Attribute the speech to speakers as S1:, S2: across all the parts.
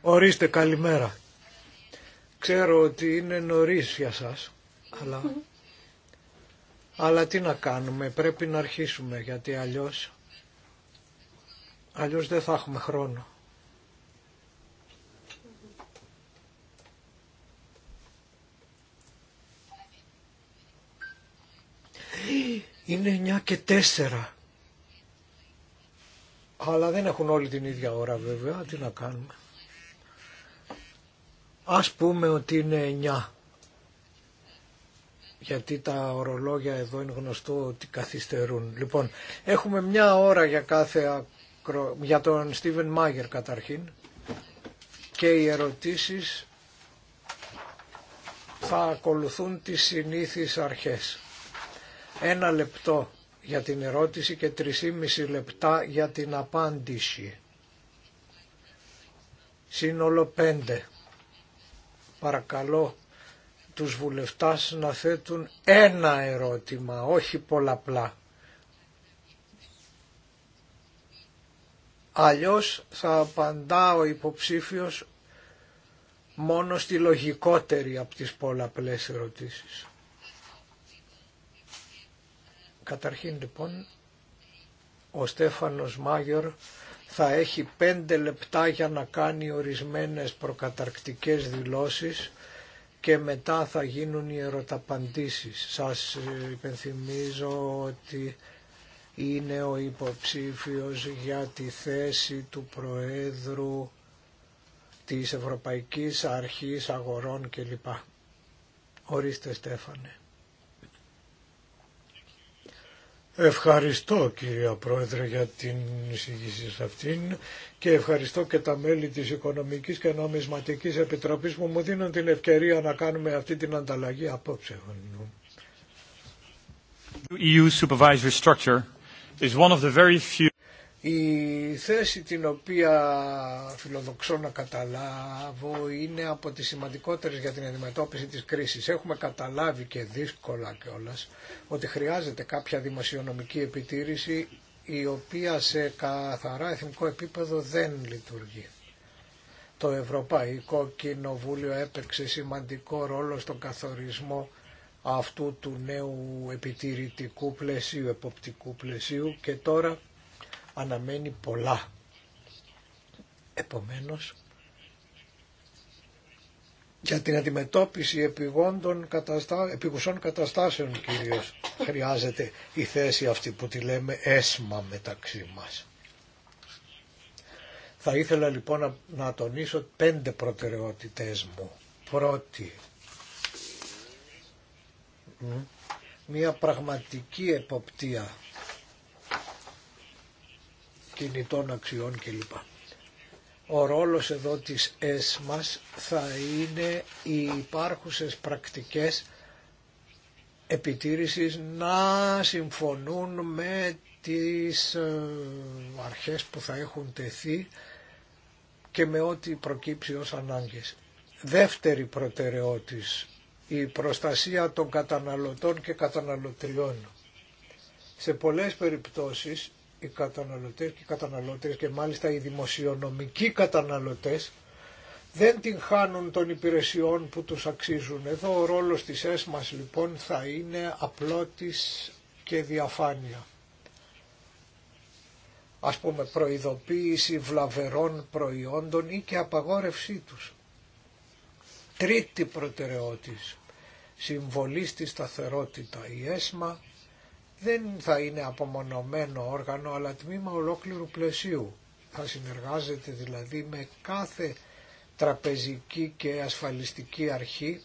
S1: Ορίστε, καλημέρα. Ξέρω ότι είναι νωρίς για σας, αλλά... Αλλά τι να κάνουμε, πρέπει να αρχίσουμε, γιατί αλλιώς... Αλλιώς δεν θα έχουμε χρόνο. Είναι 9 και 4. Αλλά δεν έχουν όλη την ίδια ώρα βέβαια, τι να κάνουμε. Ας πούμε ότι είναι 9. Γιατί τα ορολόγια εδώ είναι γνωστό ότι καθυστερούν. Λοιπόν, έχουμε μια ώρα για κάθε για τον Στίβεν Μάγερ καταρχήν και οι ερωτήσεις θα ακολουθούν τις συνήθεις αρχές. Ένα λεπτό για την ερώτηση και 3,5 λεπτά για την απάντηση. Σύνολο 5. Παρακαλώ τους βουλευτάς να θέτουν ένα ερώτημα, όχι πολλαπλά. Αλλιώς θα απαντά ο υποψήφιος μόνο στη λογικότερη από τις πολλαπλές ερωτήσεις. Καταρχήν λοιπόν ο Στέφανος Μάγιορ θα έχει πέντε λεπτά για να κάνει ορισμένες προκαταρκτικές δηλώσεις και μετά θα γίνουν οι ερωταπαντήσεις. Σας ε, υπενθυμίζω ότι είναι ο υποψήφιος για τη θέση του Προέδρου της Ευρωπαϊκής Αρχής Αγορών κλπ. Ορίστε Στέφανε. Ευχαριστώ κυρία Πρόεδρε για την εισηγήση σε αυτήν και ευχαριστώ και τα μέλη της Οικονομικής και Νομισματικής Επιτροπής που μου δίνουν την ευκαιρία να κάνουμε αυτή την ανταλλαγή απόψε. EU structure η θέση την οποία φιλοδοξώ να καταλάβω είναι από τις σημαντικότερες για την αντιμετώπιση της κρίσης. Έχουμε καταλάβει και δύσκολα κιόλα ότι χρειάζεται κάποια δημοσιονομική επιτήρηση η οποία σε καθαρά εθνικό επίπεδο δεν λειτουργεί. Το Ευρωπαϊκό Κοινοβούλιο έπαιξε σημαντικό ρόλο στον καθορισμό αυτού του νέου επιτηρητικού πλαισίου, εποπτικού πλαισίου και τώρα αναμένει πολλά. Επομένως, για την αντιμετώπιση επιγόντων καταστά... επιγουσών καταστάσεων κυρίως χρειάζεται η θέση αυτή που τη λέμε έσμα μεταξύ μας. Θα ήθελα λοιπόν να, να τονίσω πέντε προτεραιότητες μου. Πρώτη, μία πραγματική εποπτεία κινητών αξιών κλπ. Ο ρόλος εδώ της ΕΣΜΑΣ θα είναι οι υπάρχουσες πρακτικές επιτήρησης να συμφωνούν με τις ε, αρχές που θα έχουν τεθεί και με ό,τι προκύψει ως ανάγκες. Δεύτερη προτεραιότης, η προστασία των καταναλωτών και καταναλωτριών. Σε πολλές περιπτώσεις οι καταναλωτές και οι καταναλώτες και μάλιστα οι δημοσιονομικοί καταναλωτές δεν την χάνουν των υπηρεσιών που τους αξίζουν. Εδώ ο ρόλος της ΕΣΜΑΣ λοιπόν θα είναι απλότης και διαφάνεια. Ας πούμε προειδοποίηση βλαβερών προϊόντων ή και απαγόρευσή τους. Τρίτη προτεραιότης. Συμβολή στη σταθερότητα. Η ΕΣΜΑ δεν θα είναι απομονωμένο όργανο αλλά τμήμα ολόκληρου πλαισίου. Θα συνεργάζεται δηλαδή με κάθε τραπεζική και ασφαλιστική αρχή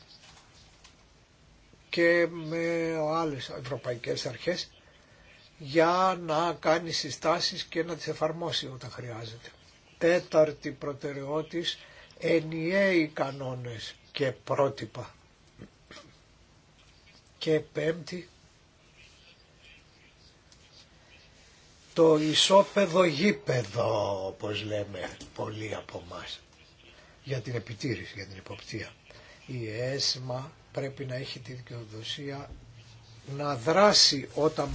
S1: και με άλλες ευρωπαϊκές αρχές για να κάνει συστάσεις και να τις εφαρμόσει όταν χρειάζεται. Τέταρτη προτεραιότης, ενιαίοι κανόνες και πρότυπα. Και πέμπτη, το ισόπεδο γήπεδο όπως λέμε πολλοί από εμά για την επιτήρηση, για την υποπτία. Η ΕΣΜΑ πρέπει να έχει τη δικαιοδοσία να δράσει όταν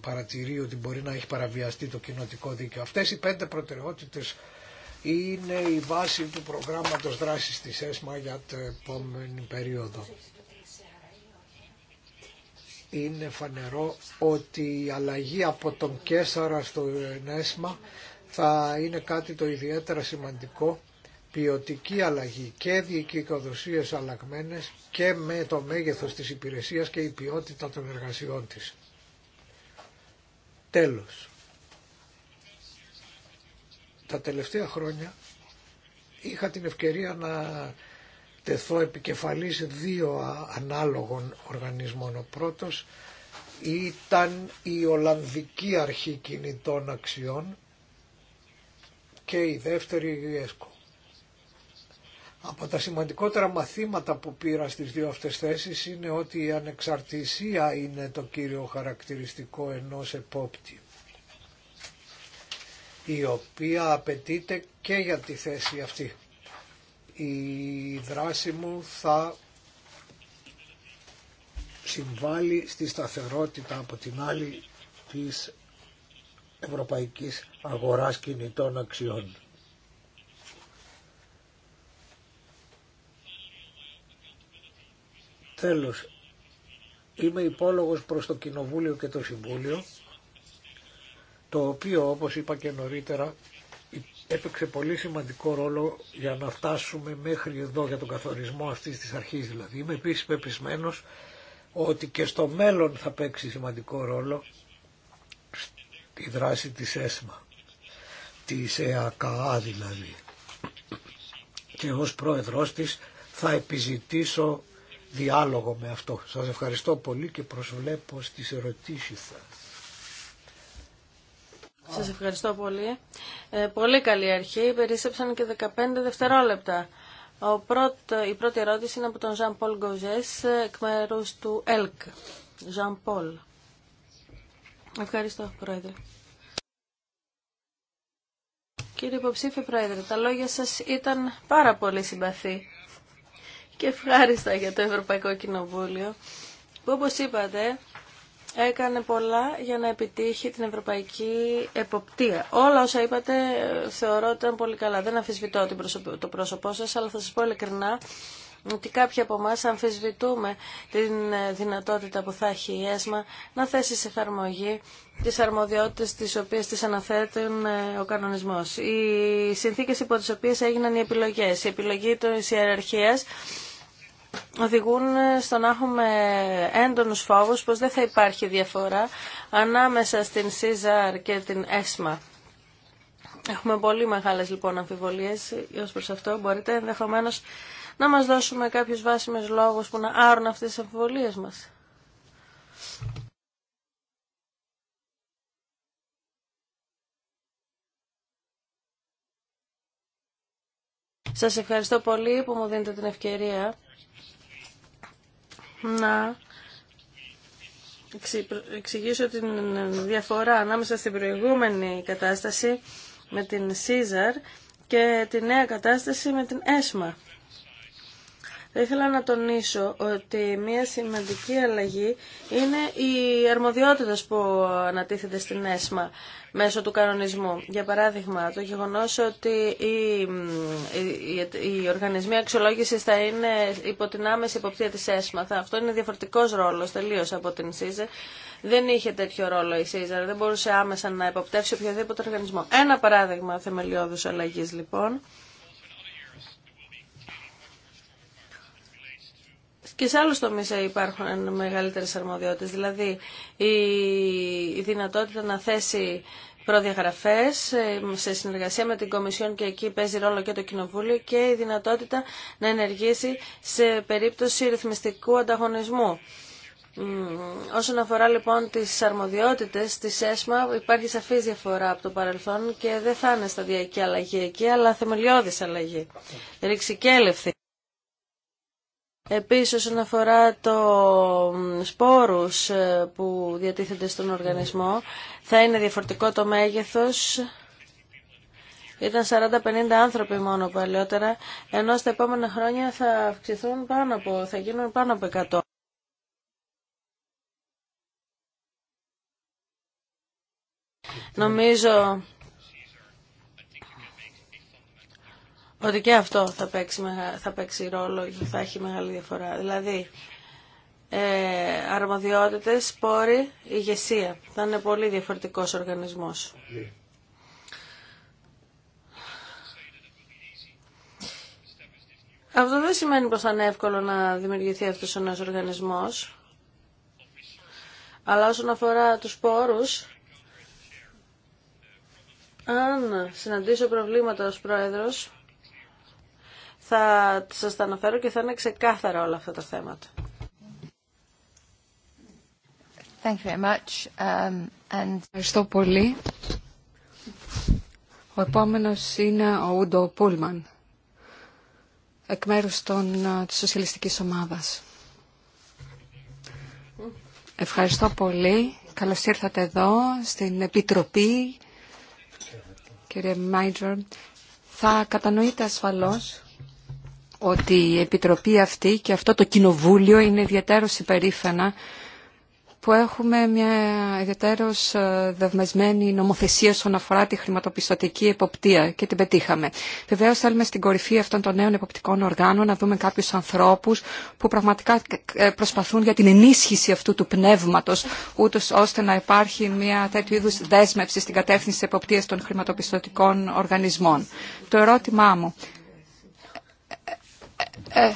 S1: παρατηρεί ότι μπορεί να έχει παραβιαστεί το κοινοτικό δίκαιο. Αυτές οι πέντε προτεραιότητες είναι η βάση του προγράμματος δράσης της ΕΣΜΑ για την επόμενη περίοδο είναι φανερό ότι η αλλαγή από τον Κέσαρα στο ΕΝΕΣΜΑ θα είναι κάτι το ιδιαίτερα σημαντικό ποιοτική αλλαγή και διοικοδοσίες αλλαγμένες και με το μέγεθος της υπηρεσίας και η ποιότητα των εργασιών της. Τέλος. Τα τελευταία χρόνια είχα την ευκαιρία να τεθώ επικεφαλής δύο ανάλογων οργανισμών. Ο πρώτος ήταν η Ολλανδική Αρχή Κινητών Αξιών και η δεύτερη η ΕΣΚΟ. Από τα σημαντικότερα μαθήματα που πήρα στις δύο αυτές θέσεις είναι ότι η ανεξαρτησία είναι το κύριο χαρακτηριστικό ενός επόπτη η οποία απαιτείται και για τη θέση αυτή η δράση μου θα συμβάλλει στη σταθερότητα από την άλλη της ευρωπαϊκής αγοράς κινητών αξιών. Τέλος, είμαι υπόλογος προς το Κοινοβούλιο και το Συμβούλιο, το οποίο όπως είπα και νωρίτερα έπαιξε πολύ σημαντικό ρόλο για να φτάσουμε μέχρι εδώ για τον καθορισμό αυτής της αρχής δηλαδή. Είμαι επίσης πεπισμένος ότι και στο μέλλον θα παίξει σημαντικό ρόλο η δράση της ΕΣΜΑ, της ΕΑΚΑ δηλαδή. Και ως πρόεδρος της θα επιζητήσω διάλογο με αυτό. Σας ευχαριστώ πολύ και προσβλέπω στις ερωτήσεις σας.
S2: Σας ευχαριστώ πολύ. Ε, πολύ καλή αρχή. Περίσσεψαν και 15 δευτερόλεπτα. Ο πρώτ, η πρώτη ερώτηση είναι από τον Ζαν Πολ Γκοζές, εκ μέρου του ΕΛΚ. Ζαν Πολ. Ευχαριστώ, Πρόεδρε. Κύριε υποψήφιο Πρόεδρε, τα λόγια σας ήταν πάρα πολύ συμπαθή και ευχάριστα για το Ευρωπαϊκό Κοινοβούλιο που όπως είπατε έκανε πολλά για να επιτύχει την ευρωπαϊκή εποπτεία. Όλα όσα είπατε ε, θεωρώ ότι ήταν πολύ καλά. Δεν αμφισβητώ το πρόσωπό σας, αλλά θα σας πω ειλικρινά ότι κάποιοι από εμά αμφισβητούμε την ε, δυνατότητα που θα έχει η ΕΣΜΑ να θέσει σε εφαρμογή τις αρμοδιότητες τις οποίες τις αναθέτουν ε, ο κανονισμός. Οι συνθήκες υπό τις οποίες έγιναν οι επιλογές, η επιλογή της ιεραρχίας οδηγούν στο να έχουμε έντονους φόβους πως δεν θα υπάρχει διαφορά ανάμεσα στην ΣΥΖΑΡ και την ΕΣΜΑ. Έχουμε πολύ μεγάλες λοιπόν αμφιβολίες ως προς αυτό. Μπορείτε ενδεχομένως να μας δώσουμε κάποιους βάσιμες λόγους που να άρουν αυτές τις αμφιβολίες μας. Σας ευχαριστώ πολύ που μου δίνετε την ευκαιρία να εξηγήσω την διαφορά ανάμεσα στην προηγούμενη κατάσταση με την Caesar και τη νέα κατάσταση με την ΕΣΜΑ. Θα ήθελα να τονίσω ότι μια σημαντική αλλαγή είναι η αρμοδιότητα που ανατίθεται στην ΕΣΜΑ μέσω του κανονισμού. Για παράδειγμα, το γεγονός ότι οι, οι, οι οργανισμοί αξιολόγησης θα είναι υπό την άμεση υποπτία της ΕΣΜΑ. Θα, αυτό είναι διαφορετικός ρόλος τελείως από την ΣΥΖΕ. Δεν είχε τέτοιο ρόλο η ΣΥΖΑ, δεν μπορούσε άμεσα να υποπτεύσει οποιοδήποτε οργανισμό. Ένα παράδειγμα θεμελιώδους αλλαγής λοιπόν. και σε άλλους τομείς υπάρχουν μεγαλύτερες αρμοδιότητες. Δηλαδή η δυνατότητα να θέσει προδιαγραφές ε, σε συνεργασία με την Κομισιόν και εκεί παίζει ρόλο και το Κοινοβούλιο και η δυνατότητα να ενεργήσει σε περίπτωση ρυθμιστικού ανταγωνισμού. Όσον αφορά λοιπόν τις αρμοδιότητες της ΕΣΜΑ υπάρχει σαφής διαφορά από το παρελθόν και δεν θα είναι σταδιακή αλλαγή εκεί αλλά θεμελιώδης αλλαγή, ρηξικέλευθη. Επίσης όσον αφορά το σπόρους ε, που διατίθενται στον οργανισμό θα είναι διαφορετικό το μέγεθος. Ήταν 40-50 άνθρωποι μόνο παλαιότερα, ενώ στα επόμενα χρόνια θα αυξηθούν πάνω από, θα γίνουν πάνω από 100. Νομίζω ότι και αυτό θα παίξει, θα παίξει ρόλο και θα έχει μεγάλη διαφορά. Δηλαδή, ε, αρμοδιότητες, πόροι, ηγεσία. Θα είναι πολύ διαφορετικός οργανισμός. Αυτό δεν σημαίνει πως θα είναι εύκολο να δημιουργηθεί αυτός ο νέος οργανισμός. Αλλά όσον αφορά τους πόρους, αν συναντήσω προβλήματα ως πρόεδρος, θα σας τα αναφέρω και θα είναι ξεκάθαρα όλα αυτά τα θέματα.
S3: Thank you very much. Um, Ευχαριστώ πολύ. Ο επόμενος είναι ο Ούντο Πούλμαν, εκ μέρους των, ε, της Σοσιαλιστικής Ομάδας. Ευχαριστώ πολύ. Καλώς ήρθατε εδώ στην Επιτροπή, κύριε Μάιτζορ. Θα κατανοείτε ασφαλώς ότι η Επιτροπή αυτή και αυτό το Κοινοβούλιο είναι ιδιαίτερο υπερήφανα που έχουμε μια ιδιαίτερο ε, δευμεσμένη νομοθεσία όσον αφορά τη χρηματοπιστωτική εποπτεία και την πετύχαμε. Βεβαίω θέλουμε στην κορυφή αυτών των νέων εποπτικών οργάνων να δούμε κάποιου ανθρώπου που πραγματικά ε, ε, προσπαθούν για την ενίσχυση αυτού του πνεύματο, ούτω ώστε να υπάρχει μια τέτοιου είδου δέσμευση στην κατεύθυνση της εποπτείας των χρηματοπιστωτικών οργανισμών. Το ερώτημά μου, ε,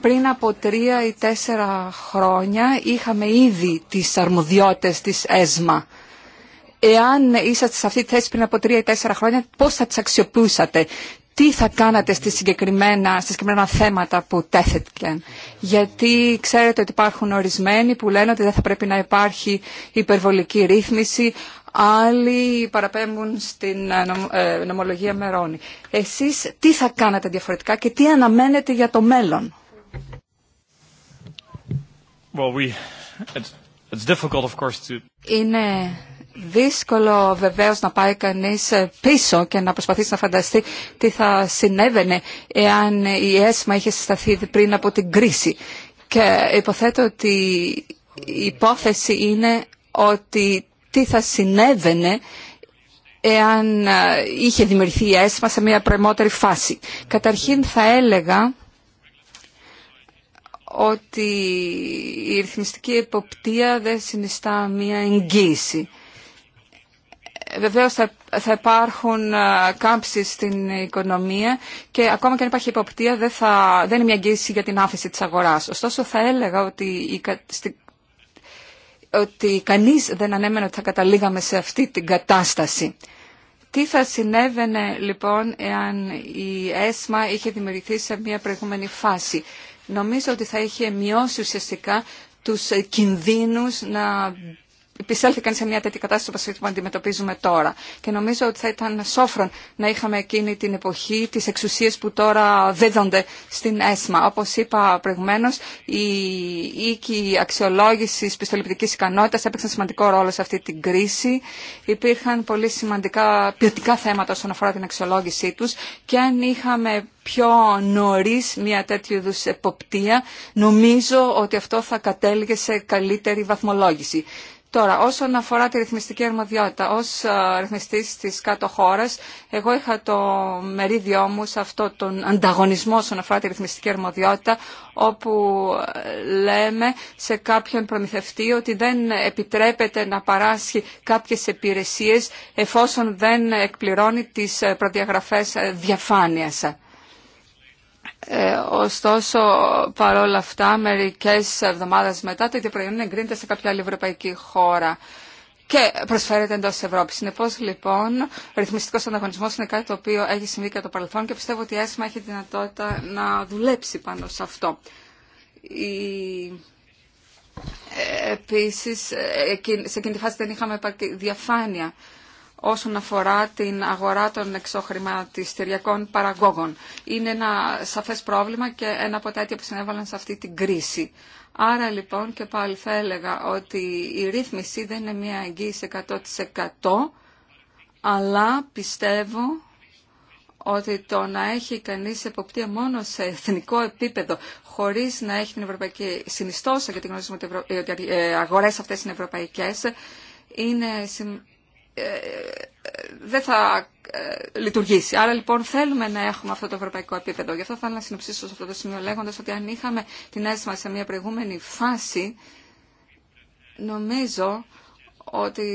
S3: πριν από τρία ή τέσσερα χρόνια είχαμε ήδη τις αρμοδιότητες της ΕΣΜΑ. Εάν ήσασταν σε αυτή τη θέση πριν από τρία ή τέσσερα χρόνια, πώς θα τις αξιοποιούσατε, τι θα κάνατε στις συγκεκριμένα, στις συγκεκριμένα θέματα που τέθηκαν. Γιατί ξέρετε ότι υπάρχουν ορισμένοι που λένε ότι δεν θα πρέπει να υπάρχει υπερβολική ρύθμιση, άλλοι παραπέμπουν στην ε, ε, νομολογία Μερώνη. Εσείς τι θα κάνετε διαφορετικά και τι αναμένετε για το μέλλον. Είναι δύσκολο βεβαίως να πάει κανείς ε, πίσω και να προσπαθήσει να φανταστεί τι θα συνέβαινε εάν η ΕΣΜΑ είχε συσταθεί πριν από την κρίση. Και υποθέτω ότι η υπόθεση είναι ότι τι θα συνέβαινε εάν ε, είχε δημιουργηθεί η ΕΣΜΑ σε μια πρεμότερη φάση. Καταρχήν θα έλεγα ότι η ρυθμιστική εποπτεία δεν συνιστά μια εγγύηση. Βεβαίως θα υπάρχουν ε, κάμψεις στην οικονομία και ακόμα και αν υπάρχει υποπτία δεν, θα, δεν είναι μια εγγύηση για την άφηση της αγοράς. Ωστόσο θα έλεγα ότι η, ότι κανείς δεν ανέμενε ότι θα καταλήγαμε σε αυτή την κατάσταση. Τι θα συνέβαινε λοιπόν εάν η ΕΣΜΑ είχε δημιουργηθεί σε μια προηγούμενη φάση. Νομίζω ότι θα είχε μειώσει ουσιαστικά τους κινδύνους να επισέλθηκαν σε μια τέτοια κατάσταση που αντιμετωπίζουμε τώρα. Και νομίζω ότι θα ήταν σόφρον να είχαμε εκείνη την εποχή τις εξουσίες που τώρα δίδονται στην ΕΣΜΑ. Όπως είπα προηγουμένως, οι οίκοι αξιολόγηση πιστοληπτικής ικανότητας έπαιξαν σημαντικό ρόλο σε αυτή την κρίση. Υπήρχαν πολύ σημαντικά ποιοτικά θέματα όσον αφορά την αξιολόγησή τους και αν είχαμε πιο νωρί μια τέτοιου είδου εποπτεία, νομίζω ότι αυτό θα κατέληγε σε καλύτερη βαθμολόγηση. Τώρα, όσον αφορά τη ρυθμιστική αρμοδιότητα, ως ε, ρυθμιστής της κάτω χώρας, εγώ είχα το μερίδιό μου σε αυτό τον ανταγωνισμό όσον αφορά τη ρυθμιστική αρμοδιότητα, όπου ε, λέμε σε κάποιον προμηθευτή ότι δεν επιτρέπεται να παράσχει κάποιες υπηρεσίε εφόσον δεν εκπληρώνει τις ε, προδιαγραφές διαφάνειας. Ε, ωστόσο, παρόλα αυτά, μερικές εβδομάδες μετά το ίδιο προϊόν εγκρίνεται σε κάποια άλλη ευρωπαϊκή χώρα και προσφέρεται εντό Ευρώπη. Συνεπώ, λοιπόν, ο ρυθμιστικό ανταγωνισμό είναι κάτι το οποίο έχει συμβεί κατά το παρελθόν και πιστεύω ότι η ΕΣΜΑ έχει δυνατότητα να δουλέψει πάνω σε αυτό. Η... Ε, Επίση, ε, σε εκείνη τη φάση δεν είχαμε διαφάνεια όσον αφορά την αγορά των εξωχρηματιστηριακών παραγόγων. Είναι ένα σαφές πρόβλημα και ένα από τα αίτια που συνέβαλαν σε αυτή την κρίση. Άρα λοιπόν και πάλι θα έλεγα ότι η ρύθμιση δεν είναι μια εγγύηση 100% αλλά πιστεύω ότι το να έχει κανείς εποπτεία μόνο σε εθνικό επίπεδο χωρίς να έχει την ευρωπαϊκή συνιστόσα γιατί γνωρίζουμε ότι οι αγορές αυτές είναι ευρωπαϊκές είναι ε, δεν θα ε, λειτουργήσει. Άρα λοιπόν θέλουμε να έχουμε αυτό το ευρωπαϊκό επίπεδο. Γι' αυτό θα ήθελα να συνοψίσω σε αυτό το σημείο λέγοντα ότι αν είχαμε την αίσθημα σε μια προηγούμενη φάση, νομίζω ότι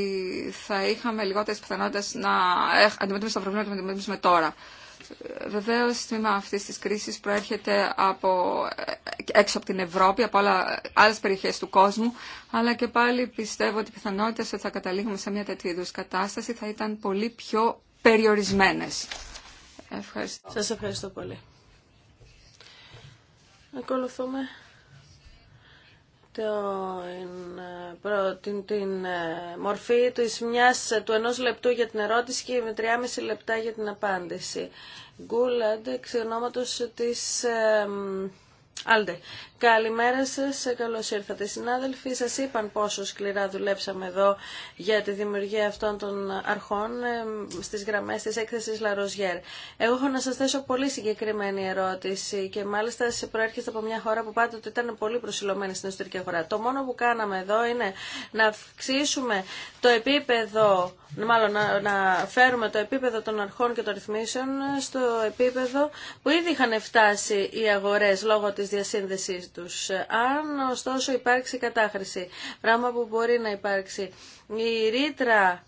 S3: θα είχαμε λιγότερε πιθανότητε να αντιμετωπίσουμε τα προβλήματα που αντιμετωπίσουμε τώρα. Βεβαίως, τμήμα αυτή τη κρίση προέρχεται από, έξω από την Ευρώπη, από άλλε περιοχέ του κόσμου, αλλά και πάλι πιστεύω ότι οι πιθανότητε ότι θα καταλήγουμε σε μια τέτοια είδου κατάσταση θα ήταν πολύ πιο περιορισμένε. Ευχαριστώ.
S2: Σας ευχαριστώ πολύ.
S3: Ακολουθούμε
S2: την, την ε, μορφή του μιας, ε, του ενός λεπτού για την ερώτηση και με τριάμιση λεπτά για την απάντηση. Γκούλαντ, εξ ονόματος της... Ε, άλτε, Καλημέρα σας, καλώς ήρθατε συνάδελφοι. Σας είπαν πόσο σκληρά δουλέψαμε εδώ για τη δημιουργία αυτών των αρχών ε, στις γραμμές της έκθεσης Λαροζιέρ. Εγώ έχω να σας θέσω πολύ συγκεκριμένη ερώτηση και μάλιστα προέρχεστε από μια χώρα που πάντοτε ήταν πολύ προσιλωμένη στην εσωτερική αγορά. Το μόνο που κάναμε εδώ είναι να αυξήσουμε το επίπεδο μάλλον να, φέρουμε το επίπεδο των αρχών και των ρυθμίσεων στο επίπεδο που ήδη είχαν φτάσει οι αγορές λόγω της διασύνδεσης τους. Αν ωστόσο υπάρξει κατάχρηση, πράγμα που μπορεί να υπάρξει, η ρήτρα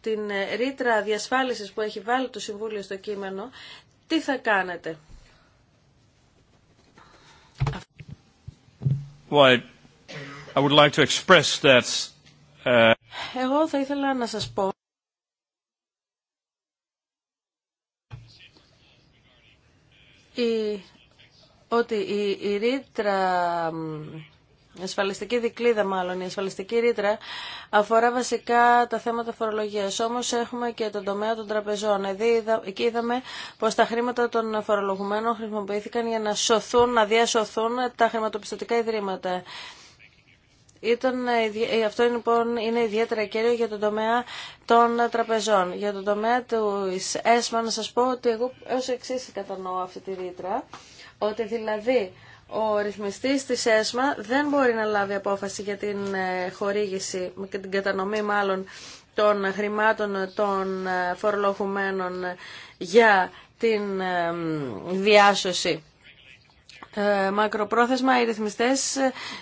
S2: την ρήτρα διασφάλισης που έχει βάλει το Συμβούλιο στο κείμενο, τι θα κάνετε. Well, I would like to express that, uh, Εγώ θα ήθελα να σας πω η ότι η, η ρήτρα η ασφαλιστική δικλίδα μάλλον, η ασφαλιστική ρήτρα αφορά βασικά τα θέματα φορολογίας. Όμως έχουμε και τον τομέα των τραπεζών. Εκεί είδαμε πως τα χρήματα των φορολογουμένων χρησιμοποιήθηκαν για να σωθούν, να διασωθούν τα χρηματοπιστωτικά ιδρύματα. Ήταν, ε, αυτό λοιπόν είναι ιδιαίτερα κέριο για τον τομέα των τραπεζών. Για τον τομέα του ΕΣΜΑ να σας πω ότι εγώ έως εξής κατανοώ αυτή τη ρήτρα. Ότι δηλαδή ο ρυθμιστής της ΕΣΜΑ δεν μπορεί να λάβει απόφαση για την ε, χορήγηση, και την κατανομή μάλλον των χρημάτων των ε, φορολογουμένων για την ε, διάσωση. μακροπρόθεσμα οι ρυθμιστές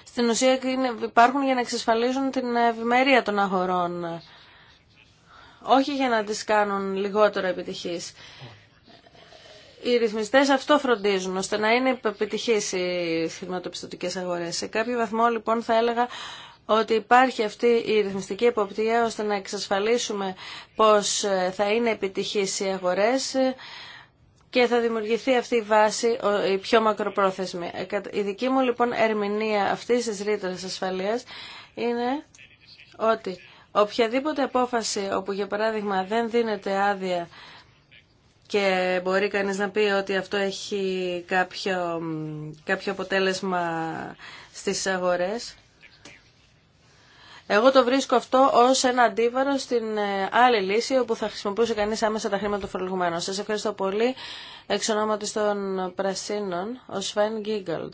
S2: στην ουσία υπάρχουν για να εξασφαλίζουν την ευημερία των αγορών όχι για να τις κάνουν λιγότερο επιτυχής οι ρυθμιστέ αυτό φροντίζουν, ώστε να είναι επιτυχεί οι χρηματοπιστωτικέ αγορέ. Σε κάποιο βαθμό λοιπόν θα έλεγα ότι υπάρχει αυτή η ρυθμιστική εποπτεία ώστε να εξασφαλίσουμε πως ε, θα είναι επιτυχής οι αγορές ε, και θα δημιουργηθεί αυτή η βάση, η πιο μακροπρόθεσμη. Ε, η δική μου λοιπόν ερμηνεία αυτή τη ρήτρας ασφαλείας είναι ότι οποιαδήποτε απόφαση όπου για παράδειγμα δεν δίνεται άδεια και μπορεί κανείς να πει ότι αυτό έχει κάποιο, κάποιο αποτέλεσμα στις αγορές. Εγώ το βρίσκω αυτό ως ένα αντίβαρο στην ε, άλλη λύση όπου θα χρησιμοποιούσε κανείς άμεσα τα χρήματα του φορολογουμένου. Σας ευχαριστώ πολύ. Εξ ονόματος των Πρασίνων, ο Σφέν Γκίγκαλτ.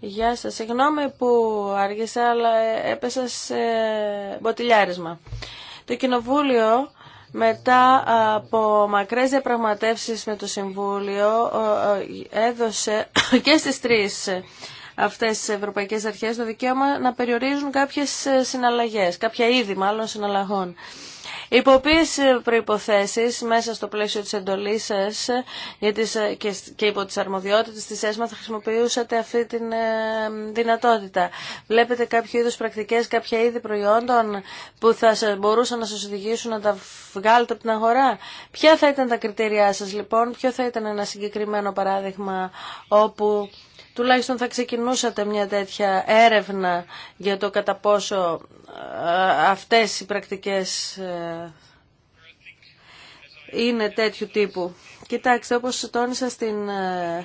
S2: Γεια σας. Συγγνώμη που άργησα, αλλά έπεσα σε μποτιλιάρισμα. Το Κοινοβούλιο μετά από μακρές διαπραγματεύσεις με το Συμβούλιο έδωσε και στις τρεις αυτές τις ευρωπαϊκές αρχές το δικαίωμα να περιορίζουν κάποιες συναλλαγές, κάποια είδη μάλλον συναλλαγών. Υπό ποιες ε, προϋποθέσεις μέσα στο πλαίσιο της εντολής σας ε, ε, και υπό τις αρμοδιότητες της ΕΣΜΑ θα χρησιμοποιούσατε αυτή τη δυνατότητα. Βλέπετε κάποιο είδους πρακτικές, κάποια είδη προϊόντων που θα μπορούσαν να σας οδηγήσουν να τα βγάλετε από την αγορά. Ποια θα ήταν τα κριτήριά σας λοιπόν, ποιο θα ήταν ένα συγκεκριμένο παράδειγμα όπου τουλάχιστον θα ξεκινούσατε μια τέτοια έρευνα για το κατά πόσο ε, αυτές οι πρακτικές ε, είναι τέτοιου τύπου. Κοιτάξτε, όπως τόνισα στην ε,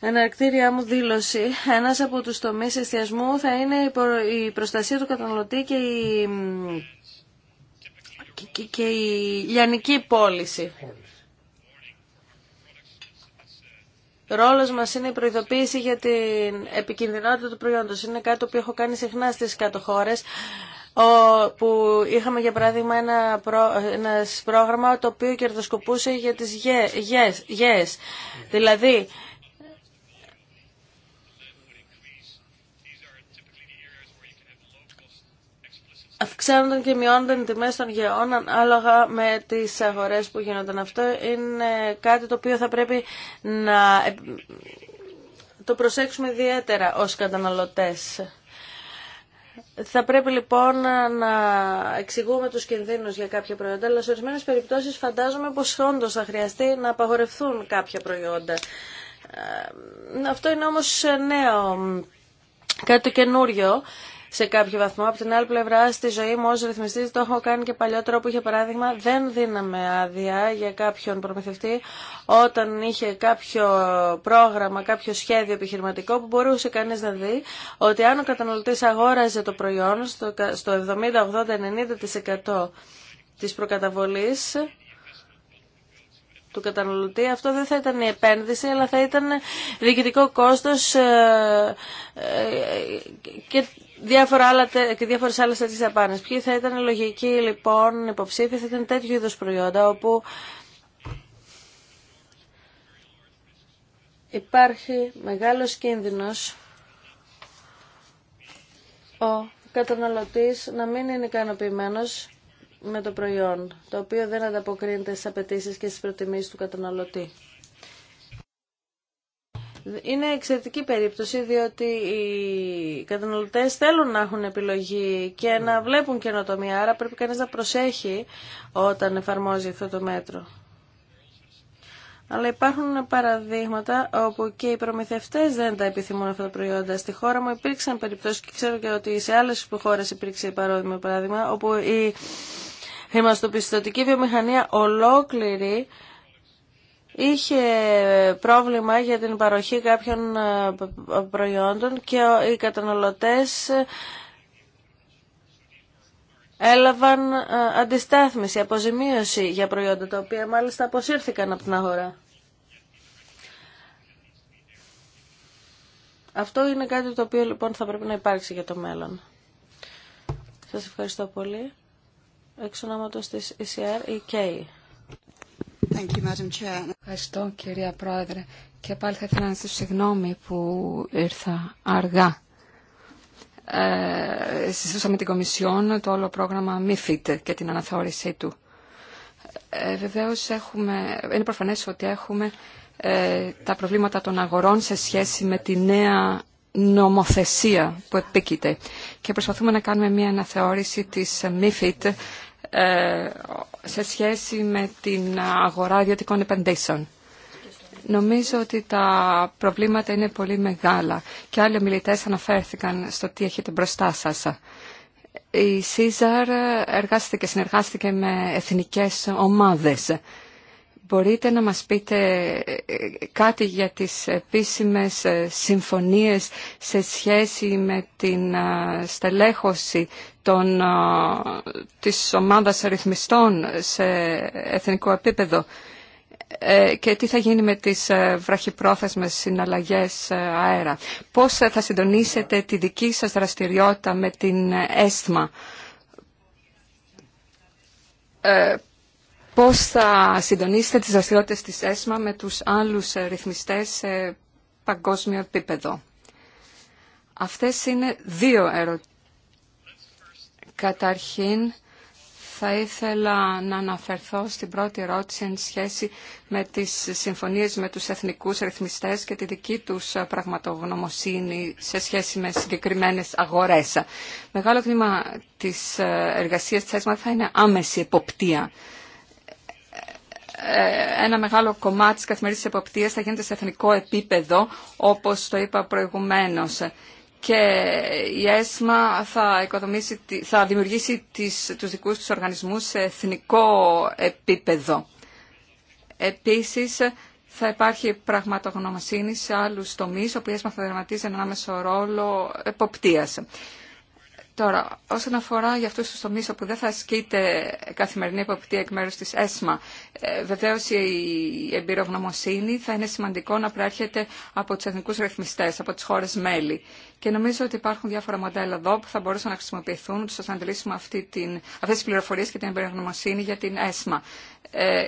S2: εναρκτήριά μου δήλωση, ένας από τους τομείς εστιασμού θα είναι η προστασία του καταναλωτή και η, και η λιανική πώληση. ρόλος μας είναι η προειδοποίηση για την επικινδυνότητα του προϊόντος. Είναι κάτι που έχω κάνει συχνά στι κάτω χώρε, που είχαμε για παράδειγμα ένα, προ, πρόγραμμα το οποίο κερδοσκοπούσε για τις γέ, yes. yes. Δηλαδή αυξάνονταν και μειώνονταν οι τιμές των γεών ανάλογα με τις αγορές που γίνονταν. Αυτό είναι κάτι το οποίο θα πρέπει να το προσέξουμε ιδιαίτερα ως καταναλωτές. Θα πρέπει λοιπόν να εξηγούμε τους κινδύνους για κάποια προϊόντα, αλλά σε ορισμένες περιπτώσεις φαντάζομαι πως όντως θα χρειαστεί να απαγορευθούν κάποια προϊόντα. Ε, αυτό είναι όμως νέο, κάτι καινούριο σε κάποιο βαθμό. Από την άλλη πλευρά, στη ζωή μου ω ρυθμιστή, το έχω κάνει και παλιότερο που, για παράδειγμα, δεν δίναμε άδεια για κάποιον προμηθευτή όταν είχε κάποιο πρόγραμμα, κάποιο σχέδιο επιχειρηματικό που μπορούσε κανεί να δει ότι αν ο καταναλωτή αγόραζε το προϊόν στο 70, 80, 90% της προκαταβολής του καταναλωτή. Αυτό δεν θα ήταν η επένδυση, αλλά θα ήταν διοικητικό κόστος ε, ε, και διάφορα άλλα, και διάφορες άλλες τέτοιε δαπάνε. Ποιοι θα ήταν λογικοί λοιπόν υποψήφοι, θα ήταν τέτοιου είδου προϊόντα όπου υπάρχει μεγάλος κίνδυνος ο καταναλωτής να μην είναι ικανοποιημένο με το προϊόν, το οποίο δεν ανταποκρίνεται στις απαιτήσει και στις προτιμήσεις του καταναλωτή. Είναι εξαιρετική περίπτωση διότι οι κατανοητέ θέλουν να έχουν επιλογή και να ναι. βλέπουν καινοτομία, άρα πρέπει κανείς να προσέχει όταν εφαρμόζει αυτό το μέτρο. Αλλά υπάρχουν παραδείγματα όπου και οι προμηθευτέ δεν τα επιθυμούν αυτά τα προϊόντα. Στη χώρα μου υπήρξαν περιπτώσεις και ξέρω και ότι σε άλλε χώρε υπήρξε παρόμοιο παράδειγμα όπου η χρηματοπιστωτική βιομηχανία ολόκληρη είχε πρόβλημα για την παροχή κάποιων ε, προϊόντων και οι καταναλωτές ε, έλαβαν ε, αντιστάθμιση, αποζημίωση για προϊόντα τα οποία μάλιστα αποσύρθηκαν από την αγορά. Αυτό είναι κάτι το οποίο λοιπόν θα πρέπει να υπάρξει για το μέλλον. Σας ευχαριστώ πολύ. Εξ
S3: ονόματος της ECR, η Κέι. Ευχαριστώ κυρία Πρόεδρε και πάλι θα ήθελα να σας συγγνώμη που ήρθα αργά. Ε, συζητούσαμε την Κομισιόν το όλο πρόγραμμα MIFID και την αναθεώρησή του. Ε, βεβαίως έχουμε, είναι προφανές ότι έχουμε ε, τα προβλήματα των αγορών σε σχέση με τη νέα νομοθεσία που επίκειται και προσπαθούμε να κάνουμε μια αναθεώρηση της MIFID ε, σε σχέση με την αγορά ιδιωτικών επενδύσεων. Νομίζω ότι τα προβλήματα είναι πολύ μεγάλα και άλλοι μιλητέ αναφέρθηκαν στο τι έχετε μπροστά σας. Η Σίζαρ εργάστηκε συνεργάστηκε με εθνικές ομάδες. Μπορείτε να μας πείτε ε, κάτι για τις επίσημες ε, συμφωνίες σε σχέση με την στελέχωση των, της ομάδας ρυθμιστών σε εθνικό επίπεδο ε, και τι θα γίνει με τις ε, βραχυπρόθεσμες συναλλαγές ε, αέρα. Πώς θα συντονίσετε τη δική σας δραστηριότητα με την ΕΣΜΑ. Πώς θα συντονίσετε τις δραστηριότητες της ΕΣΜΑ με τους άλλους ρυθμιστές σε παγκόσμιο επίπεδο. Αυτές είναι δύο ερωτήσεις Καταρχήν, θα ήθελα να αναφερθώ στην πρώτη ερώτηση εν σχέση με τις συμφωνίες με τους εθνικούς ρυθμιστές και τη δική τους πραγματογνωμοσύνη σε σχέση με συγκεκριμένες αγορές. Μεγάλο τμήμα της εργασίας της ΕΣΜΑ θα είναι άμεση εποπτεία. Ε, ένα μεγάλο κομμάτι της καθημερινής εποπτείας θα γίνεται σε εθνικό επίπεδο, όπως το είπα προηγουμένως και η ΕΣΜΑ θα, θα δημιουργήσει τις, τους δικούς τους οργανισμούς σε εθνικό επίπεδο. Επίσης, θα υπάρχει πραγματογνωμοσύνη σε άλλους τομείς, όπου η ΕΣΜΑ θα δραματίζει έναν άμεσο ρόλο εποπτείας. Τώρα, όσον αφορά για αυτού του τομεί, όπου δεν θα ασκείται καθημερινή υποπτή εκ μέρους της ΕΣΜΑ, ε, βεβαίω η εμπειρογνωμοσύνη θα είναι σημαντικό να προέρχεται από του εθνικού ρυθμιστές, από τι χώρε μέλη. Και νομίζω ότι υπάρχουν διάφορα μοντέλα εδώ που θα μπορούσαν να χρησιμοποιηθούν ώστε να αντιλήσουμε αυτέ τι πληροφορίε και την εμπειρογνωμοσύνη για την ΕΣΜΑ. Ε,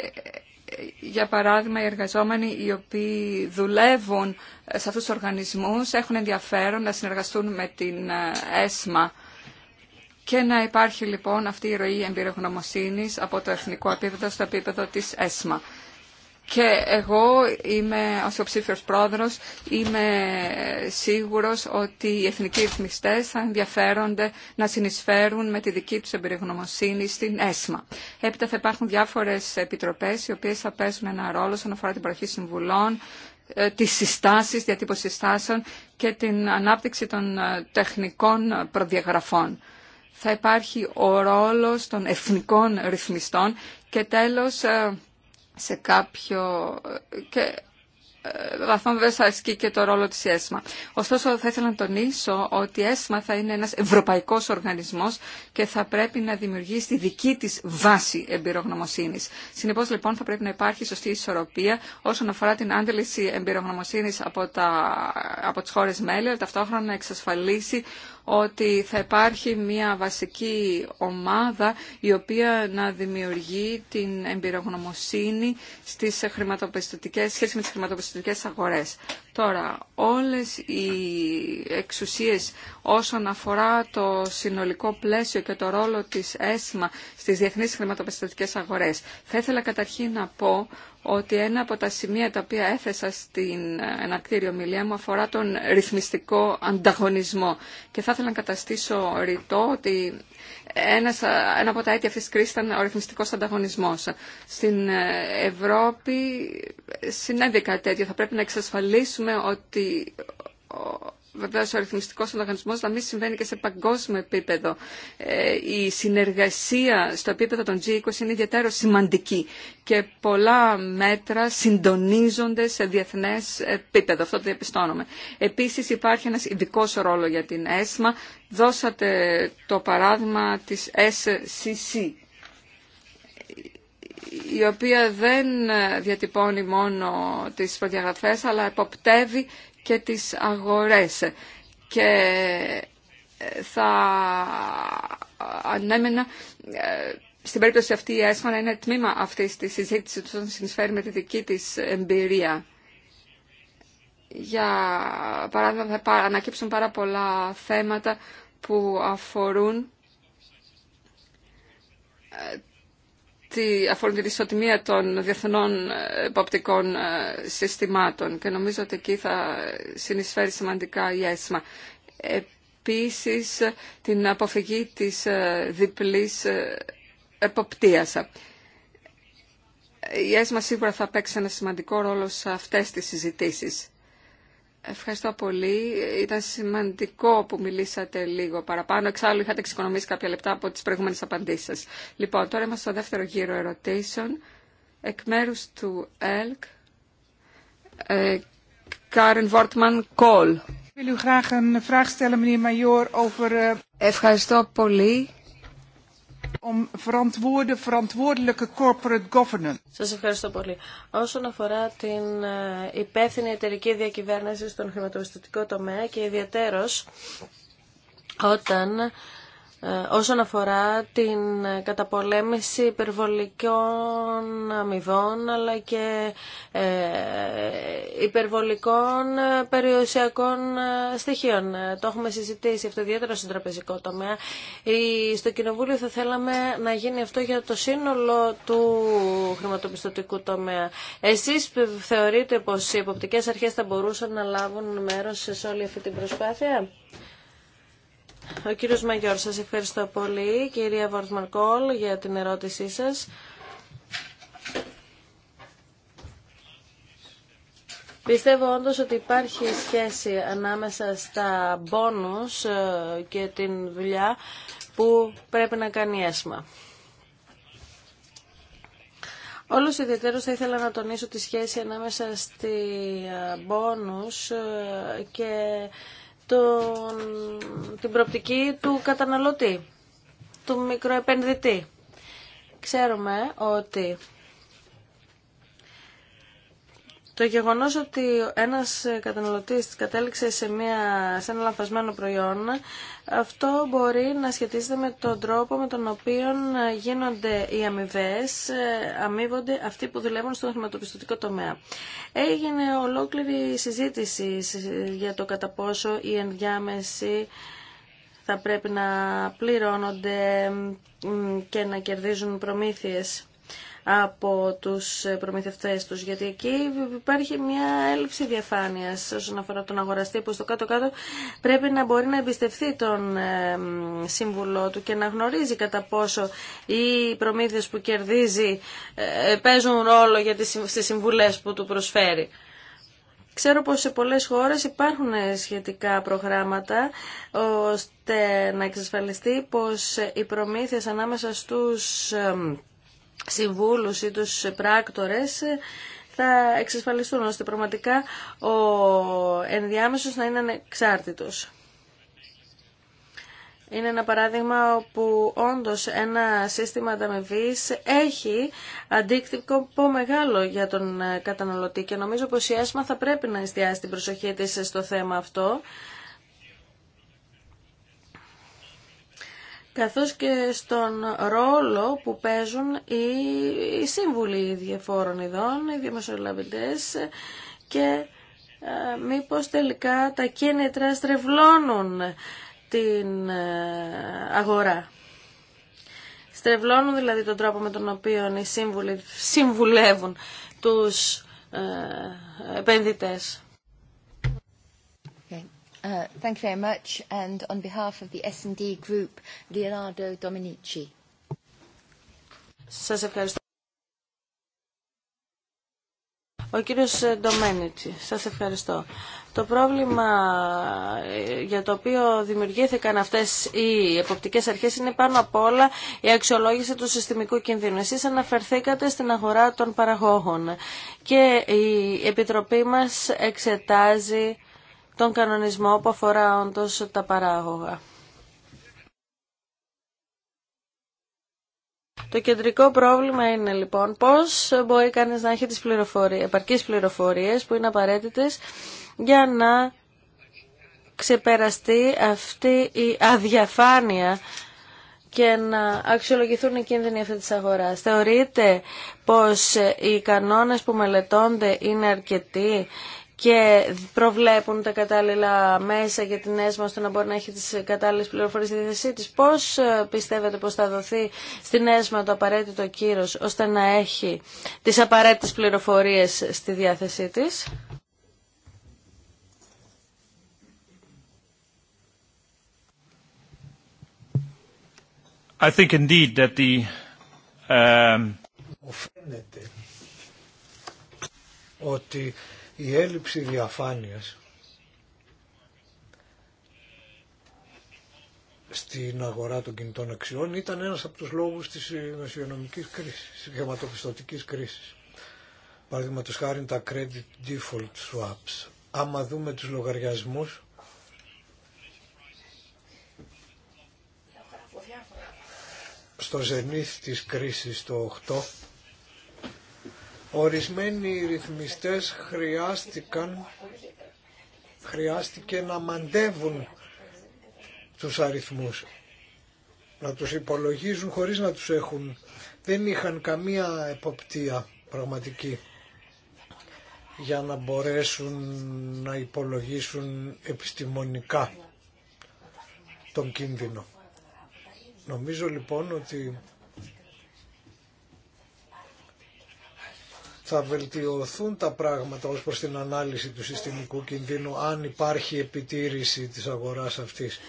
S3: για παράδειγμα, οι εργαζόμενοι οι οποίοι δουλεύουν σε αυτούς τους οργανισμούς έχουν ενδιαφέρον να συνεργαστούν με την ε, ΕΣΜΑ και να υπάρχει λοιπόν αυτή η ροή εμπειρογνωμοσύνης από το εθνικό επίπεδο στο επίπεδο της ΕΣΜΑ. Και εγώ είμαι ως ο ψήφιος πρόεδρος, είμαι σίγουρος ότι οι εθνικοί ρυθμιστές θα ενδιαφέρονται να συνεισφέρουν με τη δική τους εμπειρογνωμοσύνη στην ΕΣΜΑ. Έπειτα θα υπάρχουν διάφορες επιτροπές οι οποίες θα παίζουν ένα ρόλο σαν αφορά την παροχή συμβουλών, ε, τις συστάσεις, διατύπωση συστάσεων και την ανάπτυξη των ε, τεχνικών προδιαγραφών θα υπάρχει ο ρόλος των εθνικών ρυθμιστών και τέλος ε, σε κάποιο... Ε, και ε, βαθμό βέβαια θα ασκεί και το ρόλο της ΕΣΜΑ. Ωστόσο θα ήθελα να τονίσω ότι η ΕΣΜΑ θα είναι ένας ευρωπαϊκός οργανισμός και θα πρέπει να δημιουργήσει τη δική της βάση εμπειρογνωμοσύνης. Συνεπώς λοιπόν θα πρέπει να υπάρχει σωστή ισορροπία όσον αφορά την άντληση εμπειρογνωμοσύνης από, τα, από τις χώρες μέλη, αλλά ταυτόχρονα να εξασφαλίσει ότι θα υπάρχει μια βασική ομάδα η οποία να δημιουργεί την εμπειρογνωμοσύνη στις χρηματοπιστωτικές, σχέση με τις χρηματοπιστωτικές αγορές. Τώρα, όλες οι εξουσίες όσον αφορά το συνολικό πλαίσιο και το ρόλο της ΕΣΜΑ στις διεθνείς χρηματοπιστωτικές αγορές. Θα ήθελα καταρχήν να πω ότι ένα από τα σημεία τα οποία έθεσα στην ενακτήριο ομιλία μου αφορά τον ρυθμιστικό ανταγωνισμό. Και θα ήθελα να καταστήσω ρητό ότι ένα από τα αίτια αυτής της κρίσης ήταν ο ρυθμιστικός ανταγωνισμός. Στην ε, Ευρώπη συνέβη κάτι τέτοιο. Θα πρέπει να εξασφαλίσουμε ότι βεβαίω ο αριθμιστικό ανταγωνισμό να μην συμβαίνει και σε παγκόσμιο επίπεδο. Ε, η συνεργασία στο επίπεδο των G20 είναι ιδιαίτερο σημαντική και πολλά μέτρα συντονίζονται σε διεθνέ επίπεδο. Αυτό το διαπιστώνουμε. Επίση υπάρχει ένα ειδικό ρόλο για την ΕΣΜΑ. Δώσατε το παράδειγμα τη SCC η οποία δεν διατυπώνει μόνο τις προδιαγραφές αλλά εποπτεύει και τις αγορές και ε, θα ανέμενα ε, στην περίπτωση αυτή η ΕΣΜΑ να είναι τμήμα αυτής της συζήτησης που συνεισφέρει με τη δική της εμπειρία. Για παράδειγμα θα ανακύψουν πάρα πολλά θέματα που αφορούν ε, τη, αφορούν την ισοτιμία των διεθνών υποπτικών ε, ε, συστημάτων και νομίζω ότι εκεί θα συνεισφέρει σημαντικά η ΕΣΜΑ. Επίσης την αποφυγή της ε, διπλής εποπτείας. Η ΕΣΜΑ σίγουρα θα παίξει ένα σημαντικό ρόλο σε αυτές τις συζητήσεις. Ευχαριστώ πολύ. Ήταν σημαντικό που μιλήσατε λίγο παραπάνω. Εξάλλου είχατε εξοικονομήσει κάποια λεπτά από τις προηγούμενες απαντήσεις σας. Λοιπόν, τώρα είμαστε στο δεύτερο γύρο ερωτήσεων. Εκ μέρους του ΕΛΚ, ε, Κάριν Βόρτμαν Κόλ. Ε, Ευχαριστώ πολύ.
S1: Σας
S2: ευχαριστώ πολύ. Όσον αφορά την ε, υπεύθυνη εταιρική διακυβέρνηση στον χρηματοπιστωτικό τομέα και ιδιαίτερος όταν ε, όσον αφορά την καταπολέμηση υπερβολικών αμοιβών αλλά και ε, υπερβολικών ε, περιουσιακών στοιχείων. Το έχουμε συζητήσει αυτό ιδιαίτερα στον τραπεζικό τομέα. Στο Κοινοβούλιο θα θέλαμε να γίνει αυτό για το σύνολο του χρηματοπιστωτικού τομέα. Εσείς θεωρείτε πως οι υποπτικές αρχές θα μπορούσαν να λάβουν μέρος σε όλη αυτή την προσπάθεια. Ο κύριος Μαγιόρ, σας ευχαριστώ πολύ. Κυρία Βορτμαρκόλ για την ερώτησή σας. Πιστεύω όντως ότι υπάρχει σχέση ανάμεσα στα μπόνους ε, και την δουλειά που πρέπει να κάνει έσμα. Όλος ιδιαίτερος θα ήθελα να τονίσω τη σχέση ανάμεσα στη ε, μπόνους ε, και τον, την προπτική του καταναλωτή, του μικροεπενδυτή. Ξέρουμε ότι το γεγονός ότι ένας καταναλωτής κατέληξε σε, μια, σε ένα λανθασμένο προϊόν, αυτό μπορεί να σχετίζεται με τον τρόπο με τον οποίο γίνονται οι αμοιβέ, αμείβονται αυτοί που δουλεύουν στον χρηματοπιστωτικό τομέα. Έγινε ολόκληρη συζήτηση για το κατά πόσο οι ενδιάμεση θα πρέπει να πληρώνονται και να κερδίζουν προμήθειες από τους προμηθευτές τους, γιατί εκεί υπάρχει μια έλλειψη διαφάνειας όσον αφορά τον αγοραστή που στο κάτω-κάτω πρέπει να μπορεί να εμπιστευτεί τον σύμβουλό του και να γνωρίζει κατά πόσο οι προμήθειες που κερδίζει ε, παίζουν ρόλο για τις, συμβουλές που του προσφέρει. Ξέρω πως σε πολλές χώρες υπάρχουν σχετικά προγράμματα ώστε να εξασφαλιστεί πως οι προμήθειες ανάμεσα στους συμβούλους ή τους πράκτορες ε, θα εξασφαλιστούν ώστε πραγματικά ο ενδιάμεσος να είναι ανεξάρτητος. Είναι ένα παράδειγμα όπου όντως ένα σύστημα ανταμοιβή έχει αντίκτυπο μεγάλο για τον ε, καταναλωτή και νομίζω πως η ΕΣΜΑ θα πρέπει να εστιάσει την προσοχή της στο θέμα αυτό. καθώς και στον ρόλο που παίζουν οι σύμβουλοι διαφόρων ειδών, οι δημοσιολαβητές και ε, μήπως τελικά τα κίνητρα στρεβλώνουν την ε, αγορά. Στρεβλώνουν δηλαδή τον τρόπο με τον οποίο οι σύμβουλοι συμβουλεύουν τους ε, επενδυτές.
S3: Uh, thank you very much. And on behalf of the S&D Group, Leonardo Dominici.
S2: Σας ευχαριστώ. Ο κύριος ε, Ντομένιτσι, σας ευχαριστώ. Το πρόβλημα ε, για το οποίο δημιουργήθηκαν αυτές οι εποπτικές αρχές είναι πάνω απ' όλα η αξιολόγηση του συστημικού κινδύνου. Εσείς αναφερθήκατε στην αγορά των παραγόγων και η Επιτροπή μας εξετάζει τον κανονισμό που αφορά όντως τα παράγωγα. Το κεντρικό πρόβλημα είναι λοιπόν πώς μπορεί κανείς να έχει τις πληροφορίες, επαρκείς πληροφορίες που είναι απαραίτητες για να ξεπεραστεί αυτή η αδιαφάνεια και να αξιολογηθούν οι κίνδυνοι αυτή της αγοράς. Θεωρείτε πως οι κανόνες που μελετώνται είναι αρκετοί και προβλέπουν τα κατάλληλα μέσα για την ΕΣΜΑ ώστε να μπορεί να έχει τις κατάλληλες πληροφορίες στη διάθεσή της. Πώς ε, πιστεύετε πως θα δοθεί στην ΕΣΜΑ το απαραίτητο κύρος ώστε να έχει τις απαραίτητες πληροφορίες στη διάθεσή της.
S1: I think indeed that the, um, ότι η έλλειψη διαφάνειας στην αγορά των κινητών αξιών ήταν ένας από τους λόγους της νοσιονομικής κρίσης, της χρηματοπιστωτικής κρίσης. Παραδείγματος χάρη τα credit default swaps. Άμα δούμε τους λογαριασμούς, στο ζενίθ της κρίσης το 8, Ορισμένοι ρυθμιστές χρειάστηκαν, χρειάστηκε να μαντεύουν τους αριθμούς, να τους υπολογίζουν χωρίς να τους έχουν. Δεν είχαν καμία εποπτεία πραγματική για να μπορέσουν να υπολογίσουν επιστημονικά τον κίνδυνο. Νομίζω λοιπόν ότι θα βελτιωθούν τα πράγματα ως προς την ανάλυση του συστημικού κινδύνου αν υπάρχει επιτήρηση της αγοράς αυτής.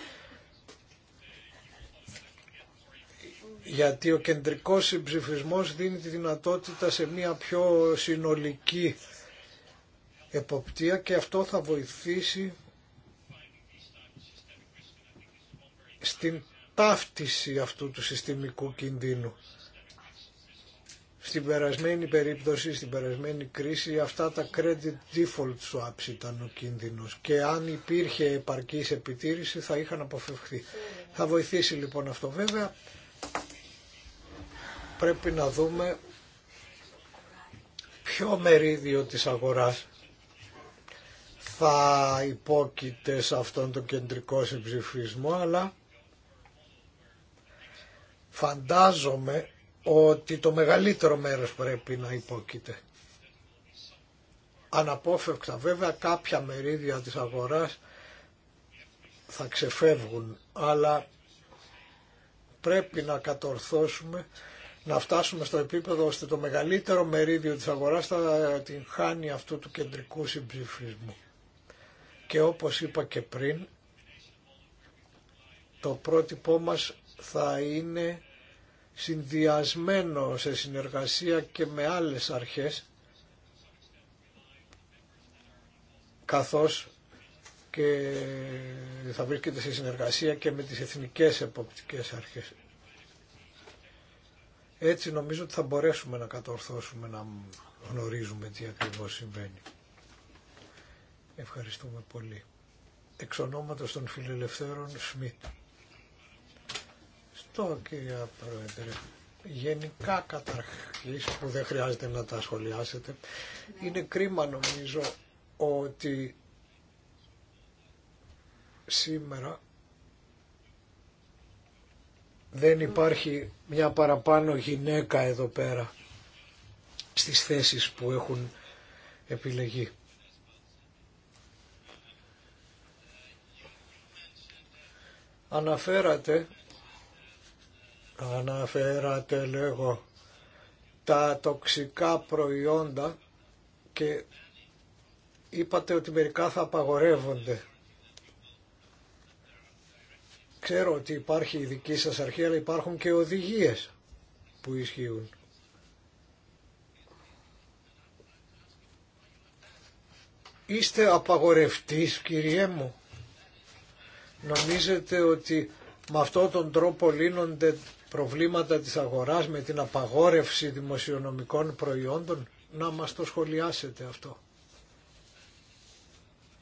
S1: Γιατί ο κεντρικός συμψηφισμός δίνει τη δυνατότητα σε μια πιο συνολική εποπτεία και αυτό θα βοηθήσει στην ταύτιση αυτού του συστημικού κινδύνου. Στην περασμένη περίπτωση, στην περασμένη κρίση, αυτά τα credit default swaps ήταν ο κίνδυνος και αν υπήρχε επαρκής επιτήρηση θα είχαν αποφευχθεί. Θα βοηθήσει λοιπόν αυτό βέβαια. Πρέπει να δούμε ποιο μερίδιο της αγοράς θα υπόκειται σε αυτόν τον κεντρικό συμψηφισμό, αλλά φαντάζομαι ότι το μεγαλύτερο μέρος πρέπει να υπόκειται. Αναπόφευκτα βέβαια κάποια μερίδια της αγοράς θα ξεφεύγουν, αλλά πρέπει να κατορθώσουμε να φτάσουμε στο επίπεδο ώστε το μεγαλύτερο μερίδιο της αγοράς θα την χάνει αυτού του κεντρικού συμψηφισμού. Και όπως είπα και πριν, το πρότυπό μας θα είναι συνδυασμένο σε συνεργασία και με άλλες αρχές καθώς και θα βρίσκεται σε συνεργασία και με τις εθνικές εποπτικές αρχές. Έτσι νομίζω ότι θα μπορέσουμε να κατορθώσουμε να γνωρίζουμε τι ακριβώς συμβαίνει. Ευχαριστούμε πολύ. Εξ ονόματος των φιλελευθέρων Σμιτ. Ευχαριστώ κύριε Πρόεδρε. Γενικά καταρχής που δεν χρειάζεται να τα σχολιάσετε είναι κρίμα νομίζω ότι σήμερα δεν υπάρχει μια παραπάνω γυναίκα εδώ πέρα στις θέσεις που έχουν επιλεγεί. Αναφέρατε αναφέρατε λέγω τα τοξικά προϊόντα και είπατε ότι μερικά θα απαγορεύονται. Ξέρω ότι υπάρχει η δική σας αρχή, αλλά υπάρχουν και οδηγίες που ισχύουν. Είστε απαγορευτής, κυριέ μου. Νομίζετε ότι με αυτόν τον τρόπο λύνονται προβλήματα της αγοράς με την απαγόρευση δημοσιονομικών προϊόντων να μας το σχολιάσετε αυτό.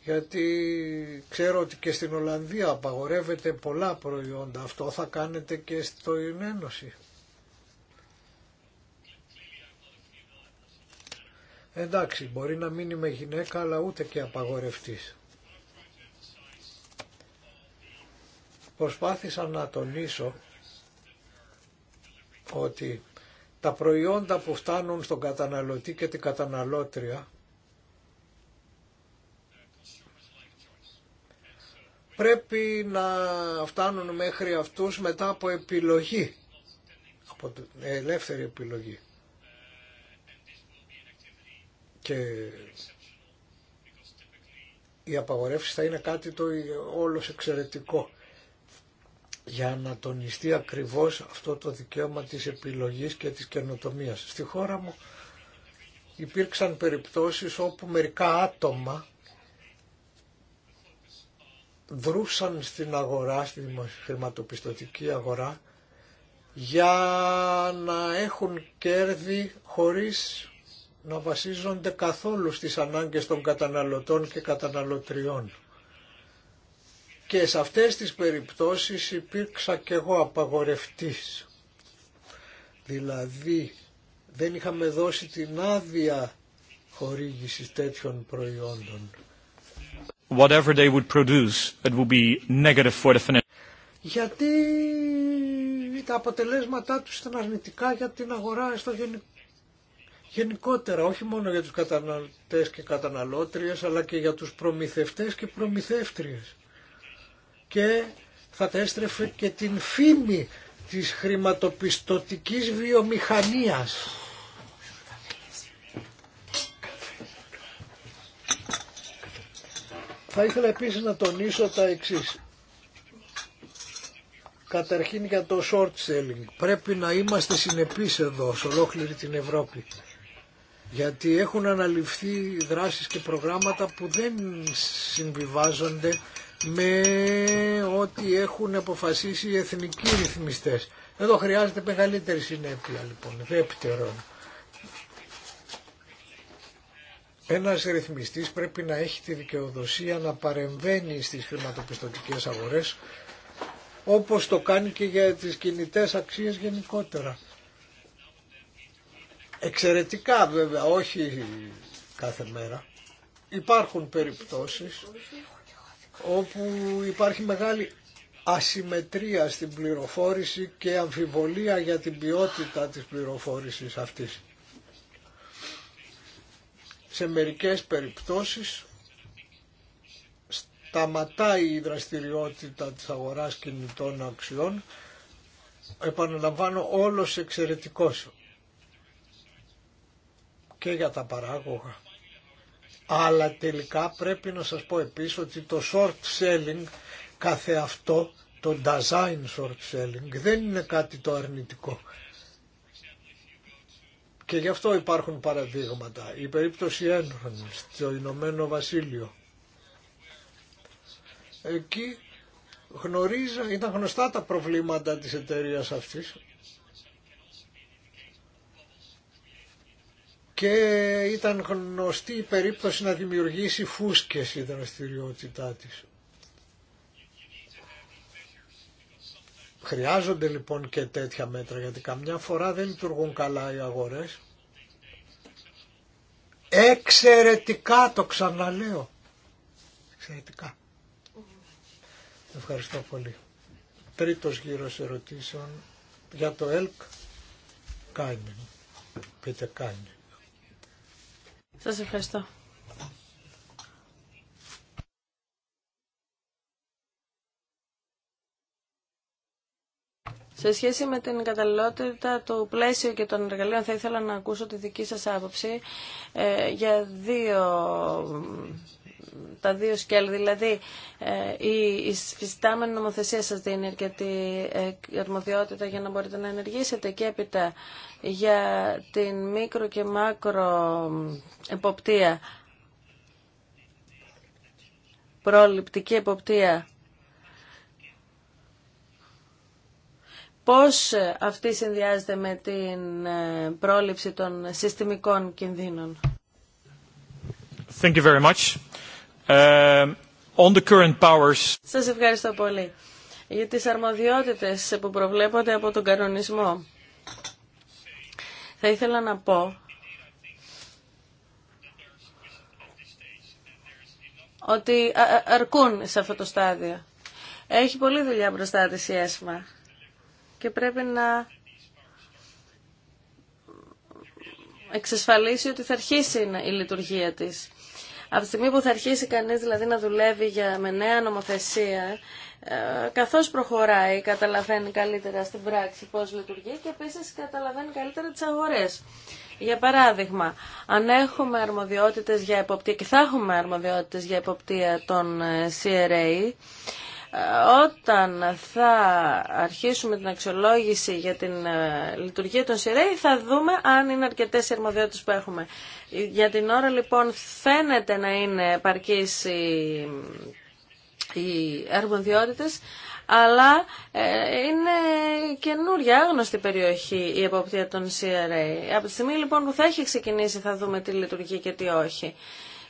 S1: Γιατί ξέρω ότι και στην Ολλανδία απαγορεύεται πολλά προϊόντα. Αυτό θα κάνετε και στο Ένωση. Εντάξει, μπορεί να μην είμαι γυναίκα, αλλά ούτε και απαγορευτής. Προσπάθησα να τονίσω ότι τα προϊόντα που φτάνουν στον καταναλωτή και την καταναλώτρια πρέπει να φτάνουν μέχρι αυτούς μετά από επιλογή, από ελεύθερη επιλογή. Και οι απαγορεύσεις θα είναι κάτι το όλος εξαιρετικό για να τονιστεί ακριβώς αυτό το δικαίωμα της επιλογής και της καινοτομίας. Στη χώρα μου υπήρξαν περιπτώσεις όπου μερικά άτομα δρούσαν στην αγορά, στη χρηματοπιστωτική αγορά, για να έχουν κέρδη χωρίς να βασίζονται καθόλου στις ανάγκες των καταναλωτών και καταναλωτριών. Και σε αυτές τις περιπτώσεις υπήρξα και εγώ απαγορευτής. Δηλαδή δεν είχαμε δώσει την άδεια χορήγηση τέτοιων προϊόντων. Whatever they would produce, it would be negative for the Γιατί τα αποτελέσματά του ήταν αρνητικά για την αγορά στο γενικότερα, όχι μόνο για τους καταναλωτές και καταναλώτριες, αλλά και για τους προμηθευτές και προμηθεύτριες και θα τα έστρεφε και την φήμη της χρηματοπιστωτικής βιομηχανίας. Θα ήθελα επίσης να τονίσω τα εξής. Καταρχήν για το short selling. Πρέπει να είμαστε συνεπείς εδώ, σε ολόκληρη την Ευρώπη. Γιατί έχουν αναλυφθεί δράσεις και προγράμματα που δεν συμβιβάζονται με ό,τι έχουν αποφασίσει οι εθνικοί ρυθμιστές. Εδώ χρειάζεται μεγαλύτερη συνέπεια λοιπόν. Δεύτερον, ένας ρυθμιστής πρέπει να έχει τη δικαιοδοσία να παρεμβαίνει στις χρηματοπιστωτικές αγορές όπως το κάνει και για τις κινητές αξίες γενικότερα. Εξαιρετικά βέβαια, όχι κάθε μέρα. Υπάρχουν περιπτώσεις όπου υπάρχει μεγάλη ασυμμετρία στην πληροφόρηση και αμφιβολία για την ποιότητα της πληροφόρησης αυτής. Σε μερικές περιπτώσεις σταματάει η δραστηριότητα της αγοράς κινητών αξιών επαναλαμβάνω όλος εξαιρετικός και για τα παράγωγα αλλά τελικά πρέπει να σας πω επίσης ότι το short selling καθεαυτό, το design short selling δεν είναι κάτι το αρνητικό. Και γι' αυτό υπάρχουν παραδείγματα. Η περίπτωση Ένρον στο Ηνωμένο Βασίλειο. Εκεί γνωρίζα, ήταν γνωστά τα προβλήματα της εταιρείας αυτής και ήταν γνωστή η περίπτωση να δημιουργήσει φούσκες η δραστηριότητά της. Χρειάζονται λοιπόν και τέτοια μέτρα γιατί καμιά φορά δεν λειτουργούν καλά οι αγορές. Εξαιρετικά το ξαναλέω. Εξαιρετικά. Ευχαριστώ πολύ. Τρίτος γύρος ερωτήσεων για το ΕΛΚ. Κάνει. Πείτε κάνει.
S2: Σας ευχαριστώ. Σε σχέση με την καταλληλότητα του πλαίσιο και των εργαλείων, θα ήθελα να ακούσω τη δική σας άποψη ε, για δύο τα δύο σκέλη. Δηλαδή, ε, η φυστάμενη νομοθεσία σας δίνει αρκετή ε, αρμοδιότητα για να μπορείτε να ενεργήσετε και έπειτα για την μικρο και μάκρο εποπτεία, προληπτική εποπτεία. Πώς αυτή συνδυάζεται με την ε, πρόληψη των συστημικών κινδύνων.
S1: Thank you very much. Ε, on current powers.
S2: Σας ευχαριστώ πολύ για τις αρμοδιότητες που προβλέπονται από τον κανονισμό. Θα ήθελα να πω ότι αρκούν σε αυτό το στάδιο. Έχει πολλή δουλειά μπροστά της η ΕΣΜΑ και πρέπει να εξασφαλίσει ότι θα αρχίσει η λειτουργία της. Από τη στιγμή που θα αρχίσει κανείς δηλαδή να δουλεύει για, με νέα νομοθεσία, ε, καθώς προχωράει καταλαβαίνει καλύτερα στην πράξη πώς λειτουργεί και επίσης καταλαβαίνει καλύτερα τις αγορές. Για παράδειγμα, αν έχουμε αρμοδιότητες για εποπτεία και θα έχουμε αρμοδιότητες για εποπτεία των ε, CRA, όταν θα αρχίσουμε την αξιολόγηση για την ε, λειτουργία των ΣΥΡΕΙ θα δούμε αν είναι αρκετές οι αρμοδιότητες που έχουμε. Για την ώρα λοιπόν φαίνεται να είναι επαρκείς οι, οι αλλά ε, είναι καινούρια, άγνωστη περιοχή η εποπτεία των CRA. Από τη στιγμή λοιπόν που θα έχει ξεκινήσει θα δούμε τι λειτουργεί και τι όχι.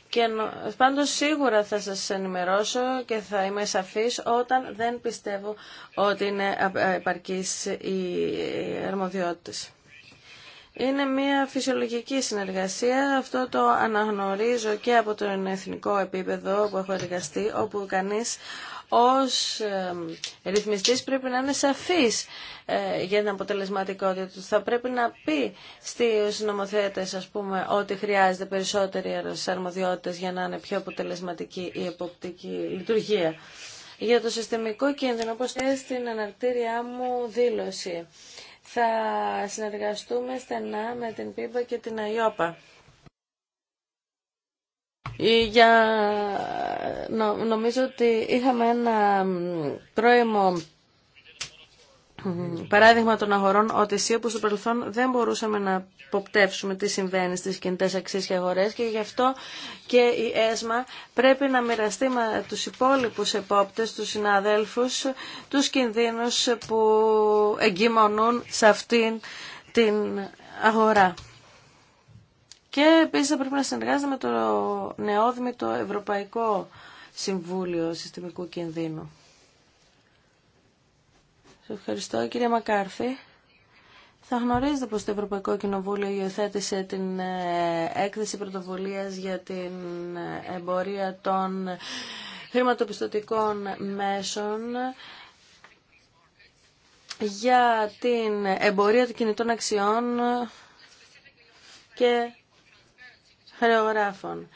S2: Και πάντως σίγουρα θα σας ενημερώσω και θα είμαι σαφής όταν δεν πιστεύω ότι είναι ε, επαρκής η αρμοδιότητα. Είναι μια φυσιολογική συνεργασία, αυτό το αναγνωρίζω και από το εθνικό επίπεδο που έχω εργαστεί, όπου κανείς ως ρυθμιστής πρέπει να είναι σαφής ε, για την αποτελεσματικότητα του. Θα πρέπει να πει στους νομοθέτες ας πούμε, ότι χρειάζεται περισσότερη αρμοδιότητες για να είναι πιο αποτελεσματική η εποπτική λειτουργία. Για το συστημικό κίνδυνο, όπως και στην αναρτήριά μου δήλωση, θα συνεργαστούμε στενά με την ΠΥΠΑ και την ΑΙΟΠΑ. Για... νομίζω ότι είχαμε ένα πρώιμο παράδειγμα των αγορών εσύ όπως στο παρελθόν δεν μπορούσαμε να ποπτέψουμε τι συμβαίνει στις κινητές αξίες και αγορές και γι' αυτό και η ΕΣΜΑ πρέπει να μοιραστεί με τους υπόλοιπους επόπτες, τους συναδέλφους, τους κινδύνους που εγκυμονούν σε αυτήν την αγορά. Και επίσης θα πρέπει να συνεργάζεται με το νεόδημητο Ευρωπαϊκό Συμβούλιο Συστημικού Κινδύνου. Σας ευχαριστώ κύριε Μακάρθη. Θα γνωρίζετε πως το Ευρωπαϊκό Κοινοβούλιο υιοθέτησε την ε, έκθεση πρωτοβουλίας για την ε, εμπορία των χρηματοπιστωτικών μέσων για την εμπορία των κινητών αξιών και χρεογράφων.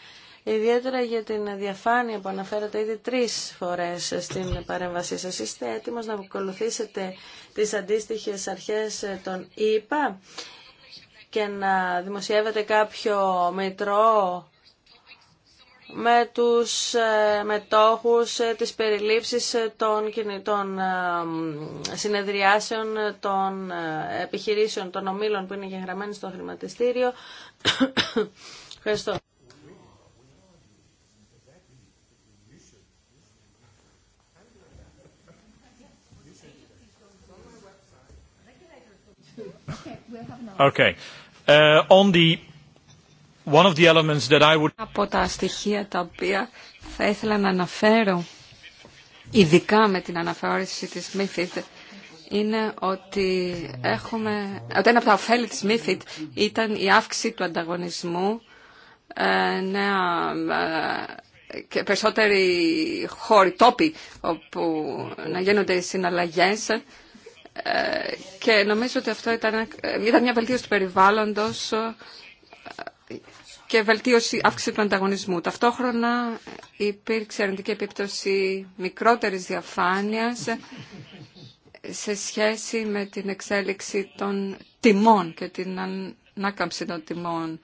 S2: Ιδιαίτερα για την διαφάνεια που αναφέρατε ήδη τρεις φορές στην παρέμβασή σας. Είστε έτοιμος να ακολουθήσετε τις αντίστοιχες αρχές των ΙΠΑ και να δημοσιεύετε κάποιο μητρό με τους ε, μετόχους ε, της περιλήψης ε, των, των συνεδριάσεων των επιχειρήσεων των ομίλων που είναι γεγραμμένοι στο χρηματιστήριο Ευχαριστώ.
S3: Από τα στοιχεία τα οποία θα ήθελα να αναφέρω, ειδικά με την αναφορήση της Μύφιτ, είναι ότι έχουμε, ότι ένα από τα ωφέλη της Μύφιτ ήταν η αύξηση του ανταγωνισμού ε, νέα ε, και περισσότεροι χώροι, τόποι όπου να γίνονται οι συναλλαγές ε, και νομίζω ότι αυτό ήταν, ήταν μια βελτίωση του περιβάλλοντος και βελτίωση αύξηση του ανταγωνισμού. Ταυτόχρονα υπήρξε αρνητική επίπτωση μικρότερης διαφάνειας σε σχέση με την εξέλιξη των τιμών και την ανάκαμψη των τιμών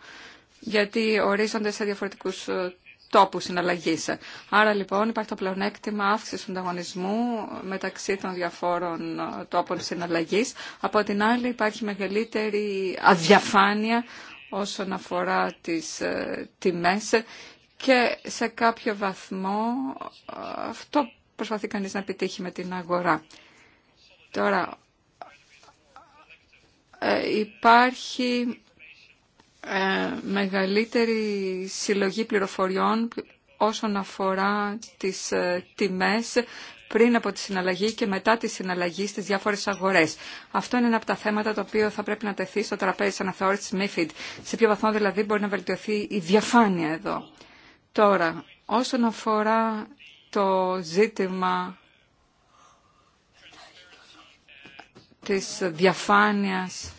S3: γιατί ορίζονται σε διαφορετικού ε, τόπου συναλλαγή. Άρα λοιπόν υπάρχει το πλεονέκτημα αύξηση του ανταγωνισμού μεταξύ των διαφόρων ε, τόπων συναλλαγή. Από την άλλη υπάρχει μεγαλύτερη αδιαφάνεια όσον αφορά τις ε, τιμές και σε κάποιο βαθμό αυτό προσπαθεί κανείς να επιτύχει με την αγορά. Τώρα, υπάρχει ε, μεγαλύτερη συλλογή πληροφοριών όσον αφορά τις ε, τιμές πριν από τη συναλλαγή και μετά τη συναλλαγή στις διάφορες αγορές. Αυτό είναι ένα από τα θέματα το οποίο θα πρέπει να τεθεί στο τραπέζι της αναθεώρησης MIFID. Σε ποιο βαθμό δηλαδή μπορεί να βελτιωθεί η διαφάνεια εδώ. Τώρα, όσον αφορά το ζήτημα της διαφάνειας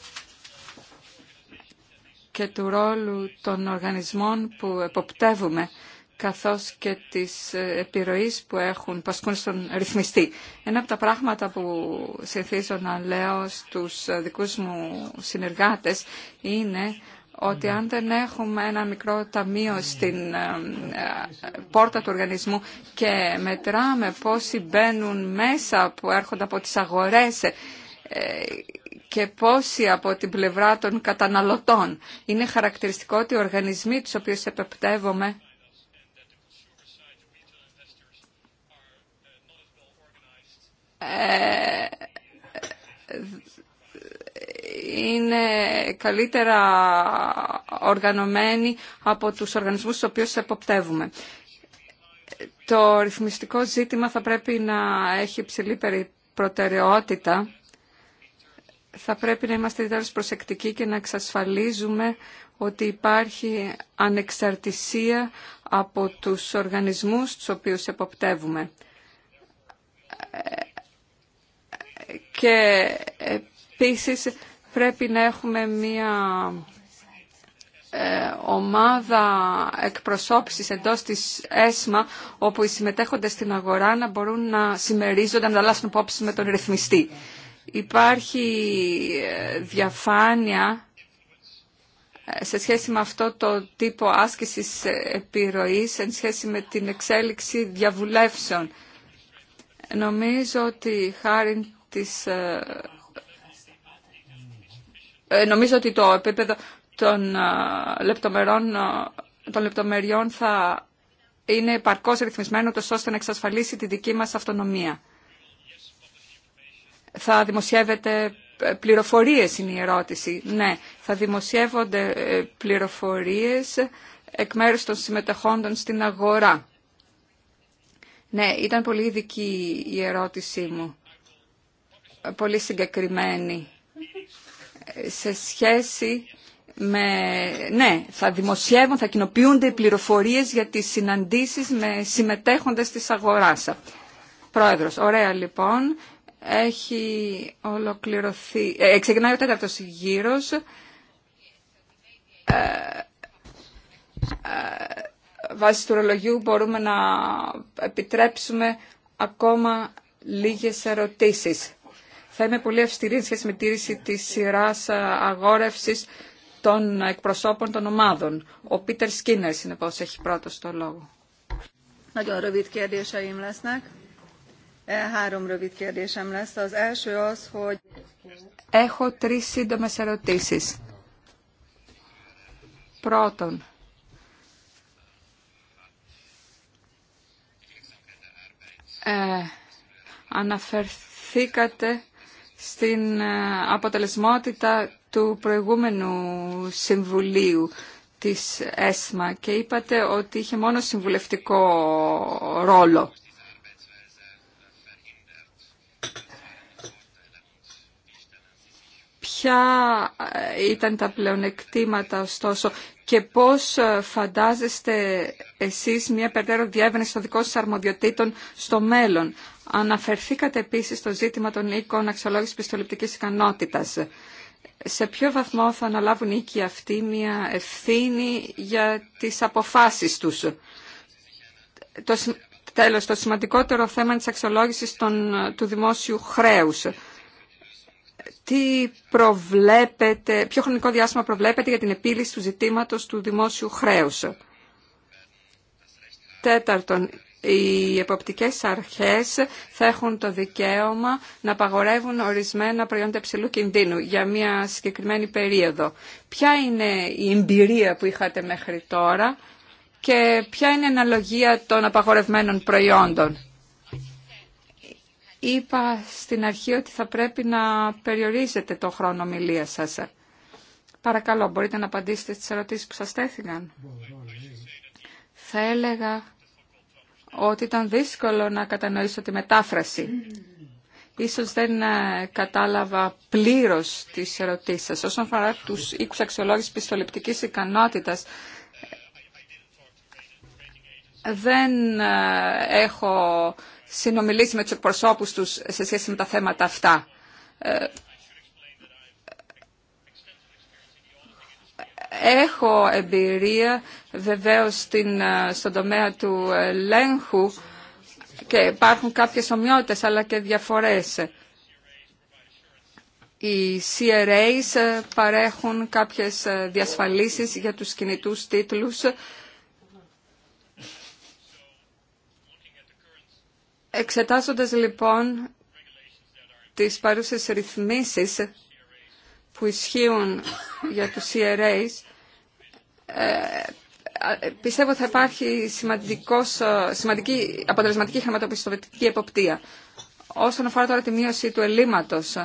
S3: και του ρόλου των οργανισμών που εποπτεύουμε καθώς και της ε, επιρροής που έχουν, που ασκούν στον ρυθμιστή. Ένα από τα πράγματα που συνηθίζω να λέω στους δικούς μου συνεργάτες είναι ότι αν δεν έχουμε ένα μικρό ταμείο στην ε, πόρτα του οργανισμού και μετράμε πόσοι μπαίνουν μέσα που έρχονται από τις αγορές ε, και πόσοι από την πλευρά των καταναλωτών. Είναι χαρακτηριστικό ότι οι οργανισμοί τους οποίους επεπτεύομαι ε, είναι καλύτερα οργανωμένοι από τους οργανισμούς στους οποίους εποπτεύουμε. Το ρυθμιστικό ζήτημα θα πρέπει να έχει ψηλή προτεραιότητα θα πρέπει να είμαστε ιδιαίτερα προσεκτικοί και να εξασφαλίζουμε ότι υπάρχει ανεξαρτησία από τους οργανισμούς τους οποίους εποπτεύουμε. Και επίσης πρέπει να έχουμε μία ε, ομάδα εκπροσώπησης εντός της ΕΣΜΑ όπου οι συμμετέχοντες στην αγορά να μπορούν να συμμερίζονται, να ανταλλάσσουν υπόψη με τον ρυθμιστή υπάρχει ε, διαφάνεια ε, σε σχέση με αυτό το τύπο άσκησης ε, επιρροής, σε σχέση με την εξέλιξη διαβουλεύσεων. Νομίζω ότι χάρη της... Νομίζω ότι το επίπεδο των λεπτομερών των λεπτομεριών θα είναι επαρκώς ρυθμισμένο ώστε να εξασφαλίσει τη δική μας αυτονομία. Θα δημοσιεύεται ε, πληροφορίες είναι η ερώτηση. Ναι, θα δημοσιεύονται ε, πληροφορίες εκ μέρους των συμμετεχόντων στην αγορά. Ναι, ήταν πολύ ειδική η ερώτησή μου. Πολύ συγκεκριμένη. Σε σχέση με... Ναι, θα δημοσιεύουν, θα κοινοποιούνται οι πληροφορίες για τις συναντήσεις με συμμετέχοντες της αγοράς. Πρόεδρος, ωραία λοιπόν έχει ολοκληρωθεί. Ε, ξεκινάει ο τέταρτος γύρος. Ε, ε, βάσει του ρολογιού μπορούμε να επιτρέψουμε ακόμα λίγες ερωτήσεις. Θα είμαι πολύ αυστηρή σχέση με τήρηση της σειράς αγόρευσης των εκπροσώπων των ομάδων. Ο Πίτερ Σκίνερ, συνεπώς, έχει πρώτος το λόγο. και Έχω τρεις σύντομες ερωτήσεις. Πρώτον, ε, αναφερθήκατε στην ε, αποτελεσμότητα του προηγούμενου συμβουλίου της ΕΣΜΑ και είπατε ότι είχε μόνο συμβουλευτικό ρόλο. Ποια ε, ήταν τα πλεονεκτήματα ωστόσο και πώς ε, φαντάζεστε εσείς μια περαιτέρω διεύρυνση των δικών σας αρμοδιοτήτων στο μέλλον. Αναφερθήκατε επίσης στο ζήτημα των οίκων αξιολόγησης πιστοληπτικής ικανότητας. Σε ποιο βαθμό θα αναλάβουν οι οίκοι αυτοί μια ευθύνη για τις αποφάσεις τους. Το, τέλος, το σημαντικότερο θέμα της αξιολόγησης ε, του δημόσιου χρέους τι προβλέπετε, ποιο χρονικό διάστημα προβλέπετε για την επίλυση του ζητήματος του δημόσιου χρέους. Τέταρτον, οι εποπτικές αρχές θα έχουν το δικαίωμα να απαγορεύουν ορισμένα προϊόντα υψηλού κινδύνου για μια συγκεκριμένη περίοδο. Ποια είναι η εμπειρία που είχατε μέχρι τώρα και ποια είναι η αναλογία των απαγορευμένων προϊόντων. Είπα στην αρχή ότι θα πρέπει να περιορίζετε το χρόνο ομιλία σας. Παρακαλώ, μπορείτε να απαντήσετε στις ερωτήσεις που σας τέθηκαν. Θα έλεγα ότι ήταν δύσκολο να κατανοήσω τη μετάφραση. Ίσως δεν ε, κατάλαβα πλήρως τις ερωτήσεις σας. Όσον αφορά τους οίκους αξιολόγησης πιστοληπτικής ικανότητας, δεν ε, έχω συνομιλήσει με τους εκπροσώπους τους σε σχέση με τα θέματα αυτά. Ε, έχω εμπειρία βεβαίως στην, ε, στον τομέα του ελέγχου και υπάρχουν κάποιες ομοιότητες αλλά και διαφορές. Οι CRAs παρέχουν κάποιες ε, διασφαλίσεις για τους κινητούς τίτλους Εξετάζοντας λοιπόν τις παρούσες ρυθμίσεις που ισχύουν για τους CRAs, ε, πιστεύω θα υπάρχει σημαντικός, ε, σημαντική αποτελεσματική χρηματοπιστωτική εποπτεία. Όσον αφορά τώρα τη μείωση του ελλείμματος,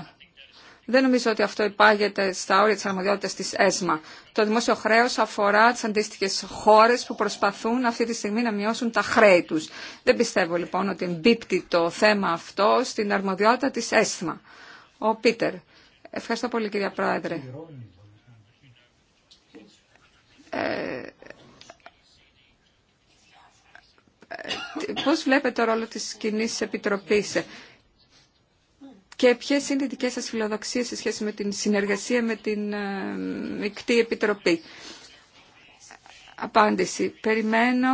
S3: δεν νομίζω ότι αυτό υπάγεται στα όρια της αρμοδιότητας της ΕΣΜΑ. Το δημόσιο χρέος αφορά τις αντίστοιχες χώρες που προσπαθούν αυτή τη στιγμή να μειώσουν τα χρέη τους. Δεν πιστεύω λοιπόν ότι εμπίπτει το θέμα αυτό στην αρμοδιότητα της ΕΣΜΑ. Ο Πίτερ. Ευχαριστώ πολύ κυρία Πρόεδρε. Ε, ε πώς βλέπετε το ρόλο της κοινή επιτροπής και ποιε είναι οι δικέ σα φιλοδοξίε σε σχέση με την συνεργασία με την ε, Μικτή Επιτροπή. Απάντηση. Περιμένω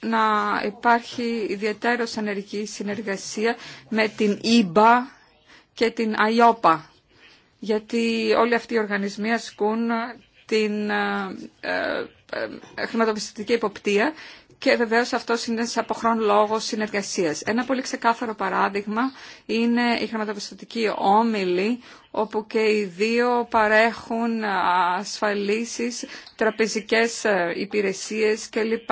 S3: να υπάρχει ιδιαίτερο ανεργή συνεργασία με την ΙΜΠΑ και την ΑΙΟΠΑ, γιατί όλοι αυτοί οι οργανισμοί ασκούν την ε, ε, χρηματοπιστωτική υποπτία και βεβαίω αυτό είναι σε αποχρόν λόγο συνεργασία. Ένα πολύ ξεκάθαρο παράδειγμα είναι η χρηματοπιστωτική όμιλη, όπου και οι δύο παρέχουν ασφαλίσεις, τραπεζικές ε, υπηρεσίες κλπ.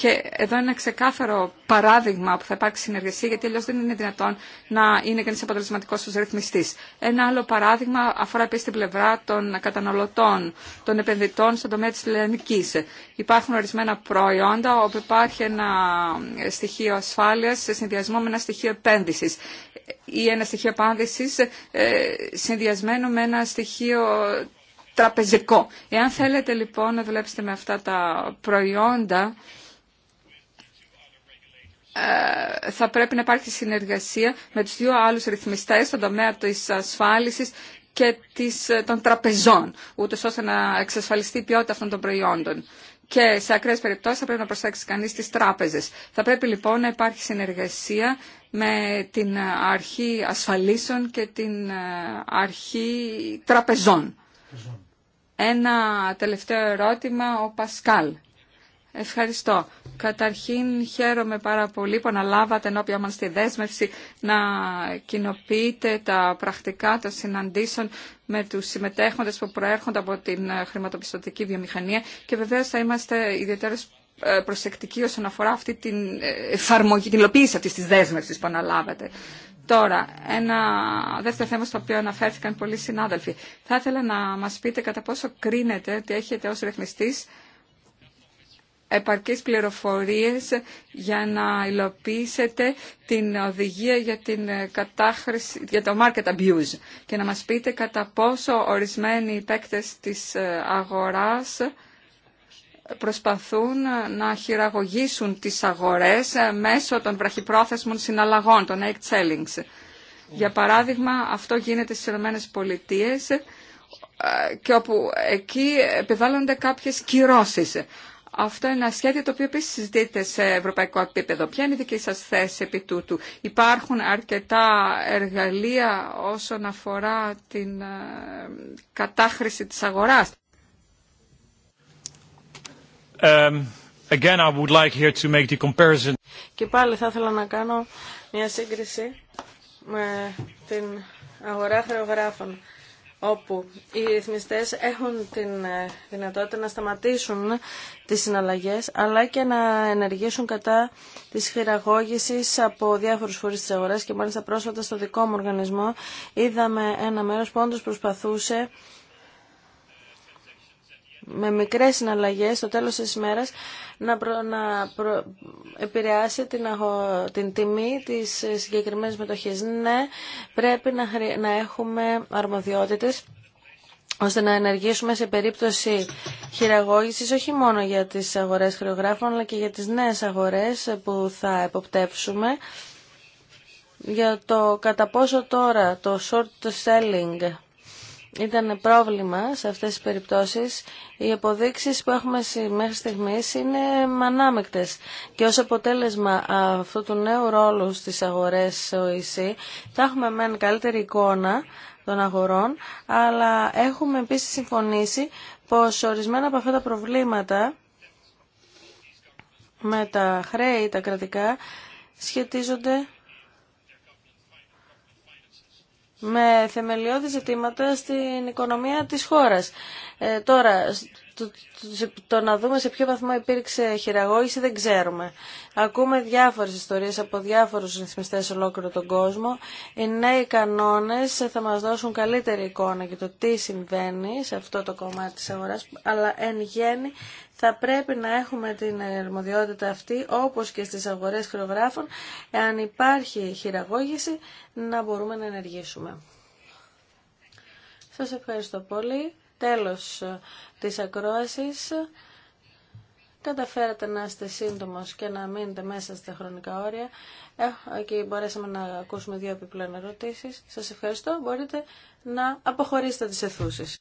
S3: Και εδώ είναι ένα ξεκάθαρο παράδειγμα που θα υπάρξει συνεργασία, γιατί αλλιώ δεν είναι δυνατόν να είναι κανεί αποτελεσματικό ω ρυθμιστή. Ένα άλλο παράδειγμα αφορά επίση την πλευρά των καταναλωτών, των επενδυτών στον τομέα τη λιανική. Υπάρχουν ορισμένα προϊόντα όπου υπάρχει ένα στοιχείο ασφάλεια σε συνδυασμό με ένα στοιχείο επένδυση ή ένα στοιχείο επάνδυση, ε, συνδυασμένο με ένα στοιχείο τραπεζικό. Εάν θέλετε λοιπόν να δουλέψετε με αυτά τα προϊόντα, ε, θα πρέπει να υπάρχει συνεργασία με τους δύο άλλους ρυθμιστές στον τομέα της ασφάλισης και της, ε, των τραπεζών, ούτω ώστε να εξασφαλιστεί η ποιότητα αυτών των προϊόντων. Και σε ακραίε περιπτώσεις θα πρέπει να προσέξει κανεί τις τράπεζες. Θα πρέπει λοιπόν να υπάρχει συνεργασία με την αρχή ασφαλίσεων και την ε, αρχή τραπεζών. Ένα τελευταίο ερώτημα, ο Πασκάλ. Ευχαριστώ. Καταρχήν χαίρομαι πάρα πολύ που αναλάβατε ενώπιον μας τη δέσμευση να κοινοποιείτε τα πρακτικά των συναντήσεων με τους συμμετέχοντες που προέρχονται από την ε, χρηματοπιστωτική βιομηχανία και βεβαίως θα είμαστε ιδιαίτερες ε, προσεκτικοί όσον αφορά αυτή την ε, εφαρμογή, την υλοποίηση αυτής της δέσμευσης που αναλάβατε. Τώρα, ένα δεύτερο θέμα στο οποίο αναφέρθηκαν πολλοί συνάδελφοι. Θα ήθελα να μας πείτε κατά πόσο κρίνετε ότι έχετε ως ρυθμιστής επαρκείς πληροφορίες για να υλοποιήσετε την οδηγία για, την κατάχρηση, για το market abuse και να μας πείτε κατά πόσο ορισμένοι παίκτες της ε, αγοράς προσπαθούν να χειραγωγήσουν τις αγορές ε, μέσω των βραχυπρόθεσμων συναλλαγών, των egg sellings. Για παράδειγμα, αυτό γίνεται στις Ηνωμένες Πολιτείες ε, και όπου εκεί επιβάλλονται κάποιες κυρώσεις. Αυτό είναι ένα σχέδιο το οποίο επίση συζητείται σε ευρωπαϊκό επίπεδο. Ποια είναι η δική σα θέση επί τούτου. Υπάρχουν αρκετά εργαλεία όσον αφορά την ε, κατάχρηση της αγοράς.
S1: Um,
S2: Και πάλι θα ήθελα να κάνω μια σύγκριση με την αγορά χρεογράφων όπου οι ρυθμιστές έχουν την ε, δυνατότητα να σταματήσουν τις συναλλαγές αλλά και να ενεργήσουν κατά της χειραγώγησης από διάφορους φορείς της αγοράς και μάλιστα πρόσφατα στο δικό μου οργανισμό είδαμε ένα μέρος που όντως προσπαθούσε με μικρές συναλλαγές στο τέλος της ημέρας να, να επηρεάσει την, την τιμή της συγκεκριμένης μετοχής. Ναι, πρέπει να, να έχουμε αρμοδιότητες ώστε να ενεργήσουμε σε περίπτωση χειραγώγησης όχι μόνο για τις αγορές χρεογράφων αλλά και για τις νέες αγορές που θα εποπτεύσουμε για το κατά πόσο τώρα το short selling ήταν πρόβλημα σε αυτές τις περιπτώσεις, οι αποδείξεις που έχουμε μέχρι στιγμής είναι μανάμεκτες Και ως αποτέλεσμα αυτού του νέου ρόλου στις αγορές ΟΗΣΗ θα έχουμε μεν καλύτερη εικόνα των αγορών, αλλά έχουμε επίσης συμφωνήσει πως ορισμένα από αυτά τα προβλήματα με τα χρέη, τα κρατικά, σχετίζονται με θεμελιώδη ζητήματα στην οικονομία της χώρας. Ε, τώρα, το, να δούμε σε ποιο βαθμό υπήρξε χειραγώγηση δεν ξέρουμε. Ακούμε διάφορες ιστορίες από διάφορους ρυθμιστές σε ολόκληρο τον κόσμο. Οι νέοι κανόνες θα μας δώσουν καλύτερη εικόνα για το τι συμβαίνει σε αυτό το κομμάτι της αγοράς, αλλά εν γέννη θα πρέπει να έχουμε την ερμοδιότητα αυτή, όπως και στις αγορές χειρογράφων εάν υπάρχει χειραγώγηση, να μπορούμε να ενεργήσουμε. Σας ευχαριστώ πολύ τέλος ε, της ακρόασης. Καταφέρατε να είστε σύντομος και να μείνετε μέσα στα χρονικά όρια. Ε, και μπορέσαμε να ακούσουμε δύο επιπλέον ερωτήσεις. Σας ευχαριστώ. Μπορείτε να αποχωρήσετε τις αιθούσεις.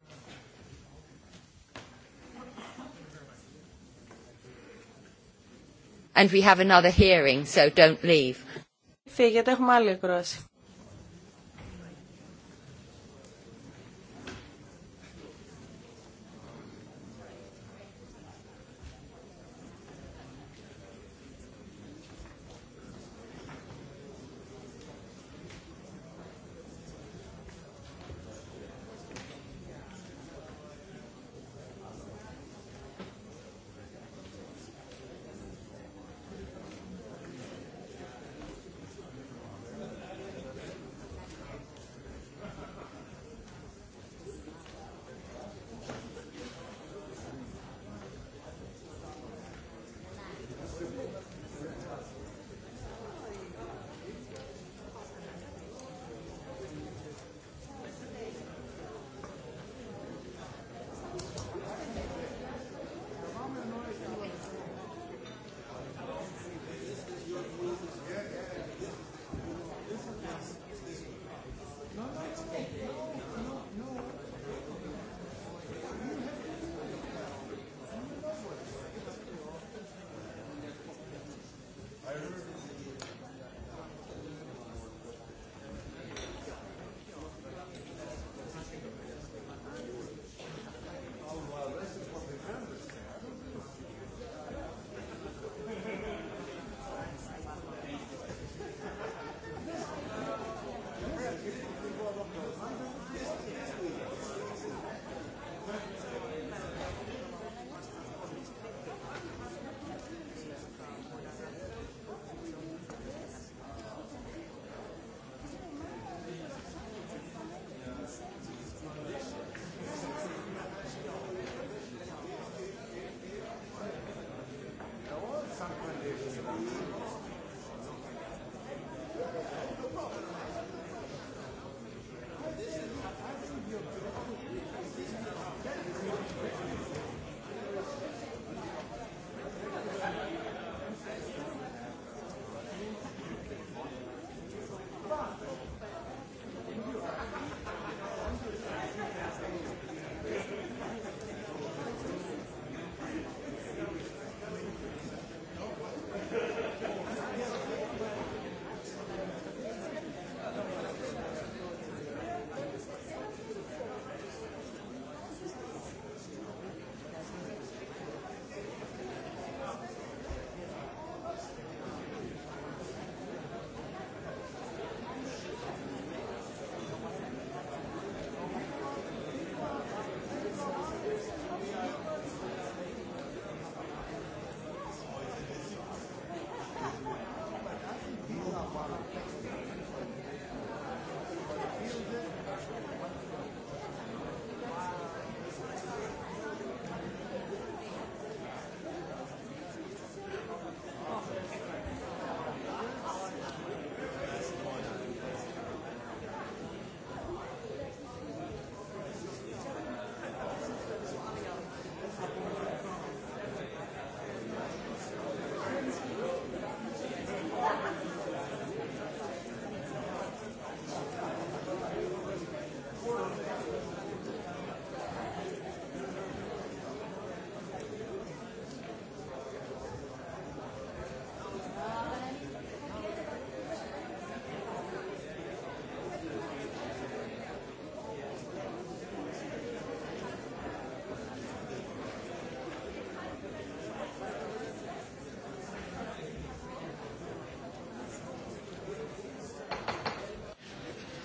S2: And we have another hearing, so don't leave. Φύγετε, έχουμε άλλη ακρόαση.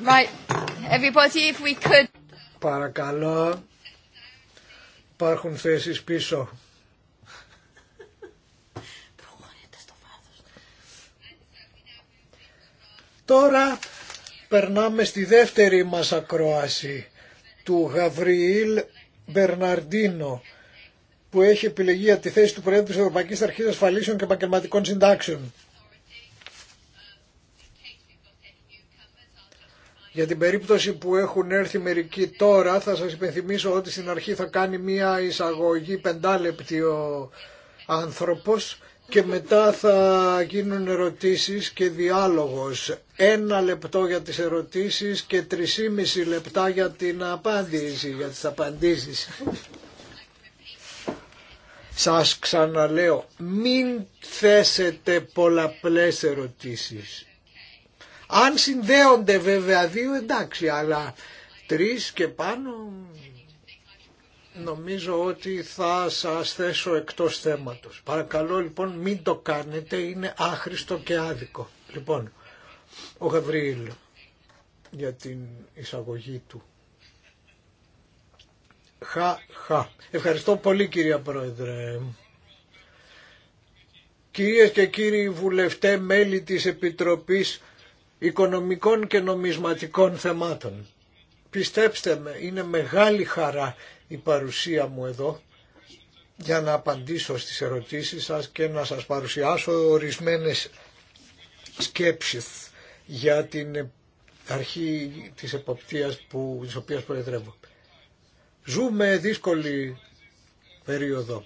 S1: Right.
S3: Everybody,
S1: Παρακαλώ. Υπάρχουν θέσεις πίσω. Τώρα περνάμε στη δεύτερη μας ακρόαση του Γαβριήλ Μπερναρντίνο που έχει επιλεγεί από τη θέση του Προέδρου της Ευρωπαϊκής Αρχής Ασφαλίσεων και Επαγγελματικών Συντάξεων. Για την περίπτωση που έχουν έρθει μερικοί τώρα θα σας υπενθυμίσω ότι στην αρχή θα κάνει μία εισαγωγή πεντάλεπτη ο άνθρωπος και μετά θα γίνουν ερωτήσεις και διάλογος. Ένα λεπτό για τις ερωτήσεις και τρισήμιση λεπτά για την απάντηση, για τις απαντήσεις. Σας ξαναλέω, μην θέσετε πολλαπλές ερωτήσεις. Αν συνδέονται βέβαια δύο εντάξει, αλλά τρεις και πάνω νομίζω ότι θα σας θέσω εκτός θέματος. Παρακαλώ λοιπόν μην το κάνετε, είναι άχρηστο και άδικο. Λοιπόν, ο Γαβριήλ για την εισαγωγή του. Χα, χα. Ευχαριστώ πολύ κυρία Πρόεδρε. Κυρίες και κύριοι βουλευτέ, μέλη της Επιτροπής οικονομικών και νομισματικών θεμάτων. Πιστέψτε με, είναι μεγάλη χαρά η παρουσία μου εδώ για να απαντήσω στις ερωτήσεις σας και να σας παρουσιάσω ορισμένες σκέψεις για την αρχή της εποπτείας που, της οποίας προεδρεύω. Ζούμε δύσκολη περίοδο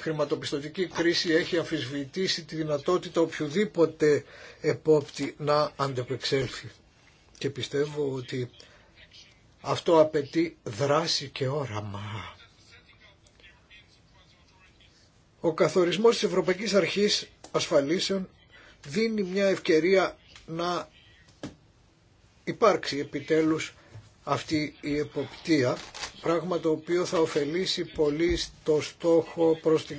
S1: χρηματοπιστωτική κρίση έχει αμφισβητήσει τη δυνατότητα οποιοδήποτε επόπτη να αντεπεξέλθει. Και πιστεύω ότι αυτό απαιτεί δράση και όραμα. Ο καθορισμός της Ευρωπαϊκής Αρχής Ασφαλίσεων δίνει μια ευκαιρία να υπάρξει επιτέλους αυτή η εποπτεία πράγμα το οποίο θα ωφελήσει πολύ στο στόχο προς την,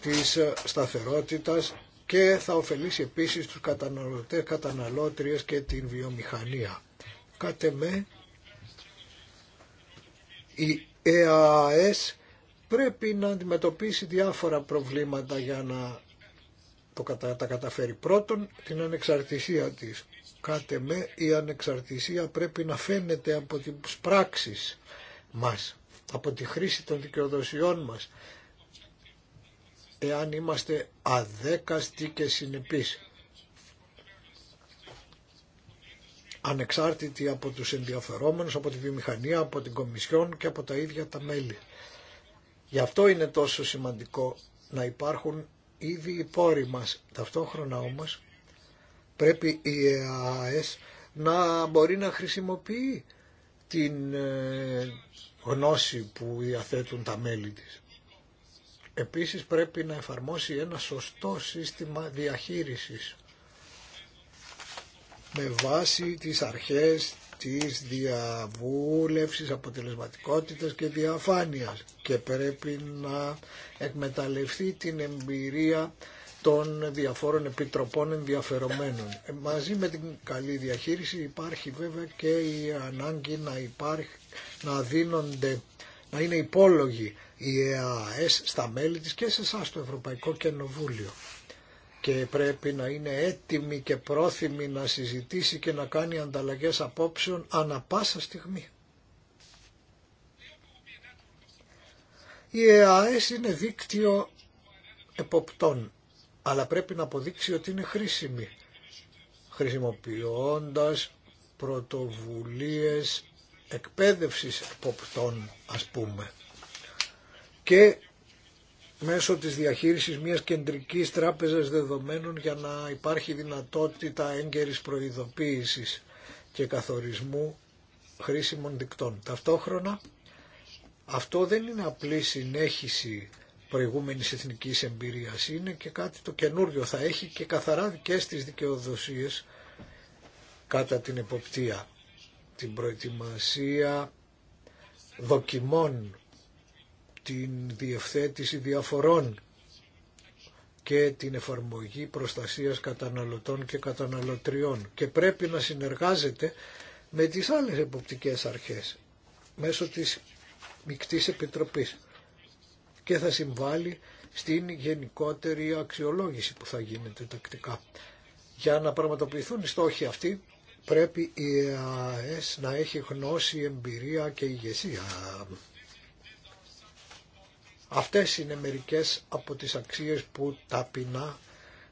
S1: της ε, σταθερότητας και θα ωφελήσει επίσης τους καταναλωτές, καταναλώτριες και την βιομηχανία. Κάτε με, η ΕΑΕΣ πρέπει να αντιμετωπίσει διάφορα προβλήματα για να το κατα, τα καταφέρει. Πρώτον, την ανεξαρτησία της. Κάτε με, η ανεξαρτησία πρέπει να φαίνεται από τις πράξεις μας, από τη χρήση των δικαιοδοσιών μας, εάν είμαστε αδέκαστοι και συνεπείς. ανεξάρτητοι από τους ενδιαφερόμενους, από τη βιομηχανία, από την Κομισιόν και από τα ίδια τα μέλη. Γι' αυτό είναι τόσο σημαντικό να υπάρχουν ήδη οι πόροι μας. Ταυτόχρονα όμως πρέπει η ΕΑΕΣ να μπορεί να χρησιμοποιεί την ε, γνώση που διαθέτουν τα μέλη της. Επίσης πρέπει να εφαρμόσει ένα σωστό σύστημα διαχείρισης με βάση τις αρχές της διαβούλευσης, αποτελεσματικότητας και διαφάνειας και πρέπει να εκμεταλλευτεί την εμπειρία των διαφόρων επιτροπών ενδιαφερομένων. Ε, μαζί με την καλή διαχείριση υπάρχει βέβαια και η ανάγκη να, υπάρχει, να δίνονται, να είναι υπόλογοι οι ΕΑΕΣ στα μέλη της και σε εσά το Ευρωπαϊκό Κοινοβούλιο. Και πρέπει να είναι έτοιμη και πρόθυμη να συζητήσει και να κάνει ανταλλαγές απόψεων ανα πάσα στιγμή. Η ΕΑΕΣ είναι δίκτυο εποπτών αλλά πρέπει να αποδείξει ότι είναι χρήσιμη, χρησιμοποιώντας πρωτοβουλίες εκπαίδευσης εποπτών, ας πούμε, και μέσω της διαχείρισης μιας κεντρικής τράπεζας δεδομένων για να υπάρχει δυνατότητα έγκαιρης προειδοποίησης και καθορισμού χρήσιμων δικτών. Ταυτόχρονα αυτό δεν είναι απλή συνέχιση προηγούμενης εθνικής εμπειρίας. Είναι και κάτι το καινούριο, θα έχει και καθαρά δικές της δικαιοδοσίες κατά την εποπτεία, την προετοιμασία δοκιμών, την διευθέτηση διαφορών και την εφαρμογή προστασίας καταναλωτών και καταναλωτριών και πρέπει να συνεργάζεται με τις άλλες εποπτικές αρχές μέσω της Μικτής Επιτροπής και θα συμβάλλει στην γενικότερη αξιολόγηση που θα γίνεται τακτικά. Για να πραγματοποιηθούν οι στόχοι αυτοί πρέπει η ΕΑΕΣ να έχει γνώση, εμπειρία και ηγεσία. Αυτές είναι μερικές από τις αξίες που ταπεινά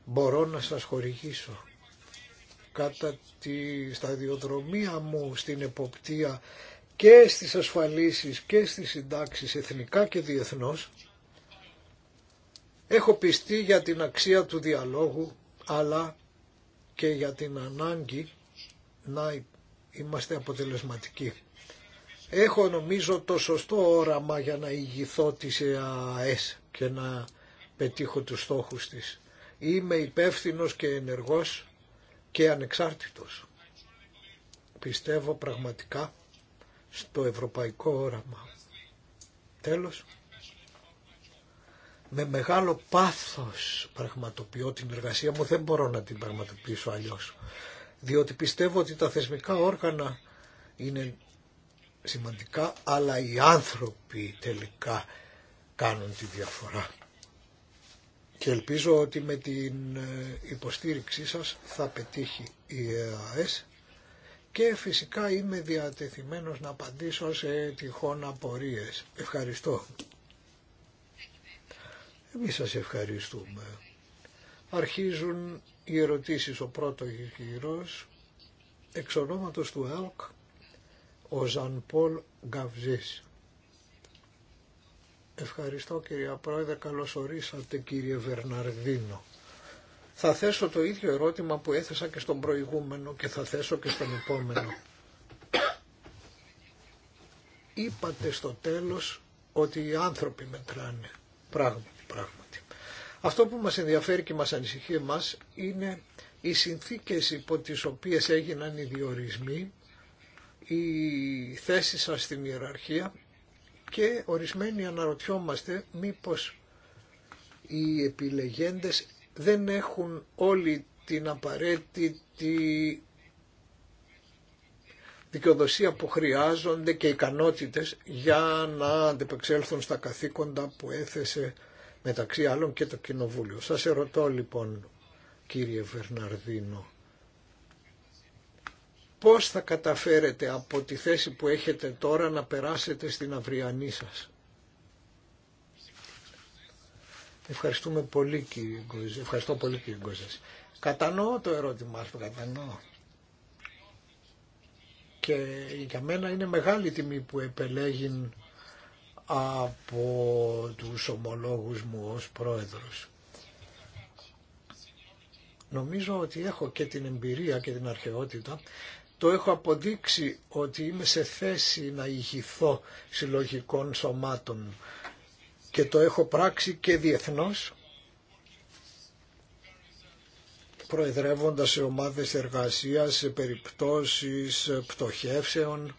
S1: μπορώ να σας χορηγήσω. Κατά τη σταδιοδρομία μου στην εποπτεία και στις ασφαλίσεις και στις συντάξεις εθνικά και διεθνώς Έχω πιστεί για την αξία του διαλόγου, αλλά και για την ανάγκη να είμαστε αποτελεσματικοί. Έχω νομίζω το σωστό όραμα για να ηγηθώ της ΕΑΕΣ και να πετύχω τους στόχους της. Είμαι υπεύθυνο και ενεργός και ανεξάρτητος. Πιστεύω πραγματικά στο ευρωπαϊκό όραμα. Τέλος με μεγάλο πάθος πραγματοποιώ την εργασία μου, δεν μπορώ να την πραγματοποιήσω αλλιώς. Διότι πιστεύω ότι τα θεσμικά όργανα είναι σημαντικά, αλλά οι άνθρωποι τελικά κάνουν τη διαφορά. Και ελπίζω ότι με την ε, υποστήριξή σας θα πετύχει η ΕΑΕΣ και φυσικά είμαι διατεθειμένος να απαντήσω σε τυχόν απορίες. Ευχαριστώ. Εμείς σας ευχαριστούμε. Αρχίζουν οι ερωτήσεις ο πρώτος γύρος εξ του ΕΛΚ ο Ζαν Πολ Γκαβζής. Ευχαριστώ κυρία Πρόεδρε, καλώς ορίσατε κύριε Βερναρδίνο. Θα θέσω το ίδιο ερώτημα που έθεσα και στον προηγούμενο και θα θέσω και στον επόμενο. Είπατε στο τέλος ότι οι άνθρωποι μετράνε. Πράγματι. Αυτό που μας ενδιαφέρει και μας ανησυχεί μας είναι οι συνθήκες υπό τις οποίες έγιναν οι διορισμοί, οι θέσεις σας στην ιεραρχία και ορισμένοι αναρωτιόμαστε μήπως οι επιλεγέντες δεν έχουν όλη την απαραίτητη δικαιοδοσία που χρειάζονται και ικανότητες για να αντεπεξέλθουν στα καθήκοντα που έθεσε μεταξύ άλλων και το Κοινοβούλιο. Σας ερωτώ λοιπόν κύριε Βερναρδίνο, πώς θα καταφέρετε από τη θέση που έχετε τώρα να περάσετε στην αυριανή σας. Ευχαριστούμε πολύ κύριε Γκοζέ. Ευχαριστώ πολύ κύριε Κατανοώ το ερώτημά σου, κατανοώ. Και για μένα είναι μεγάλη τιμή που επελέγει από τους ομολόγους μου ως πρόεδρος. Νομίζω ότι έχω και την εμπειρία και την αρχαιότητα. Το έχω αποδείξει ότι είμαι σε θέση να ηγηθώ συλλογικών σωμάτων και το έχω πράξει και διεθνώς προεδρεύοντας σε ομάδες εργασίας, σε περιπτώσεις πτωχεύσεων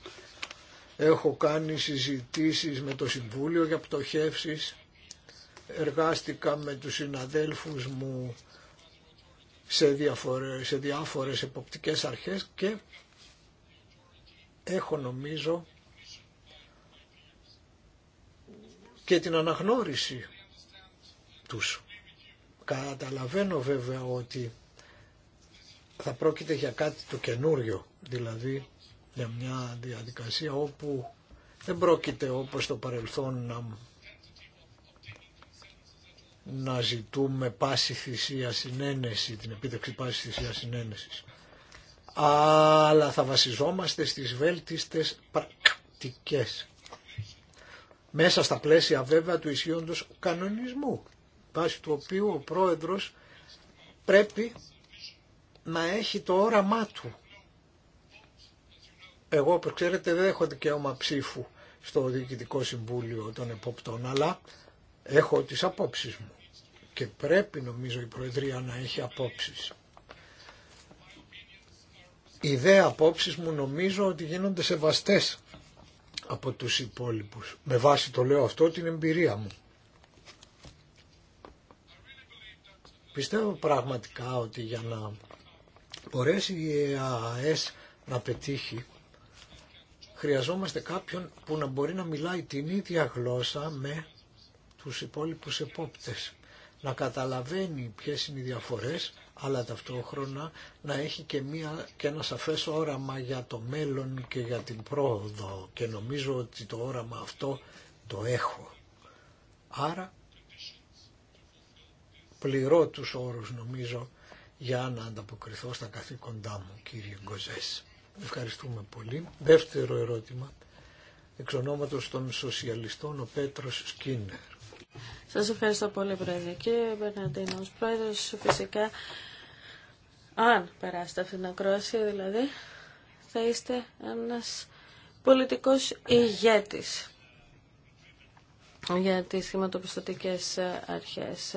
S1: Έχω κάνει συζητήσεις με το Συμβούλιο για πτωχεύσεις. Εργάστηκα με τους συναδέλφους μου σε, διάφορες, σε διάφορες εποπτικές αρχές και έχω νομίζω και την αναγνώριση τους. Καταλαβαίνω βέβαια ότι θα πρόκειται για κάτι το καινούριο, δηλαδή για μια διαδικασία όπου δεν πρόκειται όπως το παρελθόν να, να ζητούμε πάση θυσία συνένεση, την επίτευξη πάση θυσία συνένεσης. Αλλά θα βασιζόμαστε στις βέλτιστες πρακτικές. Μέσα στα πλαίσια βέβαια του ισχύοντος κανονισμού, βάσει του οποίου ο πρόεδρος πρέπει να έχει το όραμά του εγώ, όπως ξέρετε, δεν έχω δικαίωμα ψήφου στο Διοικητικό Συμβούλιο των Εποπτών, αλλά έχω τις απόψεις μου και πρέπει νομίζω η Προεδρία να έχει απόψεις. Οι δε απόψεις μου νομίζω ότι γίνονται σεβαστές από τους υπόλοιπους. Με βάση το λέω αυτό την εμπειρία μου. Πιστεύω πραγματικά ότι για να μπορέσει η ΕΑΕΣ να πετύχει χρειαζόμαστε κάποιον που να μπορεί να μιλάει την ίδια γλώσσα με τους υπόλοιπους επόπτες. Να καταλαβαίνει ποιες είναι οι διαφορές, αλλά ταυτόχρονα να έχει και, μία, και ένα σαφές όραμα για το μέλλον και για την πρόοδο. Και νομίζω ότι το όραμα αυτό το έχω. Άρα πληρώ τους όρους νομίζω για να ανταποκριθώ στα καθήκοντά μου κύριε Γκοζέση. Ευχαριστούμε πολύ. Δεύτερο ερώτημα. Εξ ονόματος των σοσιαλιστών ο Πέτρος Σκίνερ.
S2: Σας ευχαριστώ πολύ Πρόεδρε. Κύριε Μπερναντίνο, Πρόεδρος φυσικά, αν περάσετε αυτήν την ακρόαση δηλαδή, θα είστε ένας πολιτικός ηγέτης για τις χρηματοπιστωτικές αρχές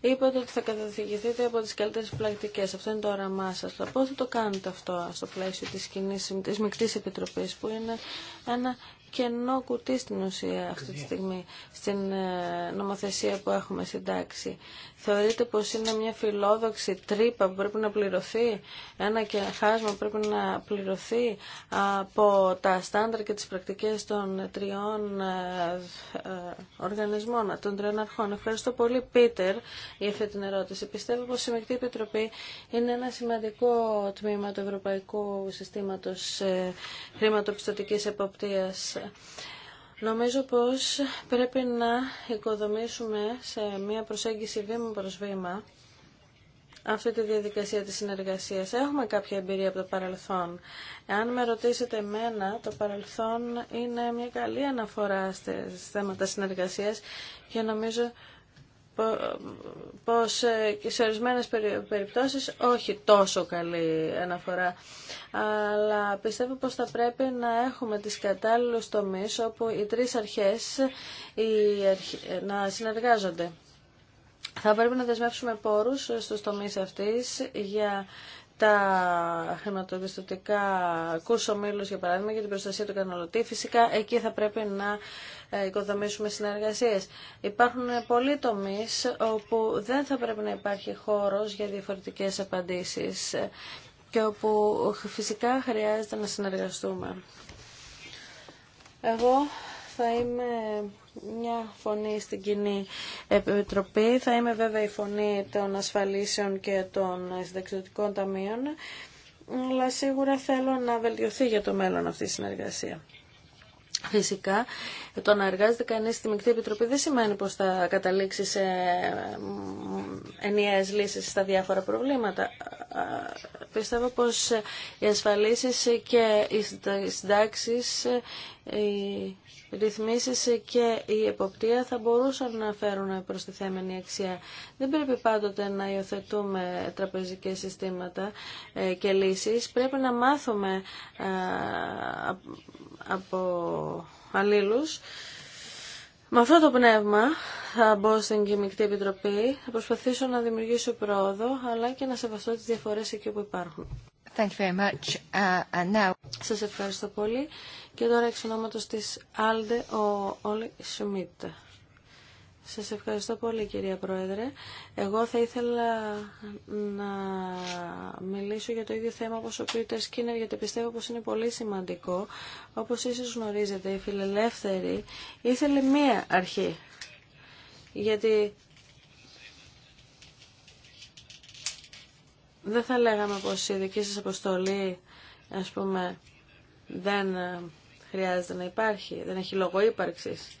S2: είπατε ότι θα καταδιηγηθείτε από τις καλύτερε πρακτικέ. Αυτό είναι το όραμά σας. Πώς θα το κάνετε αυτό στο πλαίσιο της, κοινή, της Μικτής Επιτροπής, που είναι ένα κενό κουτί στην ουσία αυτή τη στιγμή στην ε, νομοθεσία που έχουμε συντάξει. Θεωρείτε πως είναι μια φιλόδοξη τρύπα που πρέπει να πληρωθεί, ένα και χάσμα που πρέπει να πληρωθεί από τα στάνταρ και τις πρακτικές των τριών ε, ε, οργανισμών, των τριών αρχών. Ευχαριστώ πολύ Πίτερ για αυτή την ερώτηση. Πιστεύω πως η Μεκτή Επιτροπή είναι ένα σημαντικό τμήμα του Ευρωπαϊκού Συστήματος Χρηματοπιστωτικής Εποπτείας Νομίζω πως πρέπει να οικοδομήσουμε σε μια προσέγγιση βήμα προς βήμα αυτή τη διαδικασία της συνεργασίας. Έχουμε κάποια εμπειρία από το παρελθόν. Αν με ρωτήσετε εμένα, το παρελθόν είναι μια καλή αναφορά στις θέματα συνεργασίας και νομίζω πως ε, σε ορισμένες περιπτώσεις όχι τόσο καλή αναφορά. Αλλά πιστεύω πως θα πρέπει να έχουμε τις κατάλληλους τομείς όπου οι τρεις αρχές ε, να συνεργάζονται. Θα πρέπει να δεσμεύσουμε πόρους στους τομείς αυτής για τα χρηματοπιστωτικά κούσο μήλους για παράδειγμα για την προστασία του καταναλωτή φυσικά εκεί θα πρέπει να ε, οικοδομήσουμε συνεργασίες. Υπάρχουν πολλοί τομείς όπου δεν θα πρέπει να υπάρχει χώρος για διαφορετικές απαντήσεις και όπου φυσικά χρειάζεται να συνεργαστούμε. Εγώ θα είμαι μια φωνή στην κοινή επιτροπή. Θα είμαι βέβαια η φωνή των ασφαλίσεων και των συνταξιδοτικών ταμείων. Αλλά σίγουρα θέλω να βελτιωθεί για το μέλλον αυτή η συνεργασία. Φυσικά το να εργάζεται κανεί στη Μικτή Επιτροπή δεν σημαίνει πω θα καταλήξει σε ενιαίες λύσεις στα διάφορα προβλήματα. Πιστεύω πως οι ασφαλίσει και οι συντάξει, οι ρυθμίσεις και η εποπτεία θα μπορούσαν να φέρουν θέμενη αξία. Δεν πρέπει πάντοτε να υιοθετούμε τραπεζικέ συστήματα ε, και λύσεις. Πρέπει να μάθουμε από με αυτό το πνεύμα θα μπω στην Κοιμικτή Επιτροπή, θα προσπαθήσω να δημιουργήσω πρόοδο, αλλά και να σεβαστώ τις διαφορές εκεί που υπάρχουν.
S3: Thank you very much. Uh, and now... Σας
S2: ευχαριστώ πολύ. Και τώρα εξ ονόματος της Άλντε, ο Όλη Σμιτ. Σας ευχαριστώ πολύ κυρία Πρόεδρε. Εγώ θα ήθελα να μιλήσω για το ίδιο θέμα όπως ο Πίτερ Σκίνερ γιατί πιστεύω πως είναι πολύ σημαντικό. Όπως ίσως γνωρίζετε η φιλελεύθερη ήθελε μία αρχή γιατί δεν θα λέγαμε πως η δική σας αποστολή ας πούμε δεν ε, χρειάζεται να υπάρχει, δεν έχει λόγο ύπαρξης.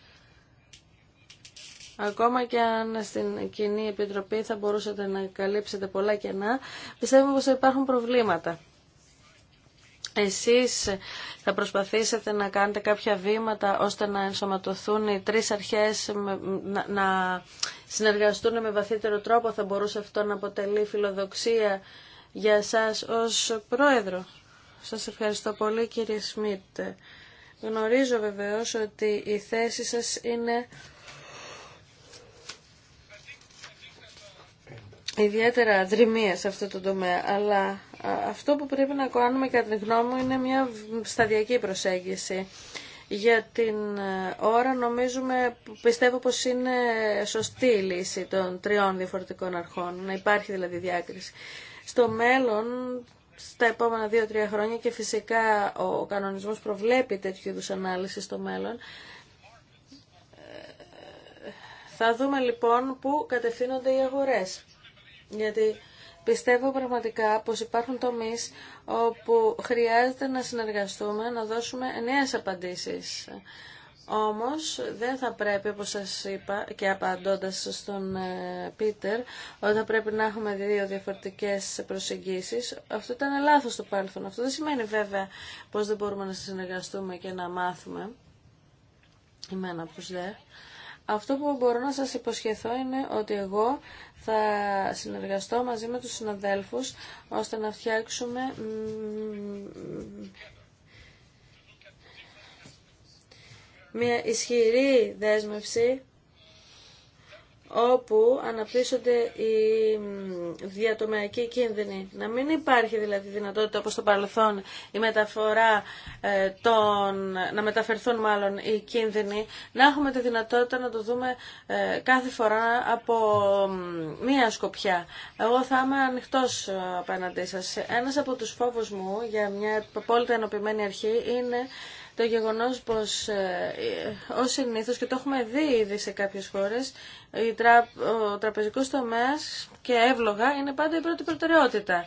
S2: Ακόμα και αν στην κοινή επιτροπή θα μπορούσατε να καλύψετε πολλά κενά, πιστεύουμε πως υπάρχουν προβλήματα. Εσείς θα προσπαθήσετε να κάνετε κάποια βήματα ώστε να ενσωματωθούν οι τρεις αρχές να συνεργαστούν με βαθύτερο τρόπο. Θα μπορούσε αυτό να αποτελεί φιλοδοξία για σας ως πρόεδρο. Σας ευχαριστώ πολύ κύριε Σμιτ. Γνωρίζω βεβαίως ότι η θέση σας είναι ιδιαίτερα δρυμία σε αυτό το τομέα, αλλά αυτό που πρέπει να κάνουμε κατά τη γνώμη μου είναι μια σταδιακή προσέγγιση. Για την ε, ώρα νομίζουμε, πιστεύω πως είναι σωστή η λύση των τριών διαφορετικών αρχών, να υπάρχει δηλαδή διάκριση. Στο μέλλον, στα επόμενα δύο-τρία χρόνια και φυσικά ο κανονισμός προβλέπει τέτοιου είδους ανάλυση στο μέλλον, ε, θα δούμε λοιπόν πού κατευθύνονται οι αγορές γιατί πιστεύω πραγματικά πως υπάρχουν τομείς όπου χρειάζεται να συνεργαστούμε, να δώσουμε νέες απαντήσεις. Όμως δεν θα πρέπει, όπως σας είπα και απαντώντας στον ε, Πίτερ, ότι θα πρέπει να έχουμε δύο διαφορετικές προσεγγίσεις. Αυτό ήταν λάθος στο παρελθόν. Αυτό δεν σημαίνει βέβαια πως δεν μπορούμε να συνεργαστούμε και να μάθουμε. Εμένα πως Αυτό που μπορώ να σας υποσχεθώ είναι ότι εγώ θα συνεργαστώ μαζί με τους συναδέλφους ώστε να φτιάξουμε μια ισχυρή δέσμευση όπου αναπτύσσονται οι διατομεακοί κίνδυνοι. Να μην υπάρχει δηλαδή δυνατότητα όπως στο παρελθόν η μεταφορά ε, των, να μεταφερθούν μάλλον οι κίνδυνοι, να έχουμε τη δυνατότητα να το δούμε ε, κάθε φορά από μία σκοπιά. Εγώ θα είμαι ανοιχτός ε, απέναντί σας. Ένας από τους φόβους μου για μια απόλυτα ενωπημένη αρχή είναι το γεγονός πως ε, ε, ως συνήθως και το έχουμε δει ήδη σε κάποιες χώρες ο τραπεζικός τομέας και εύλογα είναι πάντα η πρώτη προτεραιότητα.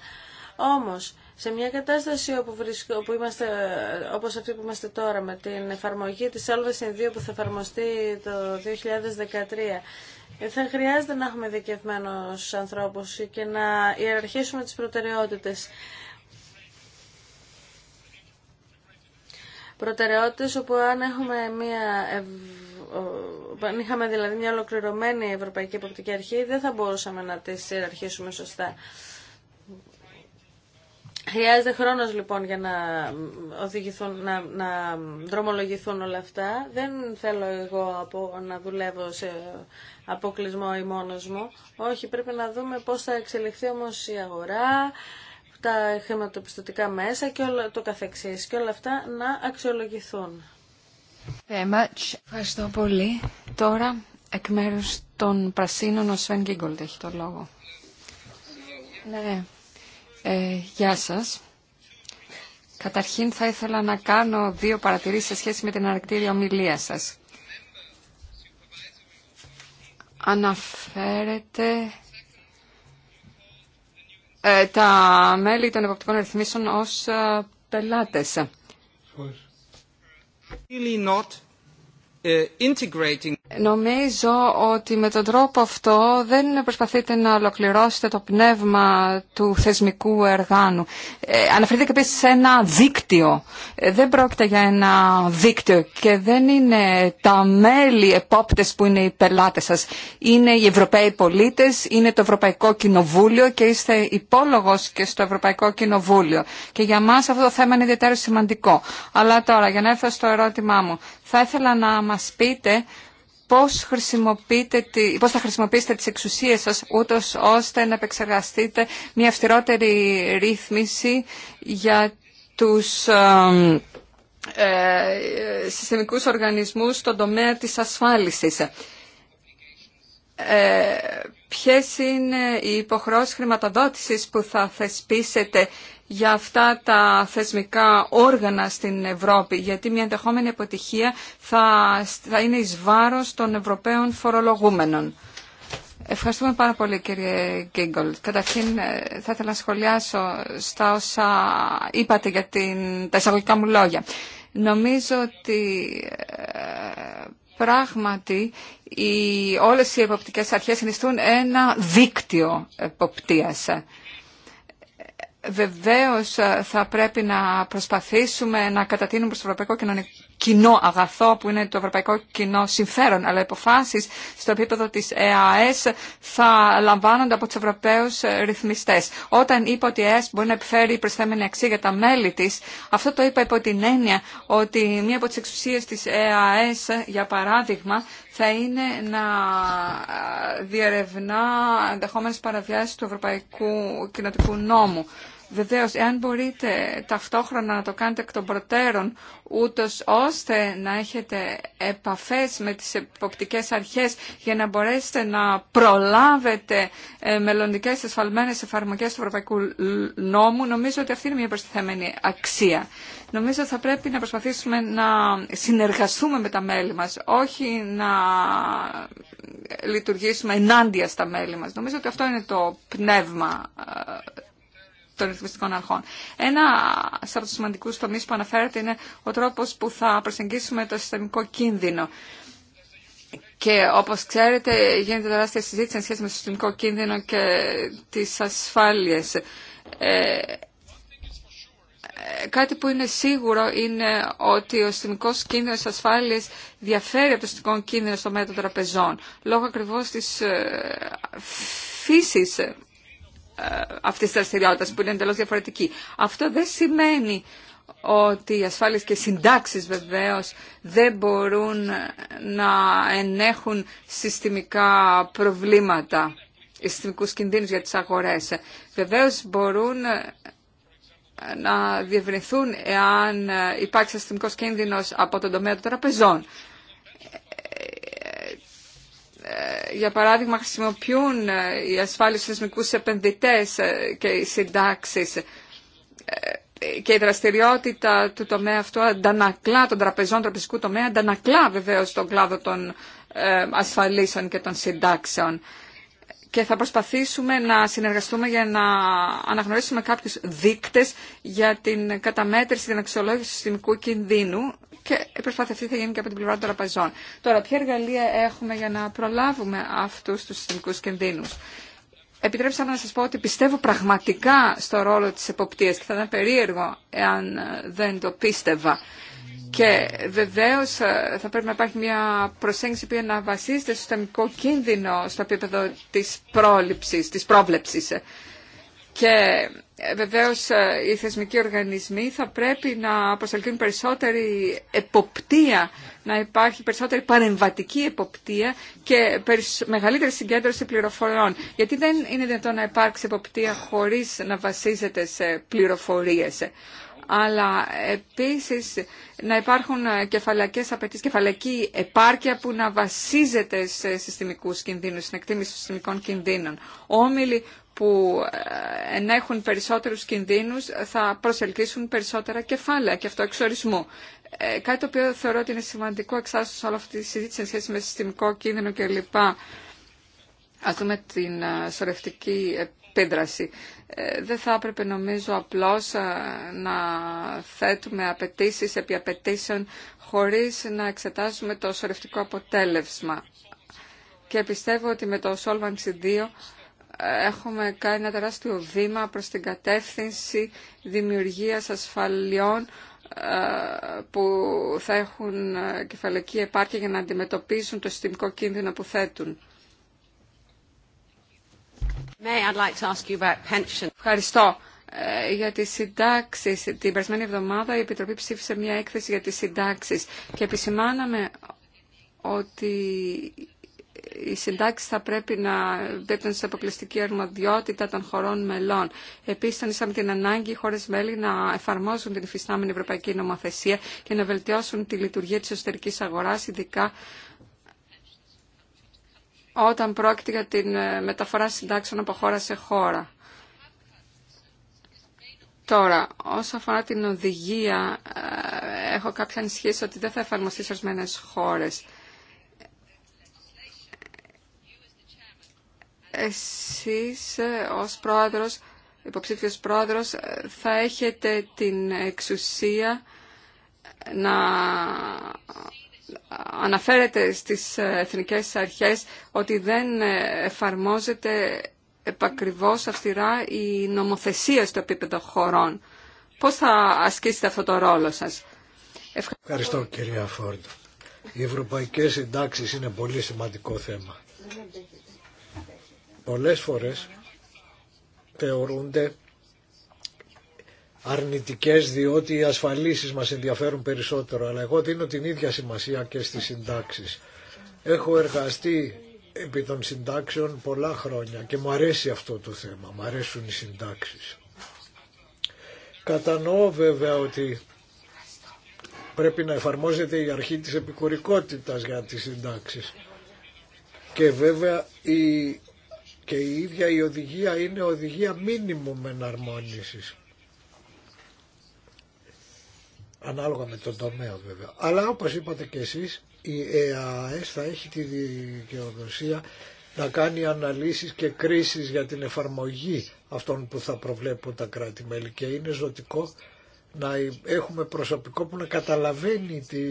S2: Όμως σε μια κατάσταση όπου, όπου είμαστε, όπως αυτή που είμαστε τώρα με την εφαρμογή της Solvency 2 που θα εφαρμοστεί το 2013 θα χρειάζεται να έχουμε δικαιωμένους ανθρώπους και να ιεραρχήσουμε τις προτεραιότητες. προτεραιότητες όπου αν έχουμε μια ευ... είχαμε δηλαδή μια ολοκληρωμένη Ευρωπαϊκή Εποπτική Αρχή δεν θα μπορούσαμε να τις ιεραρχήσουμε σωστά. Χρειάζεται χρόνος λοιπόν για να, να, να δρομολογηθούν όλα αυτά. Δεν θέλω εγώ από, να δουλεύω σε αποκλεισμό ή μόνος μου. Όχι, πρέπει να δούμε πώς θα εξελιχθεί όμως η αγορά, τα χρηματοπιστωτικά μέσα και όλα το καθεξής και όλα αυτά να αξιολογηθούν.
S3: Ευχαριστώ πολύ. Τώρα εκ μέρου των Πρασίνων ο Σφεν Γκίγκολτ έχει το λόγο. Ναι, ε, γεια σας. Καταρχήν θα ήθελα να κάνω δύο παρατηρήσεις σε σχέση με την αρκτήρια ομιλία σας. Αναφέρεται ε, τα μέλη των εποπτικών ρυθμίσεων ως ε, πελάτες.
S1: Really not Uh,
S3: Νομίζω ότι με τον τρόπο αυτό δεν προσπαθείτε να ολοκληρώσετε το πνεύμα του θεσμικού εργάνου. Ε, αναφερθείτε επίση σε ένα δίκτυο. Ε, δεν πρόκειται για ένα δίκτυο και δεν είναι τα μέλη επόπτες που είναι οι πελάτες σας. Είναι οι Ευρωπαίοι πολίτες, είναι το Ευρωπαϊκό Κοινοβούλιο και είστε υπόλογος και στο Ευρωπαϊκό Κοινοβούλιο. Και για μας αυτό το θέμα είναι ιδιαίτερα σημαντικό. Αλλά τώρα, για να έρθω στο ερώτημά μου. Θα ήθελα να μας πείτε πώς, χρησιμοποιείτε, πώς θα χρησιμοποιήσετε τις εξουσίες σας ούτως ώστε να επεξεργαστείτε μια αυστηρότερη ρύθμιση για τους ε, ε, συστημικούς οργανισμούς στον τομέα της ασφάλισης. Ε, ποιες είναι οι υποχρεώσεις χρηματοδότησης που θα θεσπίσετε για αυτά τα θεσμικά όργανα στην Ευρώπη, γιατί μια ενδεχόμενη αποτυχία θα, είναι εις βάρος των Ευρωπαίων φορολογούμενων. Ευχαριστούμε πάρα πολύ κύριε Γκίγκολ. Καταρχήν ε, θα ήθελα να σχολιάσω στα όσα είπατε για την, τα εισαγωγικά μου λόγια. Νομίζω ότι ε, πράγματι οι, όλες οι εποπτικές αρχές συνιστούν ένα δίκτυο εποπτείας. Βεβαίως ε, θα πρέπει να προσπαθήσουμε να κατατείνουμε προς το Ευρωπαϊκό Κοινωνικό κοινό αγαθό που είναι το ευρωπαϊκό κοινό συμφέρον, αλλά υποφάσεις στο επίπεδο της ΕΑΕΣ θα λαμβάνονται από τους Ευρωπαίους ε, ρυθμιστές. Όταν είπε ότι η ΕΑΕΣ μπορεί να επιφέρει προσθέμενη αξία για τα μέλη της, αυτό το είπα υπό την έννοια ότι μία από τις εξουσίες της ΕΑΕΣ, για παράδειγμα, θα είναι να ε, διερευνά ενδεχόμενε παραβιάσεις του Ευρωπαϊκού Κοινοτικού Νόμου. Βεβαίως, εάν μπορείτε ταυτόχρονα να το κάνετε εκ των προτέρων, ούτως ώστε να έχετε επαφές με τις εποπτικές αρχές για να μπορέσετε να προλάβετε ε, μελλοντικέ εσφαλμένες εφαρμογές του Ευρωπαϊκού Νόμου, νομίζω ότι αυτή είναι μια προστιθέμενη αξία. Νομίζω ότι θα πρέπει να προσπαθήσουμε να συνεργαστούμε με τα μέλη μας, όχι να λειτουργήσουμε ενάντια στα μέλη μας. Νομίζω ότι αυτό είναι το πνεύμα ε, των ρυθμιστικών αρχών. Ένα από του σημαντικού τομεί που αναφέρεται είναι ο τρόπο που θα προσεγγίσουμε το συστημικό κίνδυνο. Και όπω ξέρετε γίνεται τεράστια συζήτηση σε σχέση με το συστημικό κίνδυνο και τι ασφάλειε. Ε, κάτι που είναι σίγουρο είναι ότι ο κίνδυνο τη ασφάλεια διαφέρει από το συστημικό κίνδυνο στο μέτρο των τραπεζών, λόγω ακριβώ τη ε, φύση αυτή τη δραστηριότητα που είναι εντελώ διαφορετική. Αυτό δεν σημαίνει ότι οι ασφάλειες και συντάξεις βεβαίως δεν μπορούν να ενέχουν συστημικά προβλήματα, συστημικούς κινδύνους για τις αγορές. Βεβαίως μπορούν να διευρυνθούν εάν υπάρχει συστημικός κίνδυνος από τον τομέα των τραπεζών. Ε, για παράδειγμα χρησιμοποιούν ε, οι ασφάλειες θεσμικούς επενδυτές ε, και οι συντάξεις και η δραστηριότητα του τομέα αυτού αντανακλά, των τραπεζών τραπεζικού τομέα, αντανακλά βεβαίως τον κλάδο των ασφαλίσεων και των συντάξεων. Και θα προσπαθήσουμε να συνεργαστούμε για να αναγνωρίσουμε κάποιους δείκτες για την καταμέτρηση, την αξιολόγηση του συστημικού κινδύνου και η προσπάθεια αυτή θα γίνει και από την πλευρά των τραπεζών. Τώρα, ποια εργαλεία έχουμε για να προλάβουμε αυτού του συστημικού κινδύνου. Επιτρέψτε να σας πω ότι πιστεύω πραγματικά στο ρόλο της εποπτείας και θα ήταν περίεργο εάν ε, δεν το πίστευα. Και βεβαίω ε, θα πρέπει να υπάρχει μια προσέγγιση που να βασίζεται στο συστημικό κίνδυνο στο επίπεδο τη πρόληψη, τη πρόβλεψη. Και ε, βεβαίως ε, οι θεσμικοί οργανισμοί θα πρέπει να προσελκύουν περισσότερη εποπτεία, να υπάρχει περισσότερη παρεμβατική εποπτεία και μεγαλύτερη συγκέντρωση πληροφοριών. Γιατί δεν είναι δυνατόν να υπάρξει εποπτεία χωρίς να βασίζεται σε πληροφορίες αλλά επίσης να υπάρχουν ε, κεφαλακές απαιτήσεις, κεφαλακή επάρκεια που να βασίζεται σε συστημικούς κινδύνους, στην εκτίμηση συστημικών κινδύνων. Όμιλοι που ε, ενέχουν περισσότερους κινδύνους θα προσελκύσουν περισσότερα κεφάλαια και αυτό εξορισμό Ε, κάτι το οποίο θεωρώ ότι είναι σημαντικό σε όλη αυτή τη συζήτηση σε σχέση με συστημικό κίνδυνο κλπ. Ας δούμε την ε, σωρευτική επίδραση. Ε, δεν θα έπρεπε νομίζω απλώς να θέτουμε απαιτήσει επί απαιτήσεων χωρίς να εξετάζουμε το σωρευτικό αποτέλεσμα. Και πιστεύω ότι με το Solvency 2 έχουμε κάνει ένα τεράστιο βήμα προς την κατεύθυνση δημιουργίας ασφαλιών ε, που θα έχουν ε, κεφαλική επάρκεια για να αντιμετωπίσουν το συστημικό κίνδυνο που θέτουν. Ευχαριστώ. Ε, για τι συντάξει. την περασμένη εβδομάδα η Επιτροπή ψήφισε μια έκθεση για τι συντάξει και επισημάναμε ότι οι συντάξει θα πρέπει να δέπτουν σε αποκλειστική αρμοδιότητα των χωρών μελών. Επίση, τονίσαμε την ανάγκη οι χώρε μέλη να εφαρμόσουν την υφιστάμενη ευρωπαϊκή νομοθεσία και να βελτιώσουν τη λειτουργία τη εσωτερική αγορά, ειδικά όταν πρόκειται για την ε, μεταφορά συντάξεων από χώρα σε χώρα. Τώρα, όσο αφορά την οδηγία, ε, έχω κάποια ανησυχία ότι δεν θα εφαρμοστεί σε ορισμένε χώρε. εσείς ε, ως πρόεδρος, υποψήφιος πρόεδρος, ε, θα έχετε την εξουσία να αναφέρετε στις ε, εθνικές αρχές ότι δεν εφαρμόζεται επακριβώς αυστηρά η νομοθεσία στο επίπεδο χωρών. Πώς θα ασκήσετε αυτό το ρόλο σας.
S1: Ευχαριστώ, Ευχαριστώ κυρία Φόρντ. Οι ευρωπαϊκές συντάξει είναι πολύ σημαντικό θέμα πολλές φορές θεωρούνται αρνητικές διότι οι ασφαλίσεις μας ενδιαφέρουν περισσότερο αλλά εγώ δίνω την ίδια σημασία και στις συντάξεις. Έχω εργαστεί επί των συντάξεων πολλά χρόνια και μου αρέσει αυτό το θέμα, μου αρέσουν οι συντάξεις. Κατανοώ βέβαια ότι πρέπει να εφαρμόζεται η αρχή της επικουρικότητας για τις συντάξεις. Και βέβαια η και η ίδια η οδηγία είναι οδηγία με εναρμόνισης. Ανάλογα με τον τομέα βέβαια. Αλλά όπως είπατε και εσείς η ΕΑΕΣ θα έχει τη δικαιοδοσία να κάνει αναλύσεις και κρίσεις για την εφαρμογή αυτών που θα προβλέπουν τα κράτη-μέλη και είναι ζωτικό να έχουμε προσωπικό που να καταλαβαίνει τι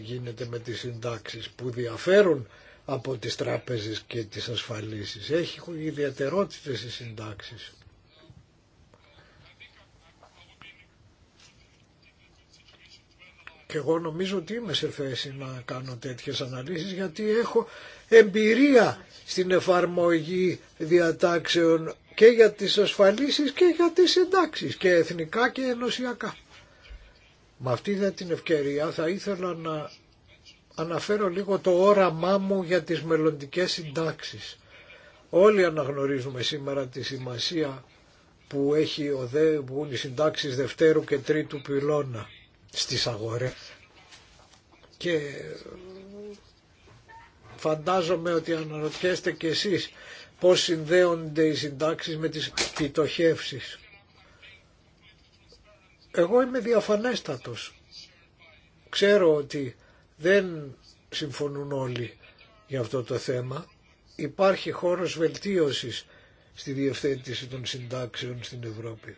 S1: γίνεται με τις συντάξεις που διαφέρουν από τις τράπεζες και τις ασφαλίσεις. Έχει ιδιαιτερότητες οι συντάξεις. Και εγώ νομίζω ότι είμαι σε θέση να κάνω τέτοιες αναλύσεις γιατί έχω εμπειρία στην εφαρμογή διατάξεων και για τις ασφαλίσεις και για τις συντάξεις και εθνικά και ενωσιακά. Με αυτή την ευκαιρία θα ήθελα να αναφέρω λίγο το όραμά μου για τις μελλοντικέ συντάξεις. Όλοι αναγνωρίζουμε σήμερα τη σημασία που έχει ο δε, που οι συντάξεις δευτέρου και τρίτου πυλώνα στις αγορές. Και φαντάζομαι ότι αναρωτιέστε κι εσείς πώς συνδέονται οι συντάξεις με τις πιτοχεύσεις. Εγώ είμαι διαφανέστατος. Ξέρω ότι δεν συμφωνούν όλοι για αυτό το θέμα. Υπάρχει χώρος βελτίωσης στη διευθέτηση των συντάξεων στην Ευρώπη.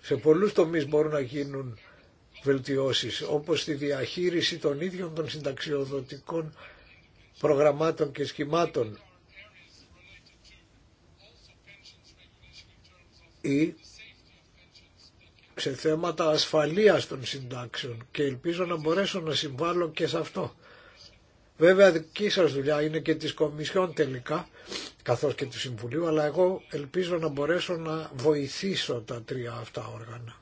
S1: Σε πολλούς τομείς μπορούν να γίνουν βελτιώσεις, όπως τη διαχείριση των ίδιων των συνταξιοδοτικών προγραμμάτων και σχημάτων ή σε θέματα ασφαλείας των συντάξεων και ελπίζω να μπορέσω να συμβάλλω και σε αυτό. Βέβαια δική σας δουλειά είναι και της Κομισιόν τελικά, καθώς και του Συμβουλίου, αλλά εγώ ελπίζω να μπορέσω να βοηθήσω τα τρία αυτά όργανα.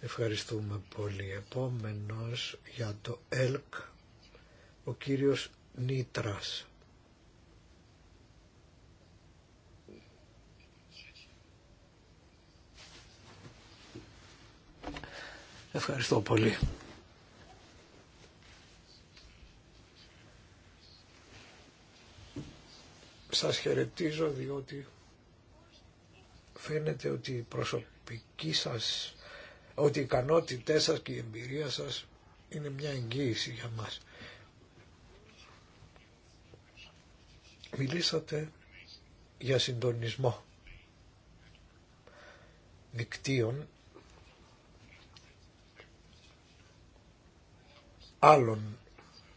S1: Ευχαριστούμε πολύ. Επόμενος για το ΕΛΚ, ο κύριος Νίτρας. Ευχαριστώ πολύ. Σας χαιρετίζω διότι φαίνεται ότι η προσωπική σας, ότι οι ικανότητές σας και η εμπειρία σας είναι μια εγγύηση για μας. Μιλήσατε για συντονισμό δικτύων άλλων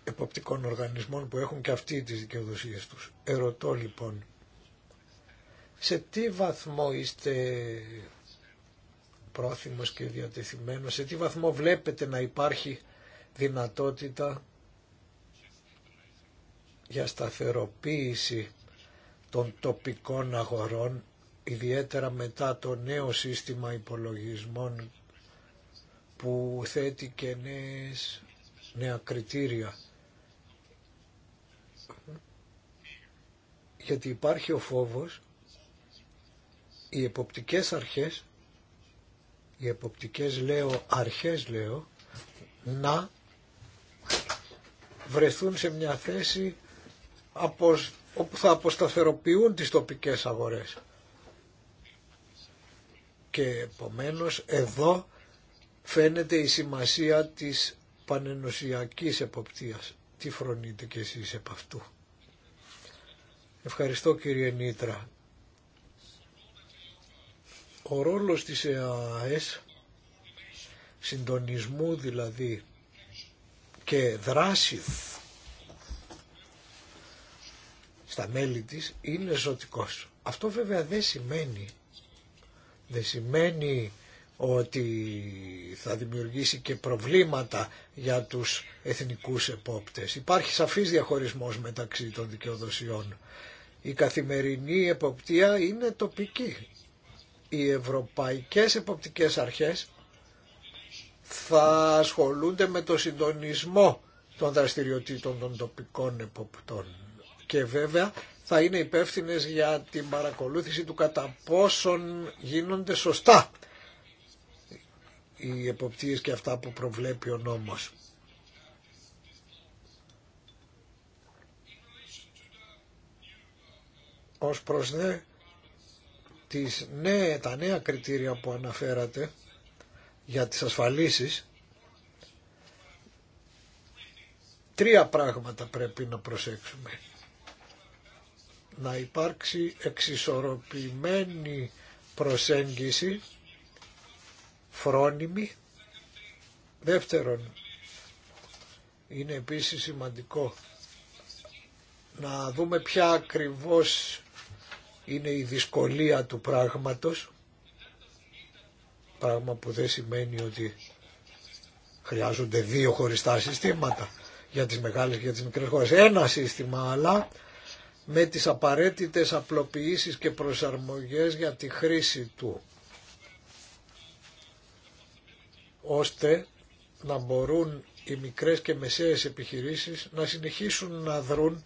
S1: εποπτικών οργανισμών που έχουν και αυτοί τις δικαιοδοσίες τους. Ερωτώ λοιπόν, σε τι βαθμό είστε πρόθυμος και διατεθειμένος, σε τι βαθμό βλέπετε να υπάρχει δυνατότητα για σταθεροποίηση των τοπικών αγορών, ιδιαίτερα μετά το νέο σύστημα υπολογισμών που θέτει και νέα κριτήρια. Γιατί υπάρχει ο φόβος οι εποπτικές αρχές, οι εποπτικές λέω αρχές λέω, να βρεθούν σε μια θέση όπου θα αποσταθεροποιούν τις τοπικές αγορές. Και επομένως εδώ φαίνεται η σημασία της πανενοσιακής εποπτείας. Τι φρονείτε κι εσείς επ' αυτού. Ευχαριστώ κύριε Νίτρα. Ο ρόλος της ΕΑΕΣ, συντονισμού δηλαδή και δράση στα μέλη της είναι ζωτικός. Αυτό βέβαια δεν σημαίνει, δεν σημαίνει ότι θα δημιουργήσει και προβλήματα για τους εθνικούς επόπτες. Υπάρχει σαφής διαχωρισμός μεταξύ των δικαιοδοσιών. Η καθημερινή εποπτεία είναι τοπική. Οι ευρωπαϊκές εποπτικές αρχές θα ασχολούνται με το συντονισμό των δραστηριοτήτων των τοπικών εποπτών. Και βέβαια θα είναι υπεύθυνε για την παρακολούθηση του κατά πόσον γίνονται σωστά οι εποπτείες και αυτά που προβλέπει ο νόμος. Ως προς δε, τις τα νέα κριτήρια που αναφέρατε για τις ασφαλίσεις, τρία πράγματα πρέπει να προσέξουμε. Να υπάρξει εξισορροπημένη προσέγγιση φρόνιμη. Δεύτερον, είναι επίσης σημαντικό να δούμε ποια ακριβώς είναι η δυσκολία του πράγματος, πράγμα που δεν σημαίνει ότι χρειάζονται δύο χωριστά συστήματα για τις μεγάλες και για τις μικρές χώρες. Ένα σύστημα, αλλά με τις απαραίτητες απλοποιήσεις και προσαρμογές για τη χρήση του. ώστε να μπορούν οι μικρές και μεσαίες επιχειρήσεις να συνεχίσουν να δρουν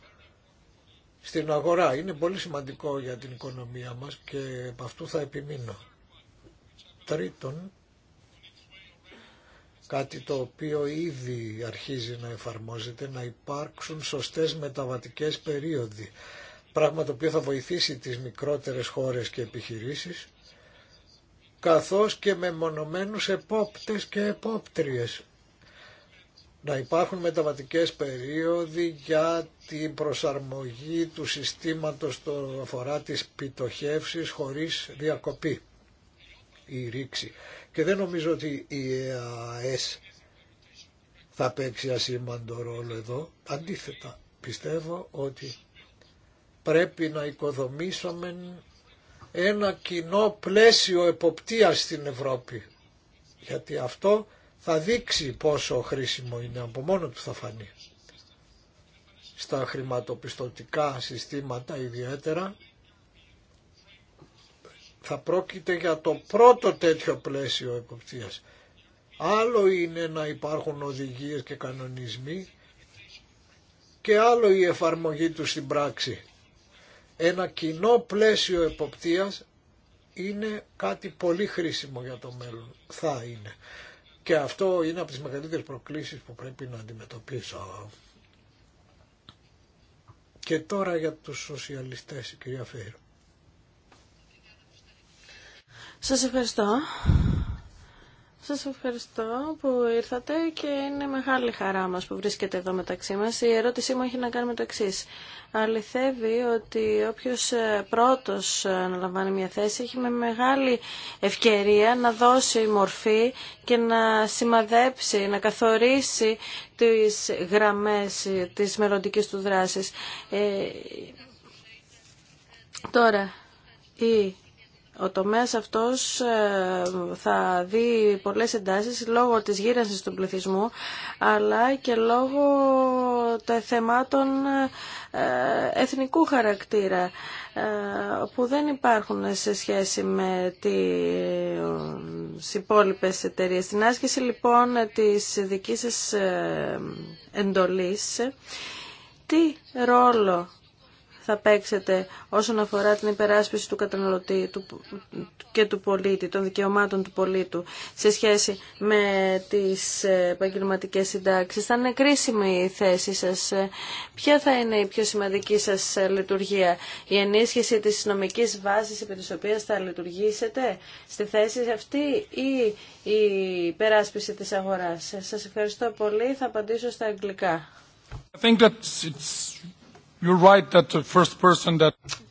S1: στην αγορά. Είναι πολύ σημαντικό για την οικονομία μας και από αυτού θα επιμείνω. Τρίτον, κάτι το οποίο ήδη αρχίζει να εφαρμόζεται, να υπάρξουν σωστές μεταβατικές περίοδοι, πράγμα το οποίο θα βοηθήσει τις μικρότερες χώρες και επιχειρήσεις καθώς και με μονομένους επόπτες και επόπτριες. Να υπάρχουν μεταβατικές περίοδοι για την προσαρμογή του συστήματος στο αφορά τις πιτοχεύσεις χωρίς διακοπή η ρήξη. Και δεν νομίζω ότι η ΕΑΕΣ θα παίξει ασήμαντο ρόλο εδώ. Αντίθετα, πιστεύω ότι πρέπει να οικοδομήσουμε ένα κοινό πλαίσιο εποπτείας στην Ευρώπη. Γιατί αυτό θα δείξει πόσο χρήσιμο είναι, από μόνο του θα φανεί. Στα χρηματοπιστωτικά συστήματα ιδιαίτερα θα πρόκειται για το πρώτο τέτοιο πλαίσιο εποπτείας. Άλλο είναι να υπάρχουν οδηγίες και κανονισμοί και άλλο η εφαρμογή του στην πράξη. Ένα κοινό πλαίσιο εποπτείας είναι κάτι πολύ χρήσιμο για το μέλλον. Θα είναι. Και αυτό είναι από τις μεγαλύτερες προκλήσεις που πρέπει να αντιμετωπίσω. Και τώρα για τους σοσιαλιστές, κυρία Φέιρο.
S2: Σας ευχαριστώ. Σας ευχαριστώ που ήρθατε και είναι μεγάλη χαρά μας που βρίσκεται εδώ μεταξύ μας. Η ερώτησή μου έχει να κάνει με το εξή. Αληθεύει ότι όποιος ε, πρώτος ε, αναλαμβάνει μια θέση έχει με μεγάλη ευκαιρία να δώσει μορφή και να σημαδέψει, να καθορίσει τις γραμμές ε, της μελλοντικής του δράσης. τώρα, η ο τομέας αυτός ε, θα δει πολλές εντάσεις λόγω της γύρανσης του πληθυσμού αλλά και λόγω των θεμάτων ε, εθνικού χαρακτήρα ε, που δεν υπάρχουν σε σχέση με τις υπόλοιπε εταιρείε. Στην άσκηση λοιπόν της δικής σας εντολής τι ρόλο θα παίξετε όσον αφορά την υπεράσπιση του καταναλωτή και του πολίτη, των δικαιωμάτων του πολίτου σε σχέση με τις ε, επαγγελματικέ συντάξεις. Θα είναι κρίσιμη η θέση σας. Ε, ποια θα είναι η πιο σημαντική σας ε, λειτουργία, η ενίσχυση της νομικής βάσης επί της οποίας θα λειτουργήσετε στη θέση αυτή ή η υπεράσπιση της αγοράς. Σας ευχαριστώ πολύ. Θα απαντήσω στα αγγλικά.
S1: I think that it's...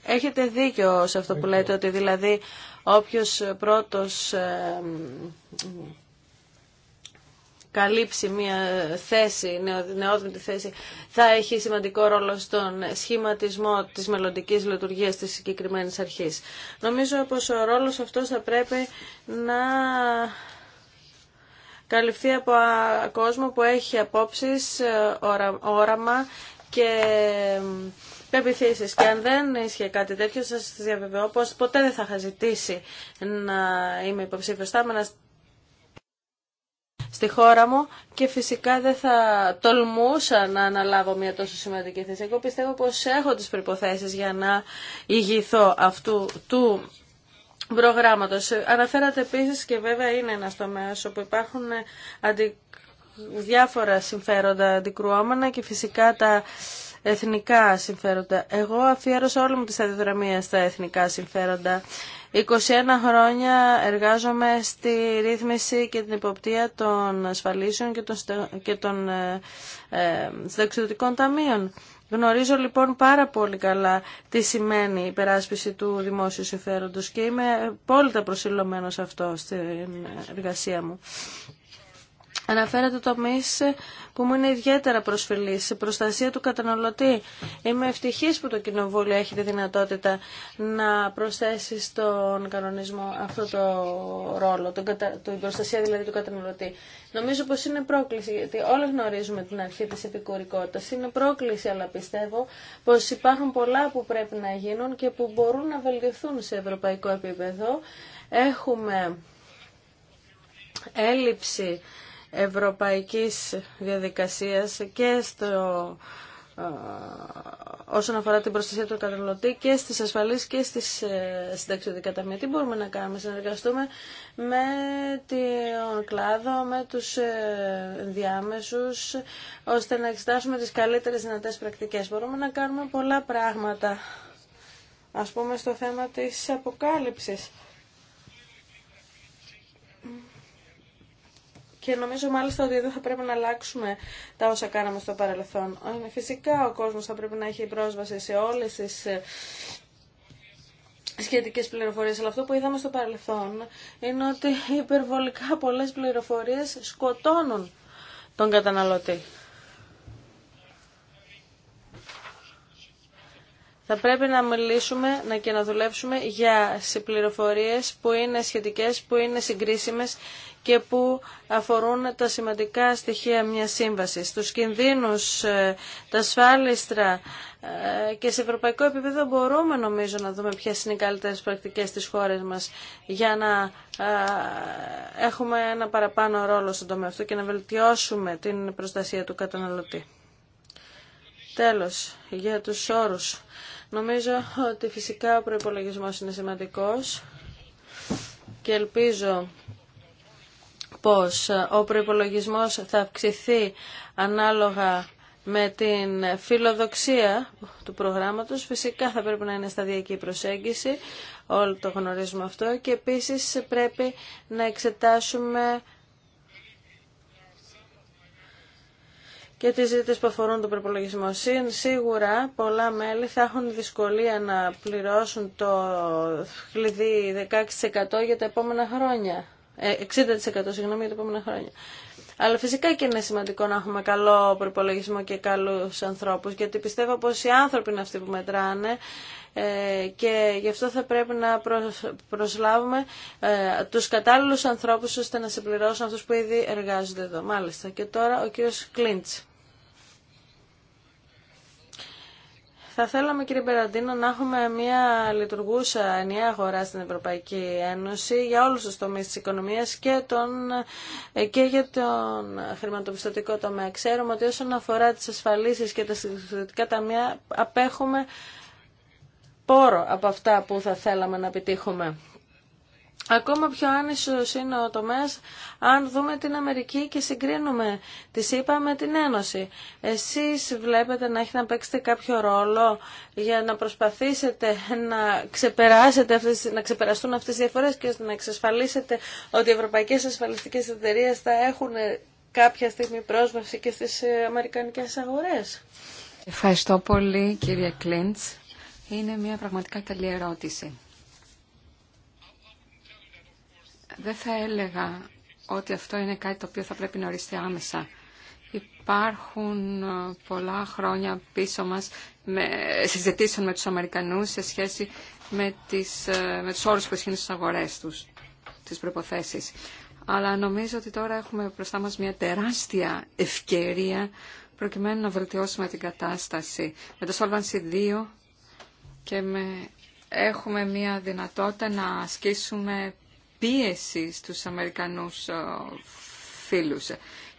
S2: Έχετε δίκιο σε αυτό που λέτε, ότι δηλαδή όποιος πρώτος ε, καλύψει μια θέση, νεόδυνη θέση, θα έχει σημαντικό ρόλο στον σχηματισμό της μελλοντική λειτουργίας της συγκεκριμένη αρχής. Νομίζω πως ο ρόλος αυτός θα πρέπει να καλυφθεί από κόσμο που έχει απόψεις, ε, όραμα και πεπιθήσεις. Και αν δεν ίσχυε κάτι τέτοιο, σας διαβεβαιώ πως ποτέ δεν θα είχα ζητήσει να είμαι υποψήφιος. Θα στη χώρα μου και φυσικά δεν θα τολμούσα να αναλάβω μια τόσο σημαντική θέση. Εγώ πιστεύω πως έχω τις προϋποθέσεις για να ηγηθώ αυτού του προγράμματος. Αναφέρατε επίσης και βέβαια είναι ένας τομέας όπου υπάρχουν αντικείμενα διάφορα συμφέροντα αντικρουόμενα και φυσικά τα εθνικά συμφέροντα. Εγώ αφιέρωσα όλη μου τη σταδιοδρομία στα εθνικά συμφέροντα. 21 χρόνια εργάζομαι στη ρύθμιση και την υποπτία των ασφαλίσεων και των, και ε, ε, συνταξιδοτικών ταμείων. Γνωρίζω λοιπόν πάρα πολύ καλά τι σημαίνει η περάσπιση του δημόσιου συμφέροντος και είμαι απόλυτα προσιλωμένος αυτό στην εργασία μου. Αναφέρατε τομεί που μου είναι ιδιαίτερα προσφυλή, σε προστασία του καταναλωτή. Είμαι ευτυχή που το Κοινοβούλιο έχει τη δυνατότητα να προσθέσει στον κανονισμό αυτό το ρόλο, κατα... την προστασία δηλαδή του καταναλωτή. Νομίζω πω είναι πρόκληση, γιατί όλοι γνωρίζουμε την αρχή τη επικουρικότητα. Είναι πρόκληση, αλλά πιστεύω πω υπάρχουν πολλά που πρέπει να γίνουν και που μπορούν να βελτιωθούν σε ευρωπαϊκό επίπεδο. Έχουμε έλλειψη ευρωπαϊκής διαδικασίας και στο ε, όσον αφορά την προστασία του καταναλωτή και στις ασφαλείς και στις ε, συνταξιδικά ταμεία. Τι μπορούμε να κάνουμε, συνεργαστούμε με τον κλάδο, με τους ε, διάμεσους, ώστε να εξετάσουμε τις καλύτερες δυνατές πρακτικές. Μπορούμε να κάνουμε πολλά πράγματα, ας πούμε στο θέμα της αποκάλυψης. και νομίζω μάλιστα ότι εδώ θα πρέπει να αλλάξουμε τα όσα κάναμε στο παρελθόν. Ε, φυσικά ο κόσμος θα πρέπει να έχει πρόσβαση σε όλες τις ε, σχετικές πληροφορίες, αλλά αυτό που είδαμε στο παρελθόν είναι ότι υπερβολικά πολλές πληροφορίες σκοτώνουν τον καταναλωτή. Θα πρέπει να μιλήσουμε να και να δουλέψουμε για πληροφορίε που είναι σχετικές, που είναι συγκρίσιμες και που αφορούν τα σημαντικά στοιχεία μιας σύμβασης. Τους κινδύνους, ε, τα ασφάλιστρα ε, και σε ευρωπαϊκό επίπεδο μπορούμε νομίζω να δούμε ποιες είναι οι καλύτερες πρακτικές στις χώρες μας για να ε, έχουμε ένα παραπάνω ρόλο στον τομέα αυτό και να βελτιώσουμε την προστασία του καταναλωτή. Τέλος, για τους όρους. Νομίζω ότι φυσικά ο προϋπολογισμός είναι σημαντικός και ελπίζω πως ε, ο προϋπολογισμός θα αυξηθεί ανάλογα με την φιλοδοξία του προγράμματος. Φυσικά θα πρέπει να είναι σταδιακή προσέγγιση, όλοι το γνωρίζουμε αυτό και επίσης πρέπει να εξετάσουμε και τι ζήτητες που αφορούν τον προπολογισμό. Σίγουρα πολλά μέλη θα έχουν δυσκολία να πληρώσουν το κλειδί 16% για τα επόμενα χρόνια. 60% ε, συγγνώμη για τα επόμενα χρόνια. Αλλά φυσικά και είναι σημαντικό να έχουμε καλό προπολογισμό και καλούς ανθρώπους, γιατί πιστεύω πως οι άνθρωποι είναι αυτοί που μετράνε ε, και γι' αυτό θα πρέπει να προσλάβουμε ε, τους κατάλληλους ανθρώπους ώστε να συμπληρώσουν αυτούς που ήδη εργάζονται εδώ. Μάλιστα. Και τώρα ο κύριος Κλίντσι. Θα θέλαμε κύριε Μπεραντίνο να έχουμε μια λειτουργούσα ενιαία αγορά στην Ευρωπαϊκή Ένωση για όλους τους τομείς της οικονομίας και, τον, ε, και για τον χρηματοπιστωτικό τομέα. Ξέρουμε ότι όσον αφορά τις ασφαλίσεις και τα συγκεκριτικά ταμεία απέχουμε πόρο από αυτά που θα θέλαμε να επιτύχουμε. Ακόμα πιο άνισος είναι ο τομέας αν δούμε την Αμερική και συγκρίνουμε τη ΣΥΠΑ με την Ένωση. Εσείς βλέπετε να έχει να παίξετε κάποιο ρόλο για να προσπαθήσετε να, ξεπεράσετε αυτές, να ξεπεραστούν αυτές τι διαφορές και να εξασφαλίσετε ότι οι ευρωπαϊκές ασφαλιστικές εταιρείε θα έχουν κάποια στιγμή πρόσβαση και στις ε, αμερικανικές αγορές.
S3: Ευχαριστώ πολύ κύριε Κλίντς. Είναι μια πραγματικά καλή ερώτηση. δεν θα έλεγα ότι αυτό είναι κάτι το οποίο θα πρέπει να οριστεί άμεσα. Υπάρχουν ε, πολλά χρόνια πίσω μας με, συζητήσεων με τους Αμερικανούς σε σχέση με, τις, ε, με τους όρους που ισχύουν στις αγορές τους, τις προϋποθέσεις. Αλλά νομίζω ότι τώρα έχουμε μπροστά μας μια τεράστια ευκαιρία προκειμένου να βελτιώσουμε την κατάσταση. Με το Solvency 2 και με, έχουμε μια δυνατότητα να ασκήσουμε πίεση στους Αμερικανούς ε, φίλους.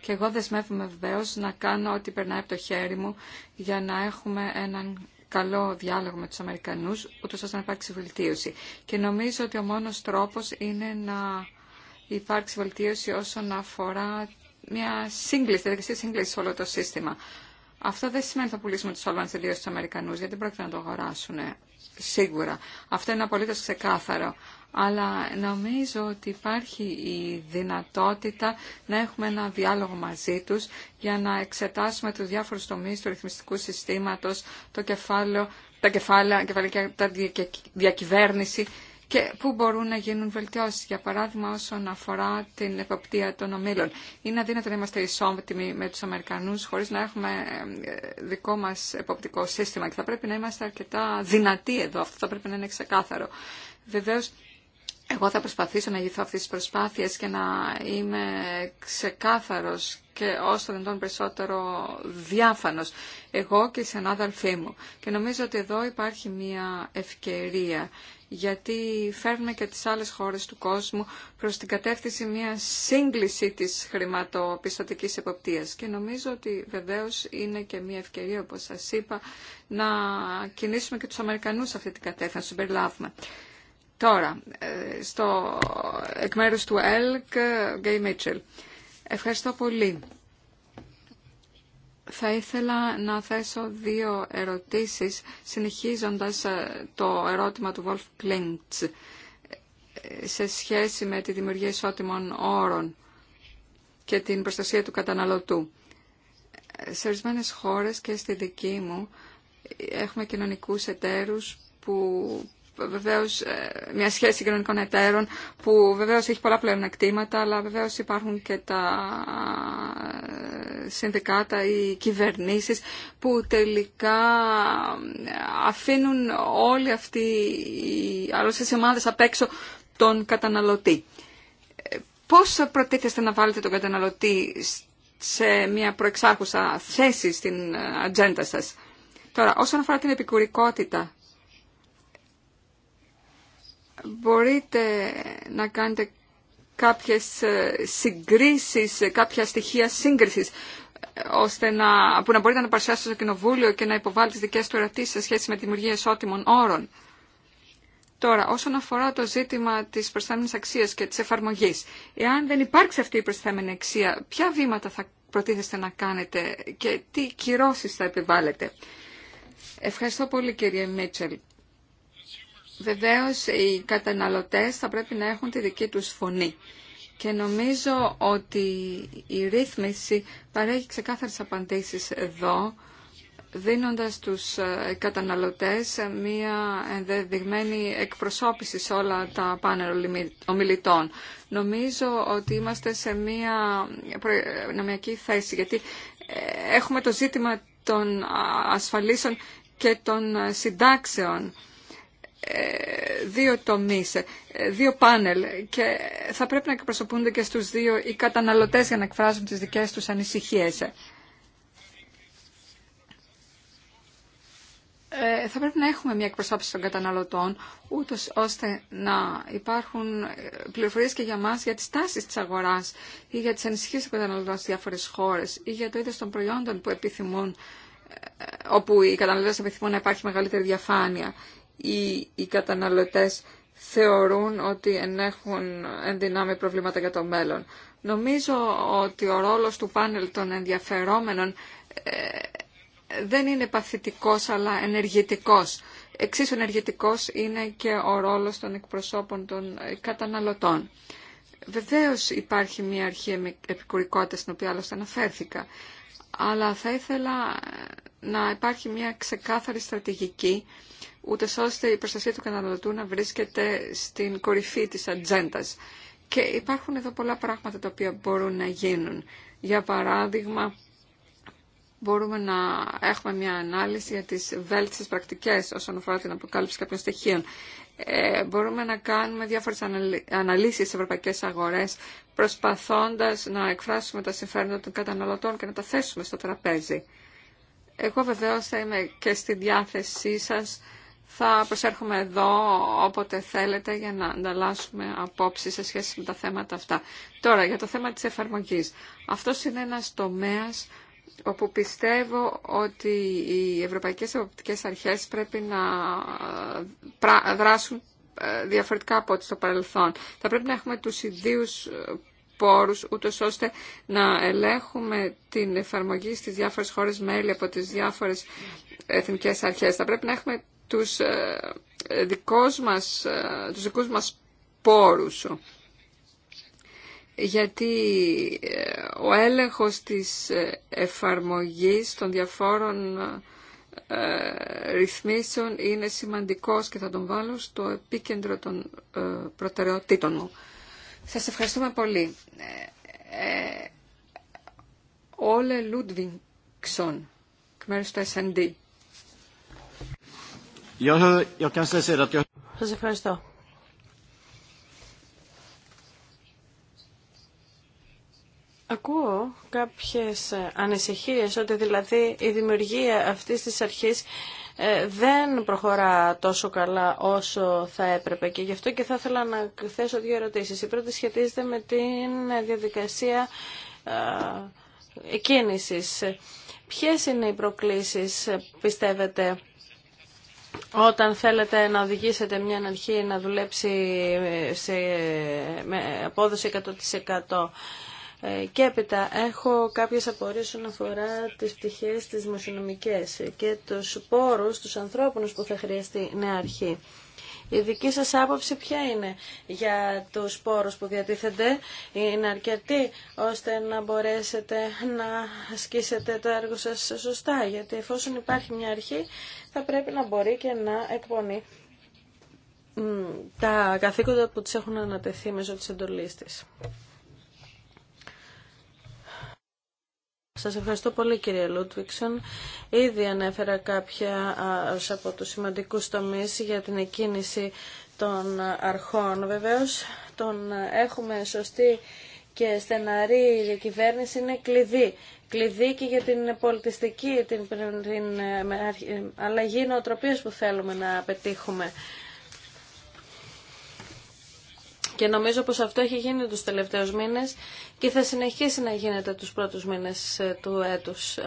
S3: Και εγώ δεσμεύομαι βεβαίω να κάνω ό,τι περνάει από το χέρι μου για να έχουμε έναν καλό διάλογο με τους Αμερικανούς, ούτως ώστε να υπάρξει βελτίωση. Και νομίζω ότι ο μόνος τρόπος είναι να υπάρξει βελτίωση όσον αφορά μια σύγκληση, διαδικασία σύγκληση σε όλο το σύστημα. Αυτό δεν σημαίνει ότι θα πουλήσουμε του Όλμαν τελείω στου Αμερικανού, γιατί δεν πρόκειται να το αγοράσουν σίγουρα. Αυτό είναι απολύτως ξεκάθαρο. Αλλά νομίζω ότι υπάρχει η δυνατότητα να έχουμε ένα διάλογο μαζί τους για να εξετάσουμε τους διάφορους τομείς του ρυθμιστικού συστήματος, το κεφάλαιο, τα κεφάλαια, τα διακυβέρνηση και πού μπορούν να γίνουν βελτιώσεις, για παράδειγμα όσον αφορά την εποπτεία των ομίλων. Είναι αδύνατο να είμαστε ισόμετιμοι με τους Αμερικανούς χωρίς να έχουμε ε, δικό μας εποπτικό σύστημα και θα πρέπει να είμαστε αρκετά δυνατοί εδώ, αυτό θα πρέπει να είναι ξεκάθαρο. Βεβαίως εγώ θα προσπαθήσω να γυθώ αυτές τις προσπάθειες και να είμαι ξεκάθαρος και όσο δεν δυνατόν περισσότερο διάφανος, εγώ και οι συνάδελφοί μου. Και νομίζω ότι εδώ υπάρχει μια ευκαιρία, γιατί φέρνουμε και τις άλλες χώρες του κόσμου προς την κατεύθυνση μια σύγκληση της χρηματοπιστωτικής εποπτείας. Και νομίζω ότι βεβαίως είναι και μια ευκαιρία, όπως σας είπα, να κινήσουμε και τους Αμερικανούς σε αυτή την κατεύθυνση, να περιλάβουμε. Τώρα, ε, στο εκ μέρους του ΕΛΚ, Γκέι Μίτσελ. Ευχαριστώ πολύ. Θα ήθελα να θέσω δύο ερωτήσεις, συνεχίζοντας ε, το ερώτημα του Βολφ Κλίντς ε, σε σχέση με τη δημιουργία ισότιμων όρων και την προστασία του καταναλωτού. Σε ορισμένε χώρες και στη δική μου έχουμε κοινωνικούς εταίρους που βεβαίως ε, μια σχέση κοινωνικών εταίρων που βεβαίως έχει πολλά πλέον πλεονεκτήματα αλλά βεβαίως υπάρχουν και τα ε, συνδικάτα ή κυβερνήσεις που τελικά ε, αφήνουν όλοι αυτοί οι αρρώσεις απ' έξω τον καταναλωτή. Πώ προτίθεστε να βάλετε τον καταναλωτή σε μια προεξάρχουσα θέση στην ατζέντα σας. Τώρα, όσον αφορά την επικουρικότητα, μπορείτε να κάνετε κάποιες ε, συγκρίσεις, ε, κάποια στοιχεία σύγκρισης ε, ώστε να, που να μπορείτε να παρουσιάσετε στο Κοινοβούλιο και να υποβάλλετε τις δικές του ερωτήσεις σε σχέση με τη δημιουργία ισότιμων όρων. Τώρα, όσον αφορά το ζήτημα της προσθέμενης αξίας και της εφαρμογής, εάν δεν υπάρξει αυτή η προσθέμενη αξία, ποια βήματα θα προτίθεστε να κάνετε και τι κυρώσεις θα επιβάλλετε. Ευχαριστώ πολύ κύριε Μίτσελ. Βεβαίως οι καταναλωτές θα πρέπει να έχουν τη δική τους φωνή. Και νομίζω ότι η ρύθμιση παρέχει ξεκάθαρες απαντήσεις εδώ, δίνοντας τους ε, καταναλωτές μία ενδεδειγμένη εκπροσώπηση σε όλα τα πάνελ ομιλητών. Νομίζω ότι είμαστε σε μία προνομιακή θέση, γιατί ε, έχουμε το ζήτημα των ασφαλίσεων και των ε, συντάξεων δύο τομείς, ε, δύο πάνελ και θα πρέπει να εκπροσωπούνται και στους δύο οι καταναλωτές για να εκφράζουν τις δικές τους ανησυχίες. Ε, θα πρέπει να έχουμε μια εκπροσώπηση των καταναλωτών, ούτως ώστε να υπάρχουν ε, πληροφορίες και για μας για τις τάσει τη αγορά ή για τις ανησυχίες των καταναλωτών σε διάφορες χώρες ή για το είδο των προϊόντων που επιθυμούν όπου οι καταναλωτέ επιθυμούν να υπάρχει μεγαλύτερη διαφάνεια οι, οι καταναλωτές θεωρούν ότι ενέχουν ενδυνάμει προβλήματα για το μέλλον. Νομίζω ότι ο ρόλος του πάνελ των ενδιαφερόμενων ε, δεν είναι παθητικός αλλά ενεργητικός. Εξίσου ενεργητικός είναι και ο ρόλος των εκπροσώπων των ε, καταναλωτών. Βεβαίως υπάρχει μια αρχή επικουρικότητας στην οποία άλλωστε αναφέρθηκα, αλλά θα ήθελα να υπάρχει μια ξεκάθαρη στρατηγική ούτε ώστε η προστασία του καταναλωτού να βρίσκεται στην κορυφή της ατζέντα. Και υπάρχουν εδώ πολλά πράγματα τα οποία μπορούν να γίνουν. Για παράδειγμα, μπορούμε να έχουμε μια ανάλυση για τις βέλτιστες πρακτικές όσον αφορά την αποκάλυψη κάποιων στοιχείων. Ε, μπορούμε να κάνουμε διάφορες αναλύσεις σε ευρωπαϊκές αγορές προσπαθώντας να εκφράσουμε τα συμφέροντα των καταναλωτών και να τα θέσουμε στο τραπέζι. Εγώ βεβαίως θα είμαι και στη διάθεσή σας θα προσέρχομαι εδώ όποτε θέλετε για να ανταλλάσσουμε απόψεις σε σχέση με τα θέματα αυτά. Τώρα, για το θέμα της εφαρμογής. Αυτός είναι ένας τομέας όπου πιστεύω ότι οι ευρωπαϊκές αποπτικές αρχές πρέπει να ε, δράσουν ε, διαφορετικά από ό,τι στο παρελθόν. Θα πρέπει να έχουμε τους ιδίους ε, πόρους, ούτως ώστε να ελέγχουμε την εφαρμογή στις διάφορες χώρες μέλη από τις διάφορες εθνικές αρχές. Θα πρέπει να έχουμε τους, ε, ε, δικός μας, ε, τους δικούς μας πόρους. Γιατί ο έλεγχος της εφαρμογής των διαφόρων ρυθμίσεων είναι σημαντικός και θα τον βάλω στο επίκεντρο των προτεραιοτήτων μου. Σας ευχαριστούμε πολύ. Όλε Λούντβινγκσον, εκ μέρους του S&D. Σας ευχαριστώ.
S2: Ακούω κάποιες ε, ανησυχίες ότι δηλαδή η δημιουργία αυτής της αρχής ε, δεν προχωρά τόσο καλά όσο θα έπρεπε και γι' αυτό και θα ήθελα να θέσω δύο ερωτήσεις. Η πρώτη σχετίζεται με την διαδικασία ε, εκκίνησης. Ποιες είναι οι προκλήσεις πιστεύετε όταν θέλετε να οδηγήσετε μια αρχή να δουλέψει σε, με απόδοση 100% ε, και έπειτα έχω κάποιες απορίες όσον αφορά τις πτυχές τις και τους πόρους, τους ανθρώπους που θα χρειαστεί νέα αρχή. Η δική σας άποψη ποια είναι για τους σπόρους που διατίθενται, είναι αρκετή ώστε να μπορέσετε να ασκήσετε το έργο σας σωστά, γιατί εφόσον υπάρχει μια αρχή θα πρέπει να μπορεί και να εκπονεί τα καθήκοντα που τις έχουν ανατεθεί μέσω της εντολής της. Σας ευχαριστώ πολύ κύριε Λούτβιξον. Ήδη ανέφερα κάποια από τους σημαντικούς τομείς για την εκκίνηση των αρχών. Βεβαίως, τον έχουμε σωστή και στεναρή διακυβέρνηση είναι κλειδί. Κλειδί και για την πολιτιστική, την, την ε, ε, αλλαγή νοοτροπίας που θέλουμε να πετύχουμε. Και νομίζω πως αυτό έχει γίνει τους τελευταίους μήνες και θα συνεχίσει να γίνεται τους πρώτους μήνες ε, του έτους.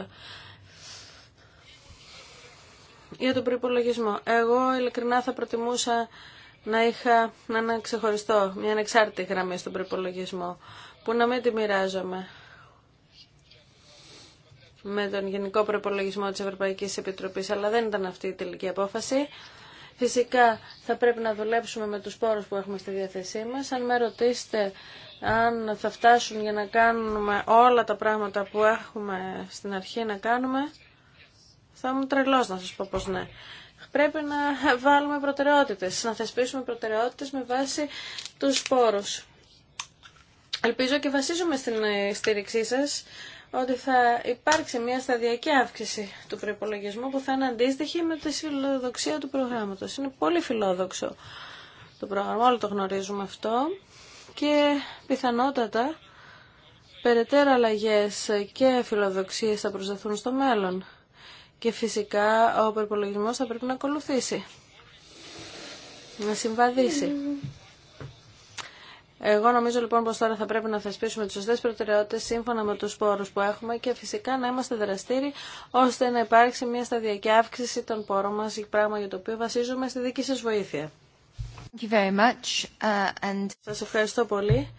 S2: Για τον προπολογισμό. Εγώ ειλικρινά θα προτιμούσα να είχα ένα ξεχωριστό, μια ανεξάρτητη γραμμή στον προπολογισμό, που να μην τη μοιράζομαι με τον Γενικό Προπολογισμό της Ευρωπαϊκής Επιτροπής, αλλά δεν ήταν αυτή η τελική απόφαση. Φυσικά θα πρέπει να δουλέψουμε με τους πόρους που έχουμε στη διαθεσή μας. Αν με ρωτήσετε αν θα φτάσουν για να κάνουμε όλα τα πράγματα που έχουμε στην αρχή να κάνουμε, θα μου τρελός να σας πω πως ναι. Πρέπει να βάλουμε προτεραιότητες, να θεσπίσουμε προτεραιότητες με βάση τους πόρους. Ελπίζω και βασίζομαι στην στήριξή σας ότι θα υπάρξει μια σταδιακή αύξηση του προπολογισμού που θα είναι αντίστοιχη με τη φιλοδοξία του προγράμματος. Είναι πολύ φιλόδοξο το πρόγραμμα, όλοι το γνωρίζουμε αυτό και πιθανότατα περαιτέρω αλλαγέ και φιλοδοξίες θα προσδεθούν στο μέλλον και φυσικά ο προπολογισμό θα πρέπει να ακολουθήσει, να συμβαδίσει. Εγώ νομίζω λοιπόν πως τώρα θα πρέπει να θεσπίσουμε τις σωστές προτεραιότητες σύμφωνα με τους πόρους που έχουμε και φυσικά να είμαστε δραστήριοι ώστε να υπάρξει μια σταδιακή αύξηση των πόρων μας, πράγμα για το οποίο βασίζουμε στη δική σας βοήθεια. Uh, and... Σας ευχαριστώ πολύ.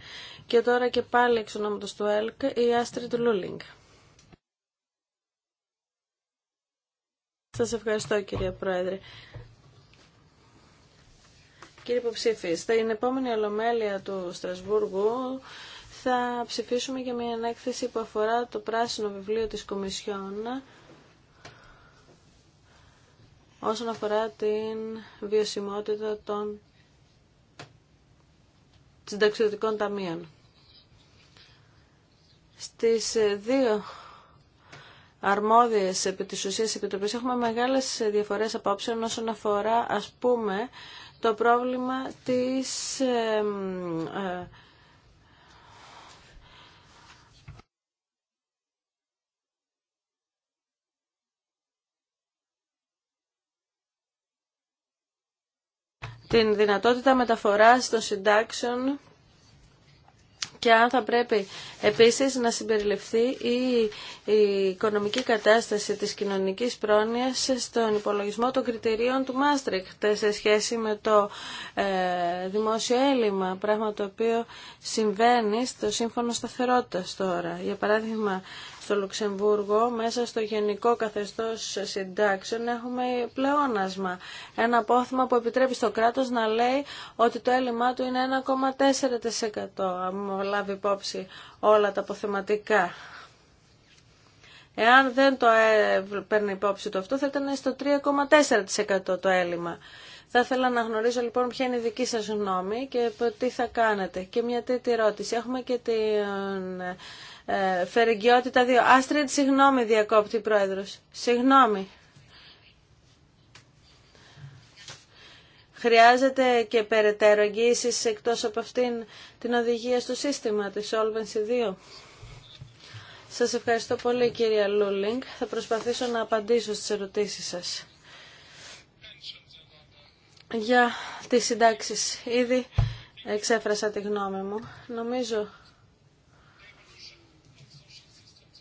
S2: Και τώρα και πάλι εξ ονόματος του ΕΛΚ η Άστρη του Λούλινγκ. Σας ευχαριστώ κυρία Πρόεδρε. Κύριε υποψήφι, στην επόμενη ολομέλεια του Στρασβούργου θα ψηφίσουμε για μια ανέκθεση που αφορά το πράσινο βιβλίο της Κομισιόν όσον αφορά την βιωσιμότητα των συνταξιδοτικών ταμείων. Στις δύο αρμόδιες επί της ουσίας επιτροπής έχουμε μεγάλες διαφορές απόψεων όσον αφορά ας πούμε το πρόβλημα της ε, την δυνατότητα μεταφοράς των συντάξεων και αν θα πρέπει επίσης να συμπεριληφθεί η, οικονομική κατάσταση της κοινωνικής πρόνοιας στον υπολογισμό των κριτηρίων του Μάστρικ, σε σχέση με το ε, δημόσιο έλλειμμα, πράγμα το οποίο συμβαίνει στο Σύμφωνο Σταθερότητας τώρα. Για παράδειγμα, στο Λουξεμβούργο μέσα στο γενικό καθεστώς συντάξεων έχουμε πλεόνασμα. Ένα απόθυμα που επιτρέπει στο κράτος να λέει ότι το έλλειμμα του είναι 1,4% αν λάβει υπόψη όλα τα αποθεματικά. Εάν δεν το ε, παίρνει υπόψη το αυτό θα ήταν στο 3,4% το έλλειμμα. Θα ήθελα να γνωρίζω λοιπόν ποια είναι η δική σας γνώμη και τι θα κάνετε. Και μια τρίτη ερώτηση. Έχουμε και την ε, φερεγγιότητα 2. Άστριντ, συγγνώμη, διακόπτη πρόεδρος. Συγγνώμη. Χρειάζεται και περαιτέρω εγγύησης εκτός από αυτήν την οδηγία στο σύστημα της Solvency 2. Σας ευχαριστώ πολύ κυρία Λούλινγκ. Θα προσπαθήσω να απαντήσω στις ερωτήσεις σας. Για τις συντάξεις. Ήδη εξέφρασα τη γνώμη μου. Νομίζω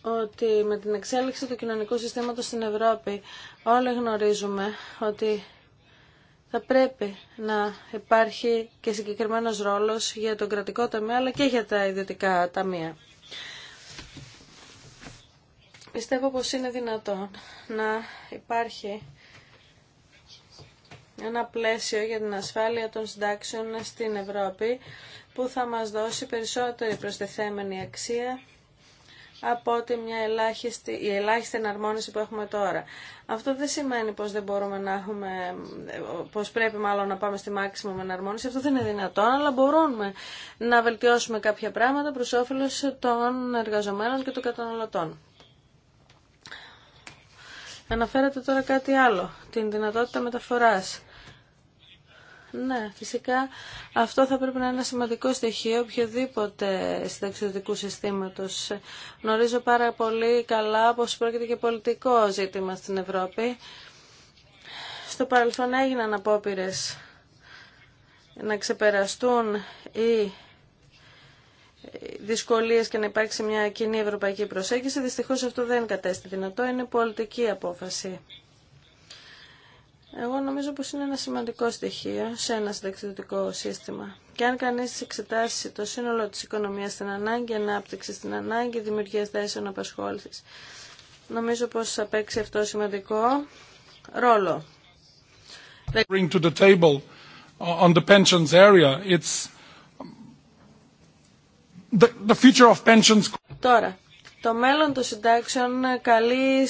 S2: ότι με την εξέλιξη του κοινωνικού συστήματος στην Ευρώπη όλοι γνωρίζουμε ότι θα πρέπει να υπάρχει και συγκεκριμένος ρόλος για τον κρατικό ταμείο αλλά και για τα ιδιωτικά ταμεία. Πιστεύω πως είναι δυνατόν να υπάρχει ένα πλαίσιο για την ασφάλεια των συντάξεων στην Ευρώπη που θα μας δώσει περισσότερη προστεθέμενη αξία από ότι μια ελάχιστη, η ελάχιστη εναρμόνιση που έχουμε τώρα. Αυτό δεν σημαίνει πως δεν μπορούμε να έχουμε, πως πρέπει μάλλον να πάμε στη μάξιμο με εναρμόνιση. Αυτό δεν είναι δυνατόν, αλλά μπορούμε να βελτιώσουμε κάποια πράγματα προς όφελος των εργαζομένων και των καταναλωτών. Αναφέρατε τώρα κάτι άλλο, την δυνατότητα μεταφοράς. Ναι, φυσικά αυτό θα πρέπει να είναι ένα σημαντικό στοιχείο οποιοδήποτε συνταξιδοτικού συστήματος. Γνωρίζω πάρα πολύ καλά πως πρόκειται και πολιτικό ζήτημα στην Ευρώπη. Στο παρελθόν έγιναν απόπειρε να ξεπεραστούν οι δυσκολίες και να υπάρξει μια κοινή ευρωπαϊκή προσέγγιση. Δυστυχώς αυτό δεν κατέστη δυνατό, είναι πολιτική απόφαση. Εγώ νομίζω πως είναι ένα σημαντικό στοιχείο σε ένα συνταξιδοτικό σύστημα. Και αν κανείς εξετάσει το σύνολο της οικονομίας στην ανάγκη, ανάπτυξη στην ανάγκη, δημιουργίας θέσεων απασχόλησης, νομίζω πως θα παίξει αυτό σημαντικό ρόλο.
S3: Bring to the table uh, on the
S1: pensions area, it's um, the, future of pensions.
S2: Τώρα, το μέλλον των συντάξεων καλεί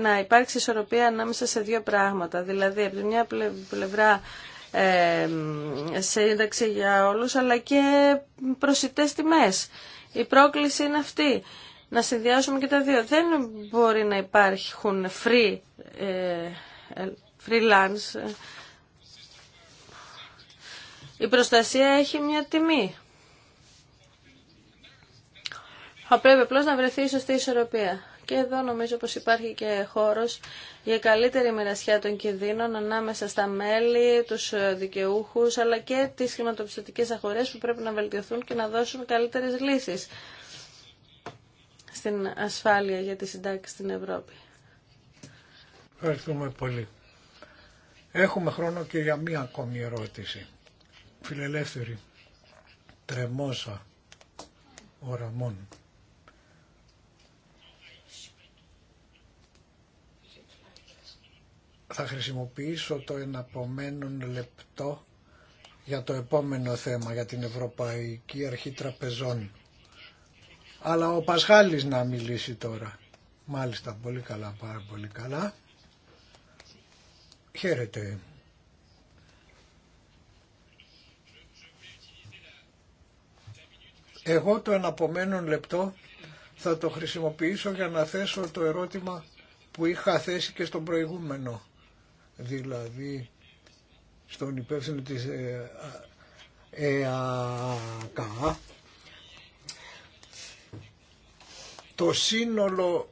S2: να υπάρξει ισορροπία ανάμεσα σε δύο πράγματα. Δηλαδή, από τη μια πλευρά ε, σύνταξη για όλους, αλλά και προσιτές τιμές. Η πρόκληση είναι αυτή. Να συνδυάσουμε και τα δύο. Δεν μπορεί να υπάρχουν free, ε, ε freelance. Η προστασία έχει μια τιμή. πρέπει απλώ να βρεθεί η σωστή ισορροπία. Και εδώ νομίζω πως υπάρχει και χώρος για καλύτερη μοιρασιά των κινδύνων ανάμεσα στα μέλη, τους δικαιούχους, αλλά και τις χρηματοπιστωτικές αγορές που πρέπει να βελτιωθούν και να δώσουν καλύτερες λύσεις στην ασφάλεια για τη συντάξη στην Ευρώπη.
S1: Ευχαριστούμε πολύ. Έχουμε χρόνο και για μία ακόμη ερώτηση. Φιλελεύθερη, τρεμόσα, οραμών. θα χρησιμοποιήσω το εναπομένον λεπτό για το επόμενο θέμα, για την Ευρωπαϊκή Αρχή Τραπεζών. Αλλά ο Πασχάλης να μιλήσει τώρα. Μάλιστα, πολύ καλά, πάρα πολύ καλά. Χαίρετε. Εγώ το εναπομένον λεπτό θα το χρησιμοποιήσω για να θέσω το ερώτημα που είχα θέσει και στον προηγούμενο δηλαδή στον υπεύθυνο της ΕΑΚΑ, ε, το σύνολο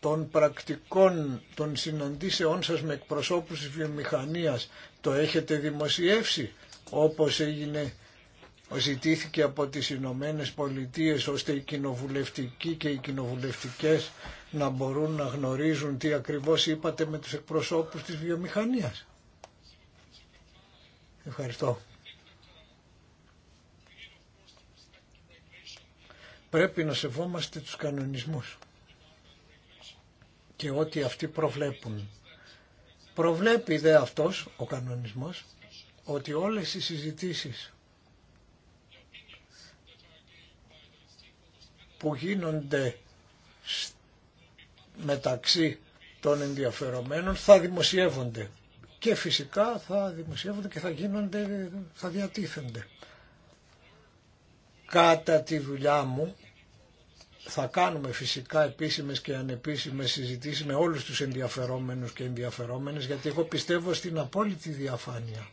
S1: των πρακτικών των συναντήσεών σας με εκπροσώπους της βιομηχανίας το έχετε δημοσιεύσει όπως έγινε ζητήθηκε από τις Ηνωμένε Πολιτείες ώστε οι κοινοβουλευτικοί και οι κοινοβουλευτικές να μπορούν να γνωρίζουν τι ακριβώς είπατε με τους εκπροσώπους της βιομηχανίας. Ευχαριστώ. Πρέπει να σεβόμαστε τους κανονισμούς και ό,τι αυτοί προβλέπουν. Προβλέπει δε αυτός ο κανονισμός ότι όλες οι συζητήσεις που γίνονται μεταξύ των ενδιαφερομένων θα δημοσιεύονται. Και φυσικά θα δημοσιεύονται και θα γίνονται, θα διατίθενται. Κατά τη δουλειά μου θα κάνουμε φυσικά επίσημες και ανεπίσημες συζητήσεις με όλους τους ενδιαφερόμενους και ενδιαφερόμενες γιατί εγώ πιστεύω στην απόλυτη διαφάνεια.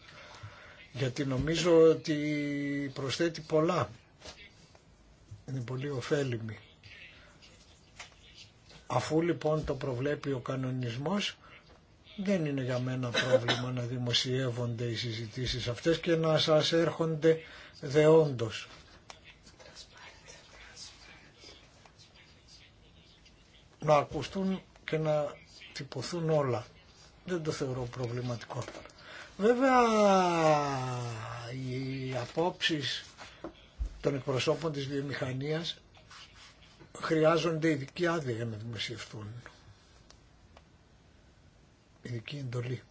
S1: Γιατί νομίζω ότι προσθέτει πολλά είναι πολύ ωφέλιμη. Αφού λοιπόν το προβλέπει ο κανονισμός, δεν είναι για μένα πρόβλημα να δημοσιεύονται οι συζητήσεις αυτές και να σας έρχονται δεόντως. Να ακουστούν και να τυπωθούν όλα. Δεν το θεωρώ προβληματικό. Βέβαια, οι απόψεις των εκπροσώπων της βιομηχανίας χρειάζονται ειδική άδεια για να δημοσιευτούν. Ειδική εντολή.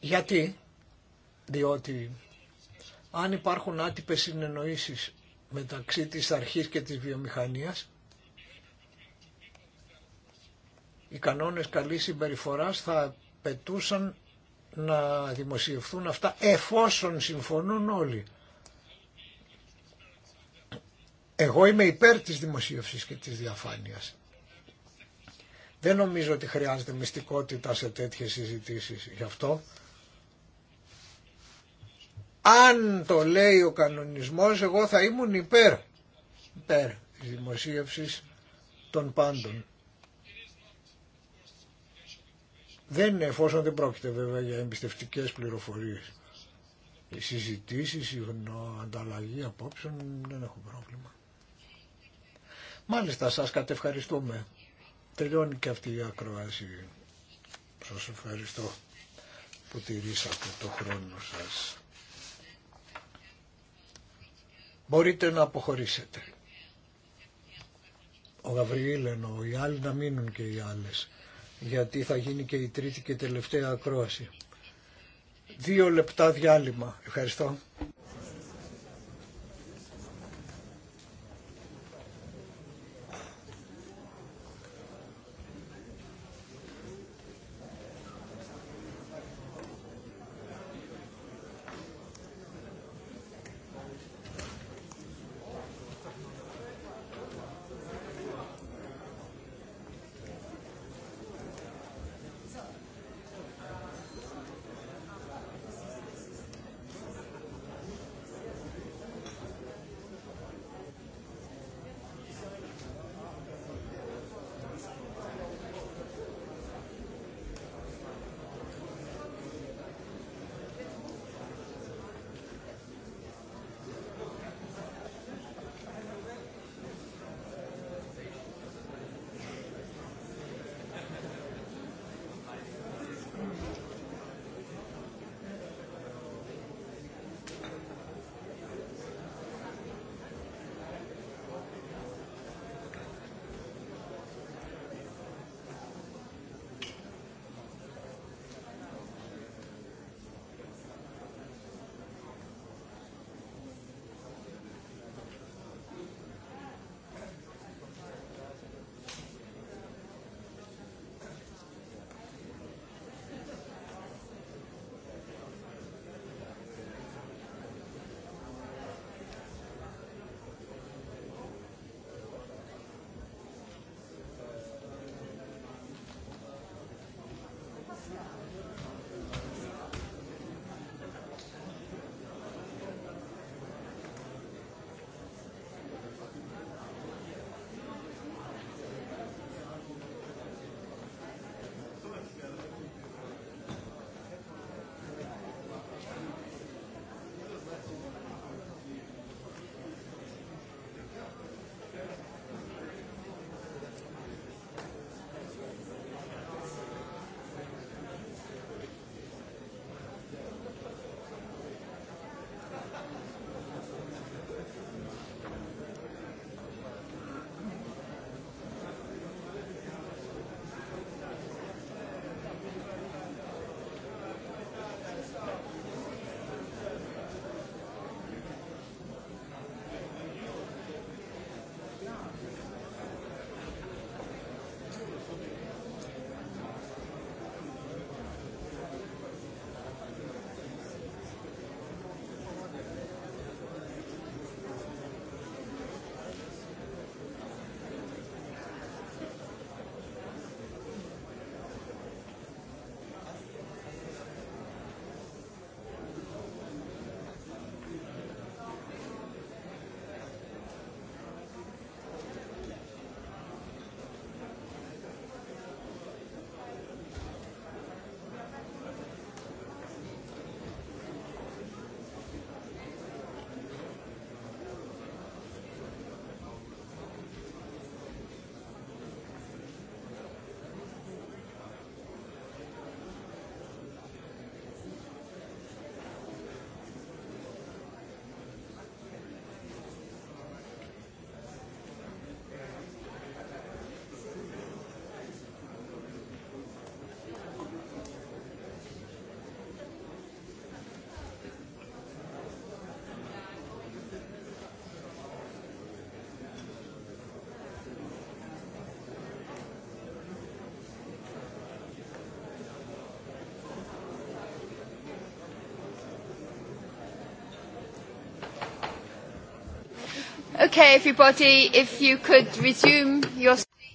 S1: Γιατί, διότι αν υπάρχουν άτυπες συνεννοήσεις μεταξύ της αρχής και της βιομηχανίας, οι κανόνες καλής συμπεριφοράς θα πετούσαν να δημοσιευθούν αυτά εφόσον συμφωνούν όλοι. Εγώ είμαι υπέρ της δημοσίευσης και της διαφάνειας. Δεν νομίζω ότι χρειάζεται μυστικότητα σε τέτοιες συζητήσεις. Γι' αυτό, αν το λέει ο κανονισμός, εγώ θα ήμουν υπέρ, υπέρ της δημοσίευσης των πάντων. Δεν, εφόσον δεν πρόκειται βέβαια για εμπιστευτικές πληροφορίες. Οι συζητήσει η ανταλλαγή απόψεων δεν έχουν πρόβλημα. Μάλιστα, σας κατευχαριστούμε. Τελειώνει και αυτή η ακρόαση. Σας ευχαριστώ που τηρήσατε το χρόνο σας. Μπορείτε να αποχωρήσετε. Ο Γαβριήλ εννοώ, οι άλλοι να μείνουν και οι άλλες γιατί θα γίνει και η τρίτη και τελευταία ακρόαση. Δύο λεπτά διάλειμμα. Ευχαριστώ.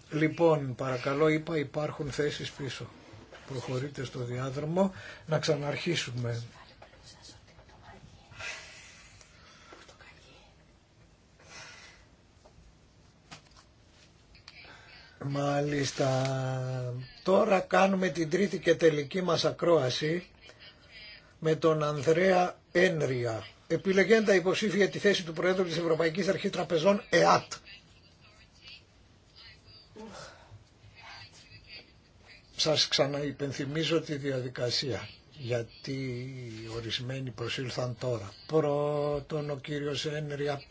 S1: Λοιπόν, παρακαλώ, είπα υπάρχουν θέσεις πίσω. Προχωρείτε στο διάδρομο να ξαναρχίσουμε. Μάλιστα. Τώρα κάνουμε την τρίτη και τελική μας ακρόαση με τον Ανδρέα Ένρια επιλεγέντα υποψήφια τη θέση του Προέδρου της Ευρωπαϊκής Αρχής Τραπεζών ΕΑΤ. Σας ξαναυπενθυμίζω τη διαδικασία γιατί ορισμένοι προσήλθαν τώρα. Πρώτον ο κύριος Ένρια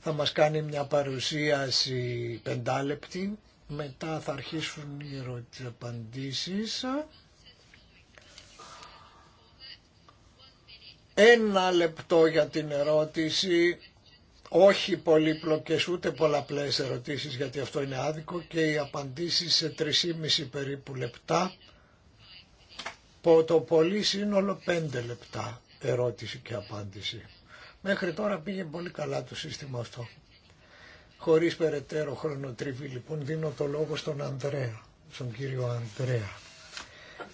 S1: θα μας κάνει μια παρουσίαση πεντάλεπτη, μετά θα αρχίσουν οι ερωτήσεις απαντήσεις Ένα λεπτό για την ερώτηση, όχι πολύπλοκες ούτε πολλαπλές ερωτήσεις γιατί αυτό είναι άδικο και οι απαντήσεις σε 3,5 περίπου λεπτά, το πολύ σύνολο 5 λεπτά ερώτηση και απάντηση. Μέχρι τώρα πήγε πολύ καλά το σύστημα αυτό. Χωρίς περαιτέρω χρονοτριβή λοιπόν δίνω το λόγο στον Ανδρέα, στον κύριο Ανδρέα.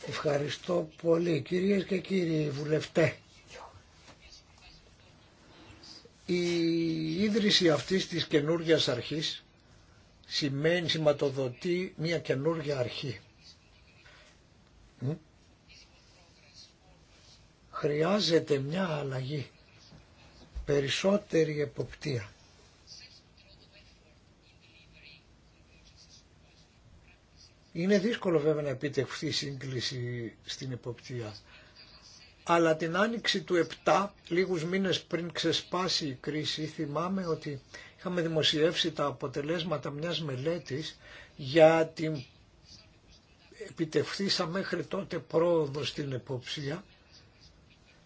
S1: Ευχαριστώ πολύ κυρίες και κύριοι βουλευτέ. Η ίδρυση αυτής της καινούργιας αρχής σημαίνει, σηματοδοτεί μια καινούργια αρχή. Χρειάζεται μια αλλαγή, περισσότερη εποπτεία. Είναι δύσκολο βέβαια να επιτευχθεί σύγκληση στην εποπτεία αλλά την άνοιξη του 7, λίγους μήνες πριν ξεσπάσει η κρίση, θυμάμαι ότι είχαμε δημοσιεύσει τα αποτελέσματα μιας μελέτης για την επιτευχθήσα μέχρι τότε πρόοδο στην εποψία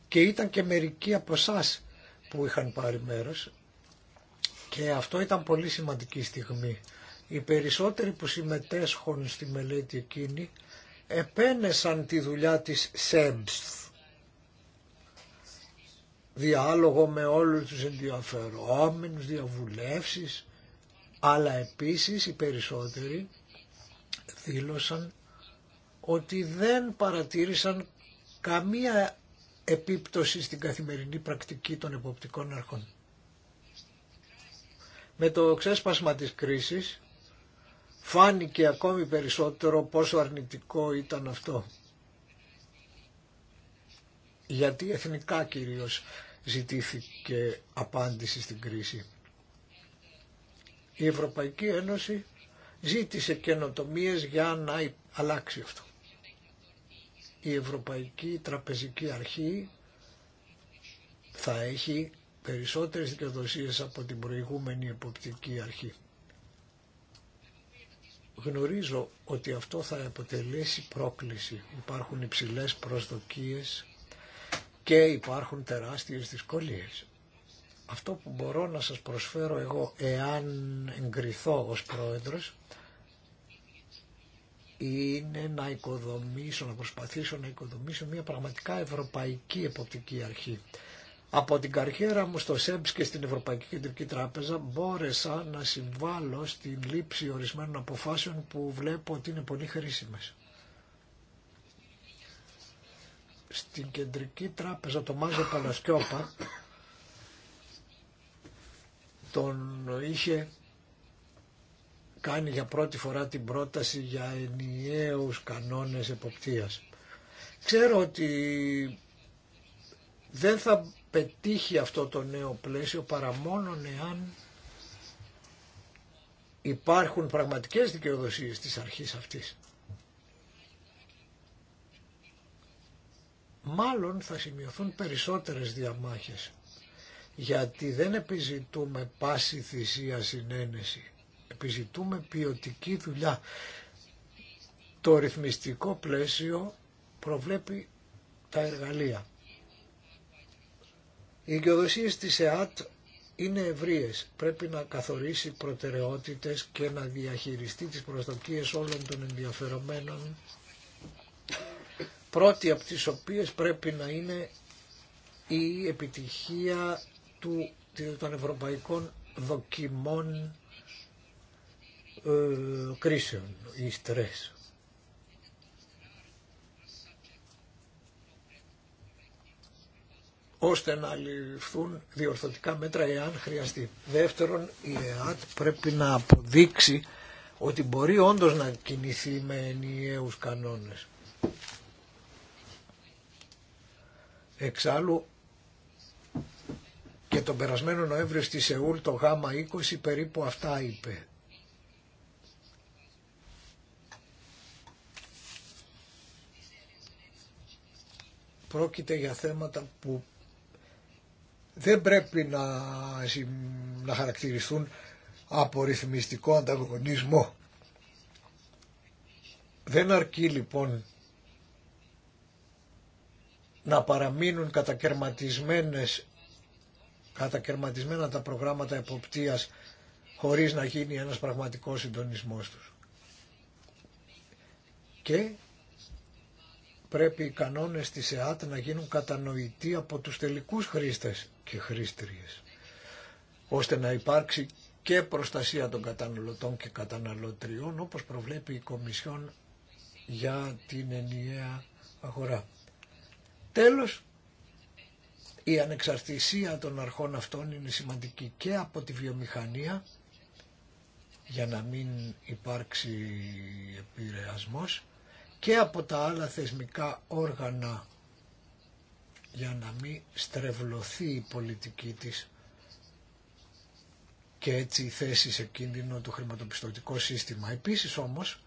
S1: και ήταν και μερικοί από εσά που είχαν πάρει μέρος και αυτό ήταν πολύ σημαντική στιγμή. Οι περισσότεροι που συμμετέσχουν στη μελέτη εκείνη επένεσαν τη δουλειά της ΣΕΜΣ διάλογο με όλους τους ενδιαφερόμενους, διαβουλεύσεις, αλλά επίσης οι περισσότεροι δήλωσαν ότι δεν παρατήρησαν καμία επίπτωση στην καθημερινή πρακτική των εποπτικών αρχών. Με το ξέσπασμα της κρίσης φάνηκε ακόμη περισσότερο πόσο αρνητικό ήταν αυτό. Γιατί εθνικά κυρίως ζητήθηκε απάντηση στην κρίση. Η Ευρωπαϊκή Ένωση ζήτησε καινοτομίες για να αλλάξει αυτό. Η Ευρωπαϊκή Τραπεζική Αρχή θα έχει περισσότερες δικαιοδοσίες από την προηγούμενη εποπτική αρχή. Γνωρίζω ότι αυτό θα αποτελέσει πρόκληση. Υπάρχουν υψηλές προσδοκίες και υπάρχουν τεράστιες δυσκολίες. Αυτό που μπορώ να σας προσφέρω εγώ εάν εγκριθώ ως πρόεδρος είναι να οικοδομήσω, να προσπαθήσω να οικοδομήσω μια πραγματικά ευρωπαϊκή εποπτική αρχή. Από την καριέρα μου στο ΣΕΜΣ και στην Ευρωπαϊκή Κεντρική Τράπεζα μπόρεσα να συμβάλλω στην λήψη ορισμένων αποφάσεων που βλέπω ότι είναι πολύ χρήσιμες. στην Κεντρική Τράπεζα, το Μάζο Παλασκιώπα, τον είχε κάνει για πρώτη φορά την πρόταση για ενιαίους κανόνες εποπτείας. Ξέρω ότι δεν θα πετύχει αυτό το νέο πλαίσιο παρά μόνον εάν υπάρχουν πραγματικές δικαιοδοσίες της αρχής αυτής. μάλλον θα σημειωθούν περισσότερες διαμάχες. Γιατί δεν επιζητούμε πάση θυσία συνένεση. Επιζητούμε ποιοτική δουλειά. Το ρυθμιστικό πλαίσιο προβλέπει τα εργαλεία. Οι οικειοδοσίες της ΕΑΤ είναι ευρείες. Πρέπει να καθορίσει προτεραιότητες και να διαχειριστεί τις προστοκίες όλων των ενδιαφερομένων πρώτη από τις οποίες πρέπει να είναι η επιτυχία του, των ευρωπαϊκών δοκιμών ε, κρίσεων ή στρες. ώστε να ληφθούν διορθωτικά μέτρα εάν χρειαστεί. Δεύτερον, η ΕΑΤ πρέπει να αποδείξει ότι μπορεί όντως να κινηθεί με ενιαίους κανόνες. Εξάλλου και τον περασμένο Νοέμβριο στη Σεούλ το ΓΑΜΑ 20 περίπου αυτά είπε. Πρόκειται για θέματα που δεν πρέπει να, να χαρακτηριστούν από ρυθμιστικό ανταγωνισμό. Δεν αρκεί λοιπόν να παραμείνουν κατακερματισμένες, κατακαιρματισμένα τα προγράμματα εποπτείας χωρίς να γίνει ένας πραγματικός συντονισμός τους. Και πρέπει οι κανόνες της ΕΑΤ να γίνουν κατανοητοί από τους τελικούς χρήστες και χρήστριες, ώστε να υπάρξει και προστασία των καταναλωτών και καταναλωτριών, όπως προβλέπει η Κομισιόν για την ενιαία αγορά. Τέλος, η ανεξαρτησία των αρχών αυτών είναι σημαντική και από τη βιομηχανία για να μην υπάρξει επηρεασμός και από τα άλλα θεσμικά όργανα για να μην στρεβλωθεί η πολιτική της και έτσι η θέση σε κίνδυνο του χρηματοπιστωτικού σύστημα. Επίσης όμως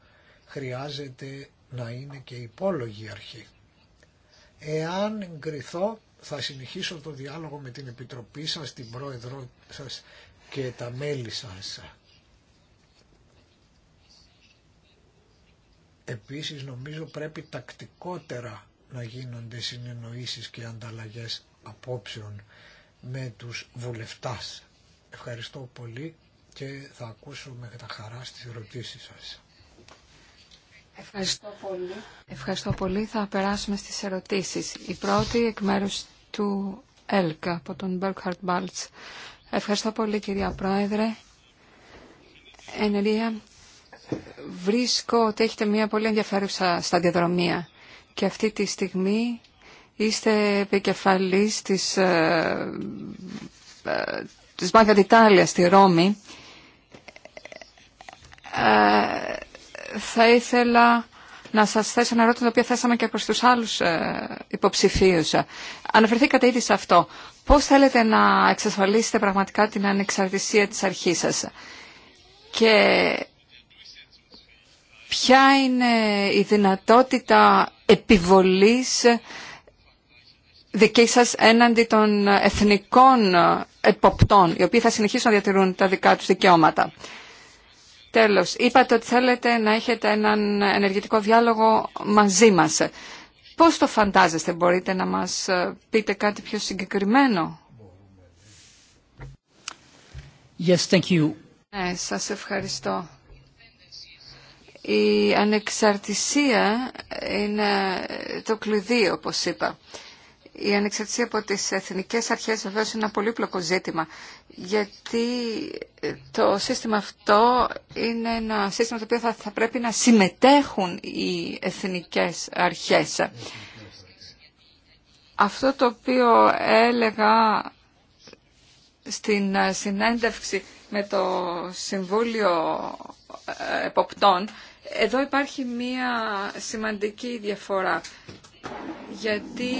S1: χρειάζεται να είναι και υπόλογη αρχή. Εάν εγκριθώ θα συνεχίσω το διάλογο με την Επιτροπή σας, την Πρόεδρό σας και τα μέλη σας. Επίσης νομίζω πρέπει τακτικότερα να γίνονται συνεννοήσεις και ανταλλαγές απόψεων με τους βουλευτάς. Ευχαριστώ πολύ και θα ακούσω με τα χαρά στις ερωτήσεις σας.
S3: Ευχαριστώ πολύ. Ευχαριστώ πολύ. Θα περάσουμε στις ερωτήσεις. Η πρώτη εκ μέρους του ΕΛΚΑ από τον Μπέρκχαρτ Μπάλτς. Ευχαριστώ πολύ κυρία Πρόεδρε. Ενερία, βρίσκω ότι έχετε μια πολύ ενδιαφέρουσα σταδιοδρομία και αυτή τη στιγμή είστε επικεφαλής της, ε, ε, της στη Ρώμη. Ε, θα ήθελα να σας θέσω ένα ερώτημα το οποίο θέσαμε και προς τους άλλους ε, υποψηφίους. Αναφερθήκατε ήδη σε αυτό. Πώς θέλετε να εξασφαλίσετε πραγματικά την ανεξαρτησία της αρχής σας και ποια είναι η δυνατότητα επιβολής δική σας έναντι των εθνικών εποπτών, οι οποίοι θα συνεχίσουν να διατηρούν τα δικά τους δικαιώματα. Τέλος, είπατε ότι θέλετε να έχετε έναν ενεργητικό διάλογο μαζί μας. Πώς το φαντάζεστε, μπορείτε να μας ε, πείτε κάτι πιο συγκεκριμένο.
S1: Yes, thank you.
S3: Ναι, σας ευχαριστώ. Η ανεξαρτησία είναι το κλειδί, όπως είπα. Η ανεξαρτησία από τις εθνικές αρχές βεβαίως είναι ένα πολύπλοκο ζήτημα, γιατί ε, το σύστημα αυτό είναι ένα σύστημα το οποίο θα, πρέπει να συμμετέχουν οι εθνικές αρχές. Αυτό το οποίο έλεγα στην ε, συνέντευξη με το Συμβούλιο ε, Εποπτών, εδώ υπάρχει μία σημαντική διαφορά γιατί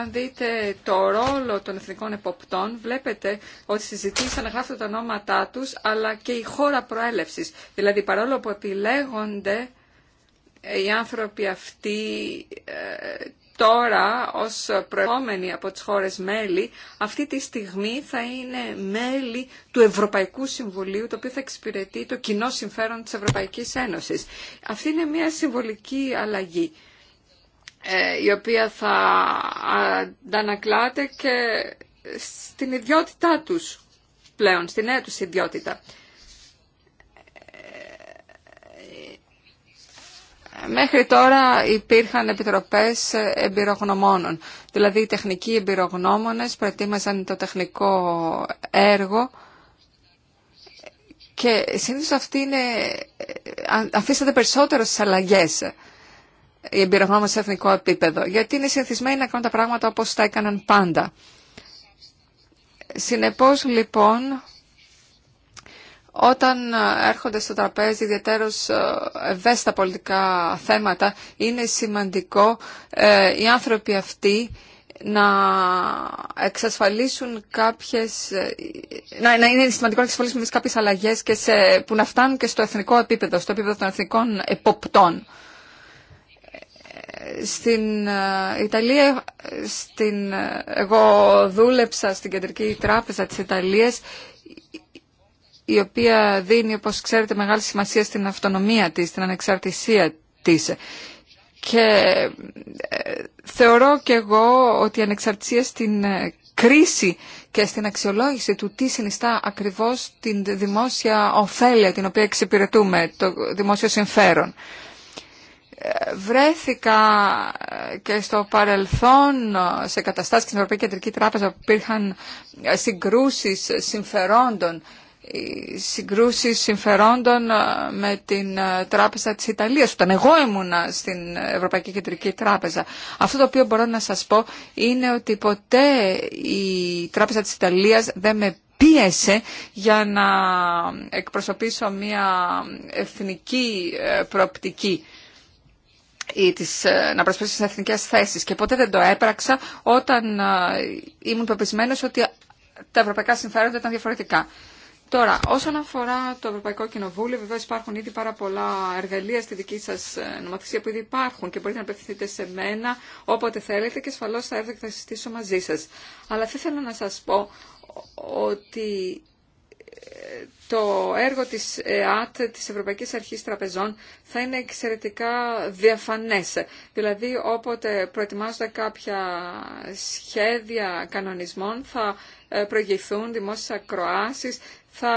S3: αν δείτε το ρόλο των εθνικών εποπτών βλέπετε ότι συζητήσαν να τα ονόματά τους αλλά και η χώρα προέλευσης. Δηλαδή παρόλο που επιλέγονται οι άνθρωποι αυτοί ε, τώρα ως προερχόμενοι από τις χώρες μέλη αυτή τη στιγμή θα είναι μέλη του Ευρωπαϊκού Συμβουλίου το οποίο θα εξυπηρετεί το κοινό συμφέρον της Ευρωπαϊκής Ένωσης. Αυτή είναι μια συμβολική αλλαγή. Ε, η οποία θα αντανακλάται και στην ιδιότητά τους πλέον, στην νέα τους ιδιότητα. Ε, μέχρι τώρα υπήρχαν επιτροπές εμπειρογνωμόνων, δηλαδή οι τεχνικοί εμπειρογνώμονες προετοίμαζαν το τεχνικό έργο και συνήθως αυτή είναι, ε, αφήσατε περισσότερο στις αλλαγές οι μας σε εθνικό επίπεδο, γιατί είναι συνηθισμένοι να κάνουν τα πράγματα όπως τα έκαναν πάντα. Συνεπώς λοιπόν, όταν έρχονται στο τραπέζι ιδιαίτερως ε, ευαίσθητα πολιτικά θέματα, είναι σημαντικό ε, οι άνθρωποι αυτοί να εξασφαλίσουν κάποιες, ε, να, να είναι σημαντικό να εξασφαλίσουν κάποιες αλλαγές και σε, που να φτάνουν και στο εθνικό επίπεδο, στο επίπεδο των εθνικών εποπτών. Στην ε, Ιταλία, στην, ε, εγώ δούλεψα στην Κεντρική Τράπεζα της Ιταλίας, η οποία δίνει, όπως ξέρετε, μεγάλη σημασία στην αυτονομία της, στην ανεξαρτησία της. Και ε, θεωρώ και εγώ ότι η ανεξαρτησία στην κρίση και στην αξιολόγηση του τι συνιστά ακριβώς την δημόσια ωφέλεια την οποία εξυπηρετούμε, το δημόσιο συμφέρον βρέθηκα και στο παρελθόν σε καταστάσεις στην Ευρωπαϊκή Κεντρική Τράπεζα που υπήρχαν συγκρούσεις συμφερόντων συγκρούσεις συμφερόντων με την Τράπεζα της Ιταλίας όταν εγώ ήμουνα στην Ευρωπαϊκή Κεντρική Τράπεζα. Αυτό το οποίο μπορώ να σας πω είναι ότι ποτέ η Τράπεζα της Ιταλίας δεν με πίεσε για να εκπροσωπήσω μια εθνική προοπτική ή τις, ε, να προσπαθήσω στις εθνικές θέσεις και ποτέ δεν το έπραξα όταν ε, ήμουν πεπισμένος ότι τα ευρωπαϊκά συμφέροντα ήταν διαφορετικά. Τώρα, όσον αφορά το Ευρωπαϊκό Κοινοβούλιο, βεβαίω υπάρχουν ήδη πάρα πολλά εργαλεία στη δική σα ε, νομοθεσία που ήδη υπάρχουν και μπορείτε να απευθυνθείτε σε μένα όποτε θέλετε και ασφαλώ θα έρθω και θα μαζί σα. Αλλά θα ήθελα να σα πω ότι το έργο της ΕΑΤ, της Ευρωπαϊκής Αρχής Τραπεζών, θα είναι εξαιρετικά διαφανές. Δηλαδή, όποτε προετοιμάζονται κάποια σχέδια κανονισμών, θα ε, προηγηθούν δημόσιες ακροάσεις, θα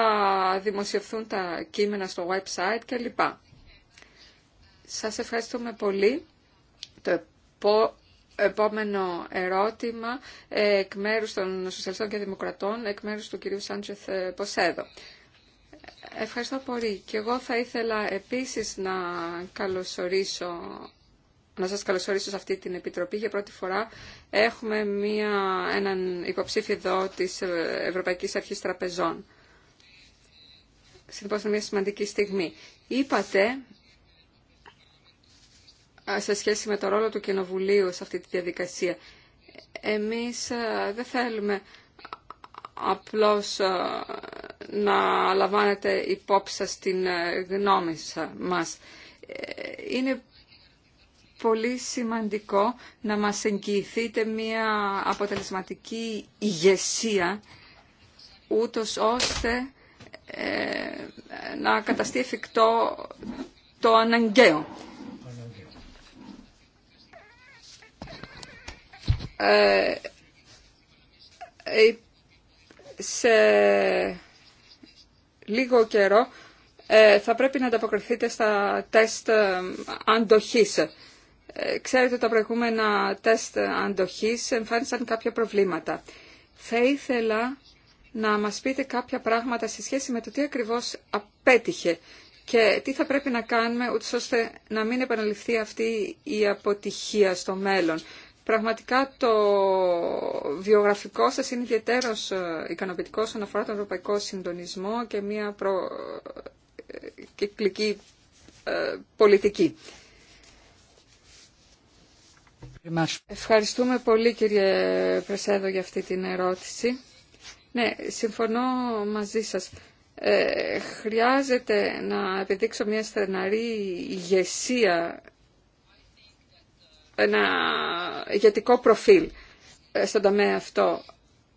S3: δημοσιευθούν τα κείμενα στο website κλπ. Σας ευχαριστούμε πολύ. Επόμενο ερώτημα εκ μέρους των Σοσιαλιστών και Δημοκρατών, εκ μέρους του κυρίου Σάντσεθ Ποσέδο. Ευχαριστώ πολύ. Και εγώ θα ήθελα επίσης να καλωσορίσω να σας καλωσορίσω σε αυτή την Επιτροπή. Για πρώτη φορά έχουμε μία, έναν υποψήφιο εδώ της Ευρωπαϊκής Αρχής Τραπεζών. Συνήθως είναι μια σημαντική στιγμή. Είπατε σε σχέση με το ρόλο του Κοινοβουλίου σε αυτή τη διαδικασία. Εμείς ε, δεν θέλουμε απλώς ε, να λαμβάνετε υπόψη σας την ε, γνώμη μας. Είναι πολύ σημαντικό να μας εγγυηθείτε μια αποτελεσματική ηγεσία ούτως ώστε να καταστεί εφικτό το αναγκαίο. Ε, ε, ε, σε λίγο καιρό θα πρέπει να ανταποκριθείτε στα τεστ αντοχής. Ξέρετε, τα προηγούμενα τεστ αντοχής εμφάνισαν κάποια προβλήματα. Θα ήθελα να μας πείτε κάποια πράγματα σε σχέση με το τι ακριβώς απέτυχε και τι θα πρέπει να κάνουμε ώστε να μην επαναληφθεί αυτή η αποτυχία στο μέλλον. Πραγματικά το βιογραφικό σας είναι ιδιαίτερος ε, ικανοποιητικό όσον αφορά τον ευρωπαϊκό συντονισμό και μια προ... Ε, κυκλική ε, πολιτική. Ευχαριστούμε πολύ κύριε Πρεσέδο για αυτή την ερώτηση. Ναι, συμφωνώ μαζί σας. χρειάζεται να επιδείξω μια στεναρή ηγεσία ένα ηγετικό προφίλ ε, στον τομέα αυτό.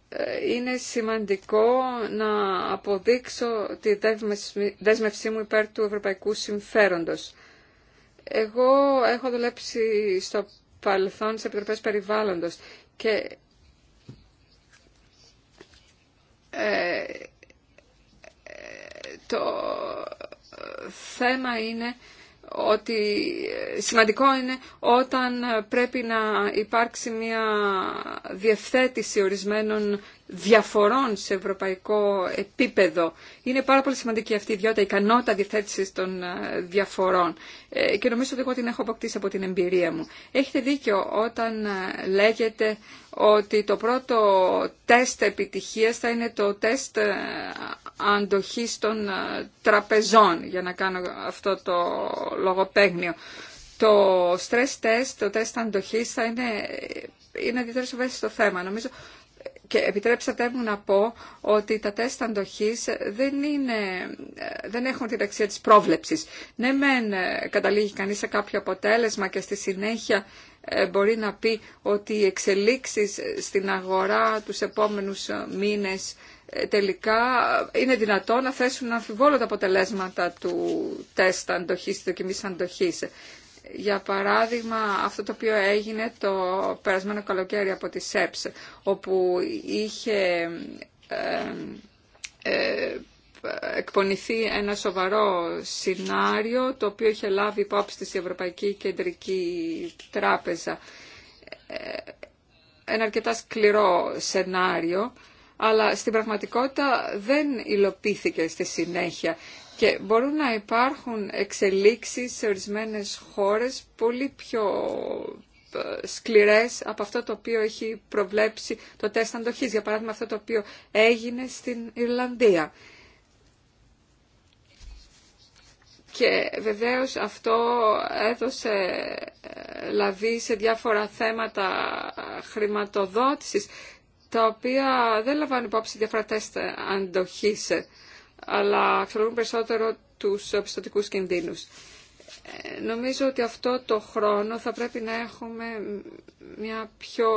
S3: Ε, είναι σημαντικό να αποδείξω τη δέσμευσή μου υπέρ του ευρωπαϊκού συμφέροντος. Εγώ έχω δουλέψει στο παρελθόν σε επιτροπές περιβάλλοντος και ε, το θέμα είναι ότι σημαντικό είναι όταν πρέπει να υπάρξει μια διευθέτηση ορισμένων διαφορών σε ευρωπαϊκό επίπεδο. Είναι πάρα πολύ σημαντική αυτή η ιδιότητα, η ικανότητα διθέτηση των ε, διαφορών. Ε, και νομίζω ότι εγώ την έχω αποκτήσει από την εμπειρία μου. Έχετε δίκιο όταν ε, λέγεται ότι το πρώτο τεστ επιτυχίας θα είναι το τεστ αντοχής των τραπεζών, για να κάνω αυτό το λογοπαίγνιο. Το stress test, το τεστ αντοχής θα είναι είναι στο στο θέμα. Νομίζω και επιτρέψατε μου να πω ότι τα τεστ αντοχής δεν, είναι, δεν έχουν την αξία της πρόβλεψης. Ναι, μεν ε, καταλήγει κανείς σε κάποιο αποτέλεσμα και στη συνέχεια ε, μπορεί να πει ότι οι εξελίξεις στην αγορά τους επόμενους ε, μήνες τελικά είναι δυνατό να θέσουν να τα αποτελέσματα του τεστ αντοχής, της δοκιμής αντοχής για παράδειγμα αυτό το οποίο έγινε το περασμένο καλοκαίρι από τη ΣΕΠΣ, όπου είχε ε, ε εκπονηθεί ένα σοβαρό σενάριο το οποίο είχε λάβει υπόψη της Ευρωπαϊκή Κεντρική Τράπεζα. Ε, ένα αρκετά σκληρό σενάριο αλλά στην πραγματικότητα δεν υλοποιήθηκε στη συνέχεια και μπορούν να υπάρχουν εξελίξεις σε ορισμένες χώρες πολύ πιο ε, σκληρές από αυτό το οποίο έχει προβλέψει το τεστ αντοχής. Για παράδειγμα αυτό το οποίο έγινε στην Ιρλανδία. Και βεβαίως αυτό έδωσε ε, λαβή σε διάφορα θέματα χρηματοδότησης, τα οποία δεν λαμβάνουν υπόψη διάφορα τεστ αντοχής αλλά αξιολογούν περισσότερο τους πιστοτικούς κινδύνους. Ε, νομίζω ότι αυτό το χρόνο θα πρέπει να έχουμε μια πιο...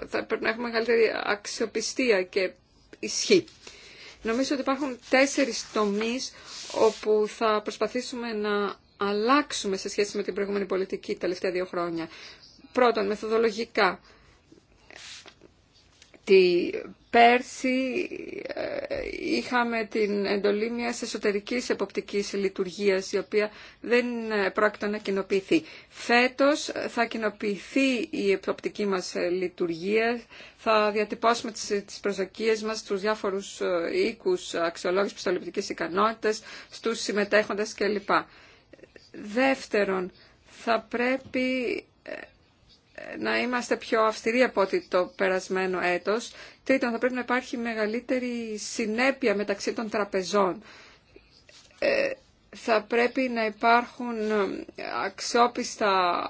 S3: Ε, θα πρέπει να έχουμε μεγαλύτερη αξιοπιστία και ισχύ. Νομίζω ότι υπάρχουν τέσσερις τομείς όπου θα προσπαθήσουμε να αλλάξουμε σε σχέση με την προηγούμενη πολιτική τα τελευταία δύο χρόνια. Πρώτον, μεθοδολογικά ότι πέρσι ε, είχαμε την εντολή μιας εσωτερικής εποπτικής λειτουργίας η οποία δεν ε, πρόκειται να κοινοποιηθεί. Φέτος θα κοινοποιηθεί η εποπτική μας ε, λειτουργία, θα διατυπώσουμε τις προσδοκίες μας στους διάφορους οίκους αξιολόγηση πιστοληπτικής ικανότητας, στους συμμετέχοντες κλπ. Δεύτερον, θα πρέπει να είμαστε πιο αυστηροί από ότι το περασμένο έτος. Τρίτον, θα πρέπει να υπάρχει μεγαλύτερη συνέπεια μεταξύ των τραπεζών. Ε, θα πρέπει να υπάρχουν αξιόπιστα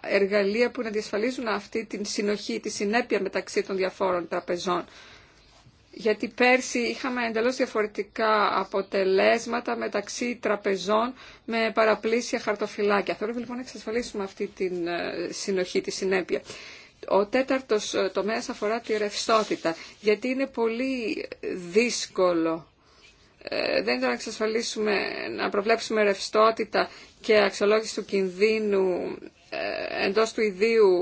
S3: εργαλεία που να διασφαλίζουν αυτή την συνοχή, τη συνέπεια μεταξύ των διαφόρων τραπεζών γιατί πέρσι είχαμε εντελώς διαφορετικά αποτελέσματα μεταξύ τραπεζών με παραπλήσια χαρτοφυλάκια. Θέλουμε λοιπόν να εξασφαλίσουμε αυτή τη ε, συνοχή, τη συνέπεια. Ο τέταρτος ε, τομέας αφορά τη ρευστότητα, γιατί είναι πολύ δύσκολο. Ε, δεν ήταν να εξασφαλίσουμε, να προβλέψουμε ρευστότητα και αξιολόγηση του κινδύνου εντός του ιδίου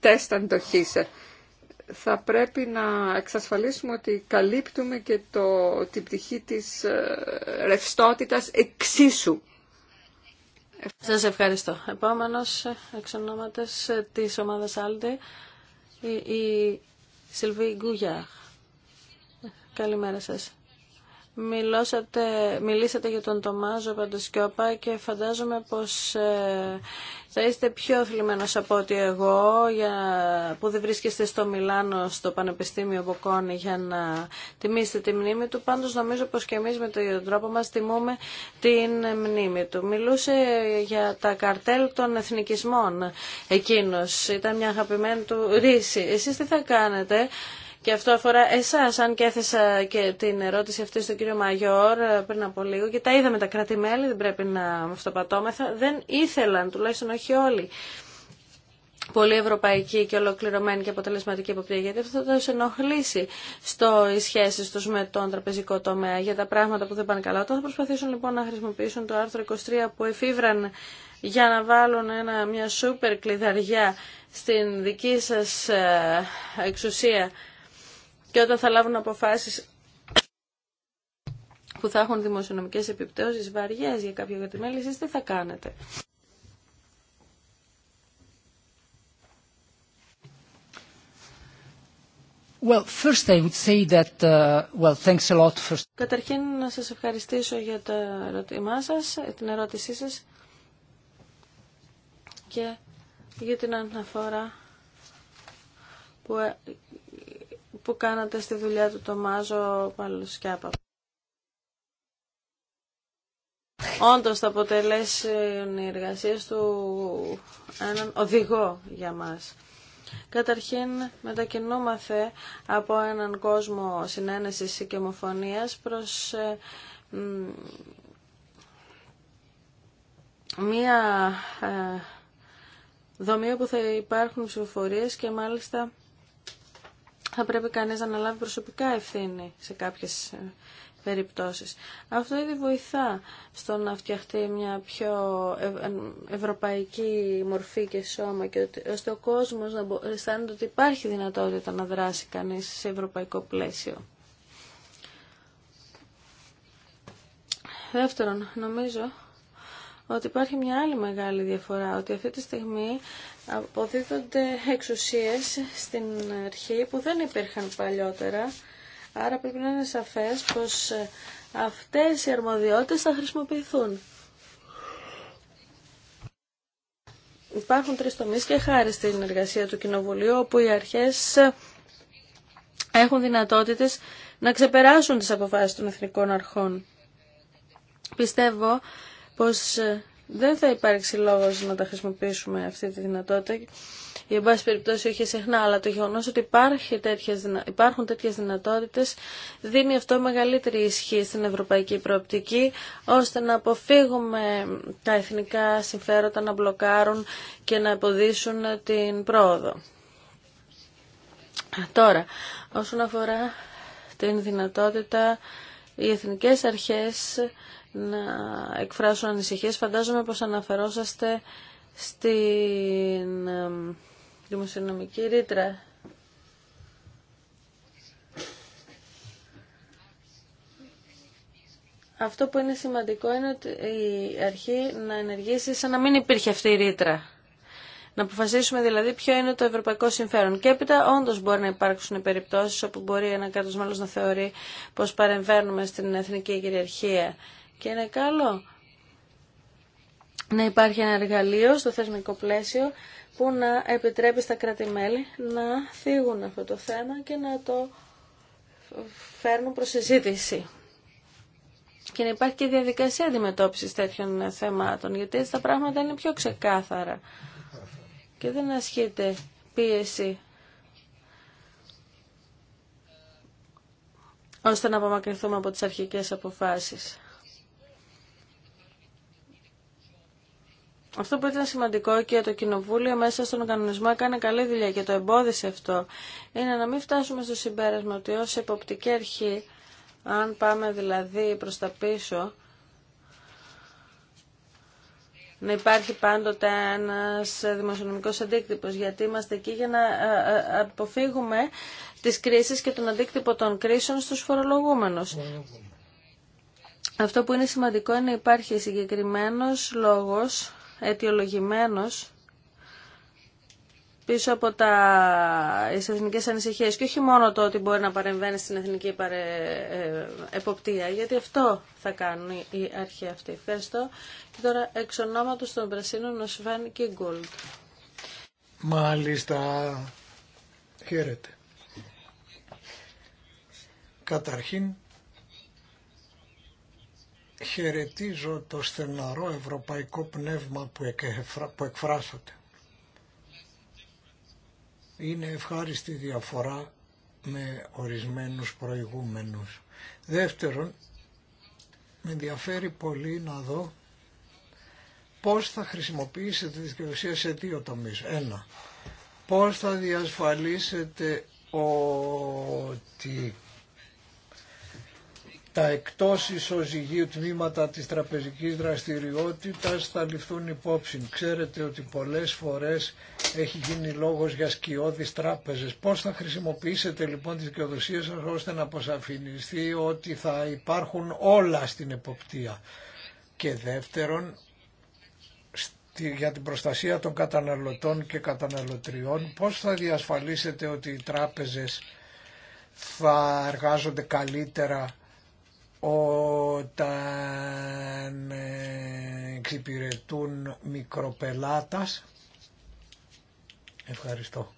S3: τεστ αντοχής θα πρέπει να εξασφαλίσουμε ότι καλύπτουμε και το, την πτυχή της ε, ρευστότητας εξίσου. Σας
S2: ευχαριστώ. Επόμενος, εξ της ομάδας Άλντε, η, Σιλβί Καλημέρα σας. Μιλώσατε, μιλήσατε για τον Τομάζο Παντοσκιώπα και φαντάζομαι πως ε, θα είστε πιο θλιμμένος από ότι εγώ για, που δεν βρίσκεστε στο Μιλάνο στο Πανεπιστήμιο Μποκόνη για να τιμήσετε τη μνήμη του. Πάντως νομίζω πως και εμείς με τον τρόπο μας τιμούμε την μνήμη του. Μιλούσε για τα καρτέλ των εθνικισμών εκείνος. Ήταν μια αγαπημένη του ρίση. Εσείς τι θα κάνετε και αυτό αφορά εσά αν και έθεσα και την ερώτηση αυτή στον κύριο Μαγιόρ ε, πριν από λίγο και τα είδαμε τα κράτη-μέλη, δεν πρέπει να αυτοπατώμεθα, δεν ήθελαν, τουλάχιστον όχι όλοι, πολύ ευρωπαϊκή και ολοκληρωμένη και αποτελεσματική υποπτήρια, γιατί αυτό θα του ενοχλήσει στο, οι σχέσει του με τον τραπεζικό τομέα για τα πράγματα που δεν πάνε καλά. Όταν θα προσπαθήσουν λοιπόν να χρησιμοποιήσουν το άρθρο 23 που εφήβραν για να βάλουν ένα, μια σούπερ κλειδαριά στην δική σας ε, εξουσία και όταν θα λάβουν αποφάσεις που θα έχουν δημοσιονομικές επιπτώσεις βαριές για κάποια κατημέλη, εσείς τι θα κάνετε. Καταρχήν να σας ευχαριστήσω για το ερώτημά σας, ε, την ερώτησή σας και για την αναφορά που ε, που κάνατε στη δουλειά του Τομάζο Παλουσκιάπα. Όντω θα αποτελέσουν οι εργασίε του έναν οδηγό για μας. Καταρχήν μετακινούμαθε από έναν κόσμο συνένεσης και ομοφωνίας προς ε, μία ε, δομή που θα υπάρχουν ψηφοφορίες και μάλιστα θα πρέπει κανείς να αναλάβει προσωπικά ευθύνη σε κάποιες ε, περιπτώσεις. Αυτό ήδη βοηθά στο να φτιαχτεί μια πιο ε, ευρωπαϊκή μορφή και σώμα και ότι, ώστε ο κόσμος να αισθάνεται ότι υπάρχει δυνατότητα να δράσει κανείς σε ευρωπαϊκό πλαίσιο. Δεύτερον, νομίζω ότι υπάρχει μια άλλη μεγάλη διαφορά, ότι αυτή τη στιγμή αποδίδονται εξουσίες στην αρχή που δεν υπήρχαν παλιότερα. Άρα πρέπει να είναι σαφές πως ε, αυτές οι αρμοδιότητες θα χρησιμοποιηθούν. Υπάρχουν τρεις τομείς και χάρη στην εργασία του Κοινοβουλίου όπου οι αρχές ε, έχουν δυνατότητες να ξεπεράσουν τις αποφάσεις των εθνικών αρχών. Πιστεύω πως ε, δεν θα υπάρξει λόγος να τα χρησιμοποιήσουμε αυτή τη δυνατότητα ή εν πάση περιπτώσει όχι συχνά, αλλά το γεγονός ότι τέτοιες, υπάρχουν τέτοιες δυνατότητες δίνει αυτό μεγαλύτερη ισχύ στην ευρωπαϊκή προοπτική ώστε να αποφύγουμε τα εθνικά συμφέροντα να μπλοκάρουν και να εποδίσουν την πρόοδο. Τώρα, όσον αφορά την δυνατότητα οι εθνικές αρχές να εκφράσω ανησυχίες. Φαντάζομαι πως αναφερόσαστε στην δημοσιονομική ρήτρα. Αυτό που είναι σημαντικό είναι ότι η αρχή να ενεργήσει σαν να μην υπήρχε αυτή η ρήτρα. Να αποφασίσουμε δηλαδή ποιο είναι το ευρωπαϊκό συμφέρον. Και έπειτα όντω μπορεί να υπάρξουν περιπτώσει όπου μπορεί ένα κράτο μέλο να θεωρεί πω παρεμβαίνουμε στην εθνική κυριαρχία και είναι καλό να υπάρχει ένα εργαλείο στο θεσμικό πλαίσιο που να επιτρέπει στα κράτη-μέλη να θίγουν αυτό το θέμα και να το φέρνουν προς συζήτηση. Και να υπάρχει και διαδικασία αντιμετώπισης τέτοιων θεμάτων, γιατί έτσι τα πράγματα είναι πιο ξεκάθαρα και δεν ασχείται πίεση ώστε να απομακρυνθούμε από τις αρχικές αποφάσεις. Αυτό που ήταν σημαντικό και το Κοινοβούλιο μέσα στον κανονισμό έκανε καλή δουλειά και το εμπόδισε αυτό, είναι να μην φτάσουμε στο συμπέρασμα ότι ως εποπτική αρχή, αν πάμε δηλαδή προς τα πίσω, να υπάρχει πάντοτε ένας δημοσιονομικός αντίκτυπος, γιατί είμαστε εκεί για να ε, ε, ε, αποφύγουμε τις κρίσεις και τον αντίκτυπο των κρίσεων στους φορολογούμενους. Αυτό που είναι σημαντικό είναι να υπάρχει συγκεκριμένος λόγος αιτιολογημένος πίσω από τα εθνικέ εθνικές ανησυχίες και όχι μόνο το ότι μπορεί να παρεμβαίνει στην εθνική παρε... Ε, εποπτεία, γιατί αυτό θα κάνουν οι αρχή αυτή. Ευχαριστώ. Και τώρα εξ ονόματος των Πρασίνων ο Σβέν Κίγκολτ.
S1: Μάλιστα. Χαίρετε. Καταρχήν χαιρετίζω το στεναρό ευρωπαϊκό πνεύμα που εκφράσατε. Είναι ευχάριστη διαφορά με ορισμένους προηγούμενους. Δεύτερον, με ενδιαφέρει πολύ να δω πώς θα χρησιμοποιήσετε τη δικαιοσία σε δύο τομείς. Ένα, πώς θα διασφαλίσετε ότι τα εκτός ισοζυγίου τμήματα της τραπεζικής δραστηριότητας θα ληφθούν υπόψη. Ξέρετε ότι πολλές φορές έχει γίνει λόγος για σκιώδεις τράπεζες. Πώς θα χρησιμοποιήσετε λοιπόν τις δικαιοδοσίες σας ώστε να αποσαφινιστεί ότι θα υπάρχουν όλα στην εποπτεία. Και δεύτερον, για την προστασία των καταναλωτών και καταναλωτριών, πώς θα διασφαλίσετε ότι οι τράπεζες θα εργάζονται καλύτερα όταν ε, εξυπηρετούν μικροπελάτας. Ευχαριστώ.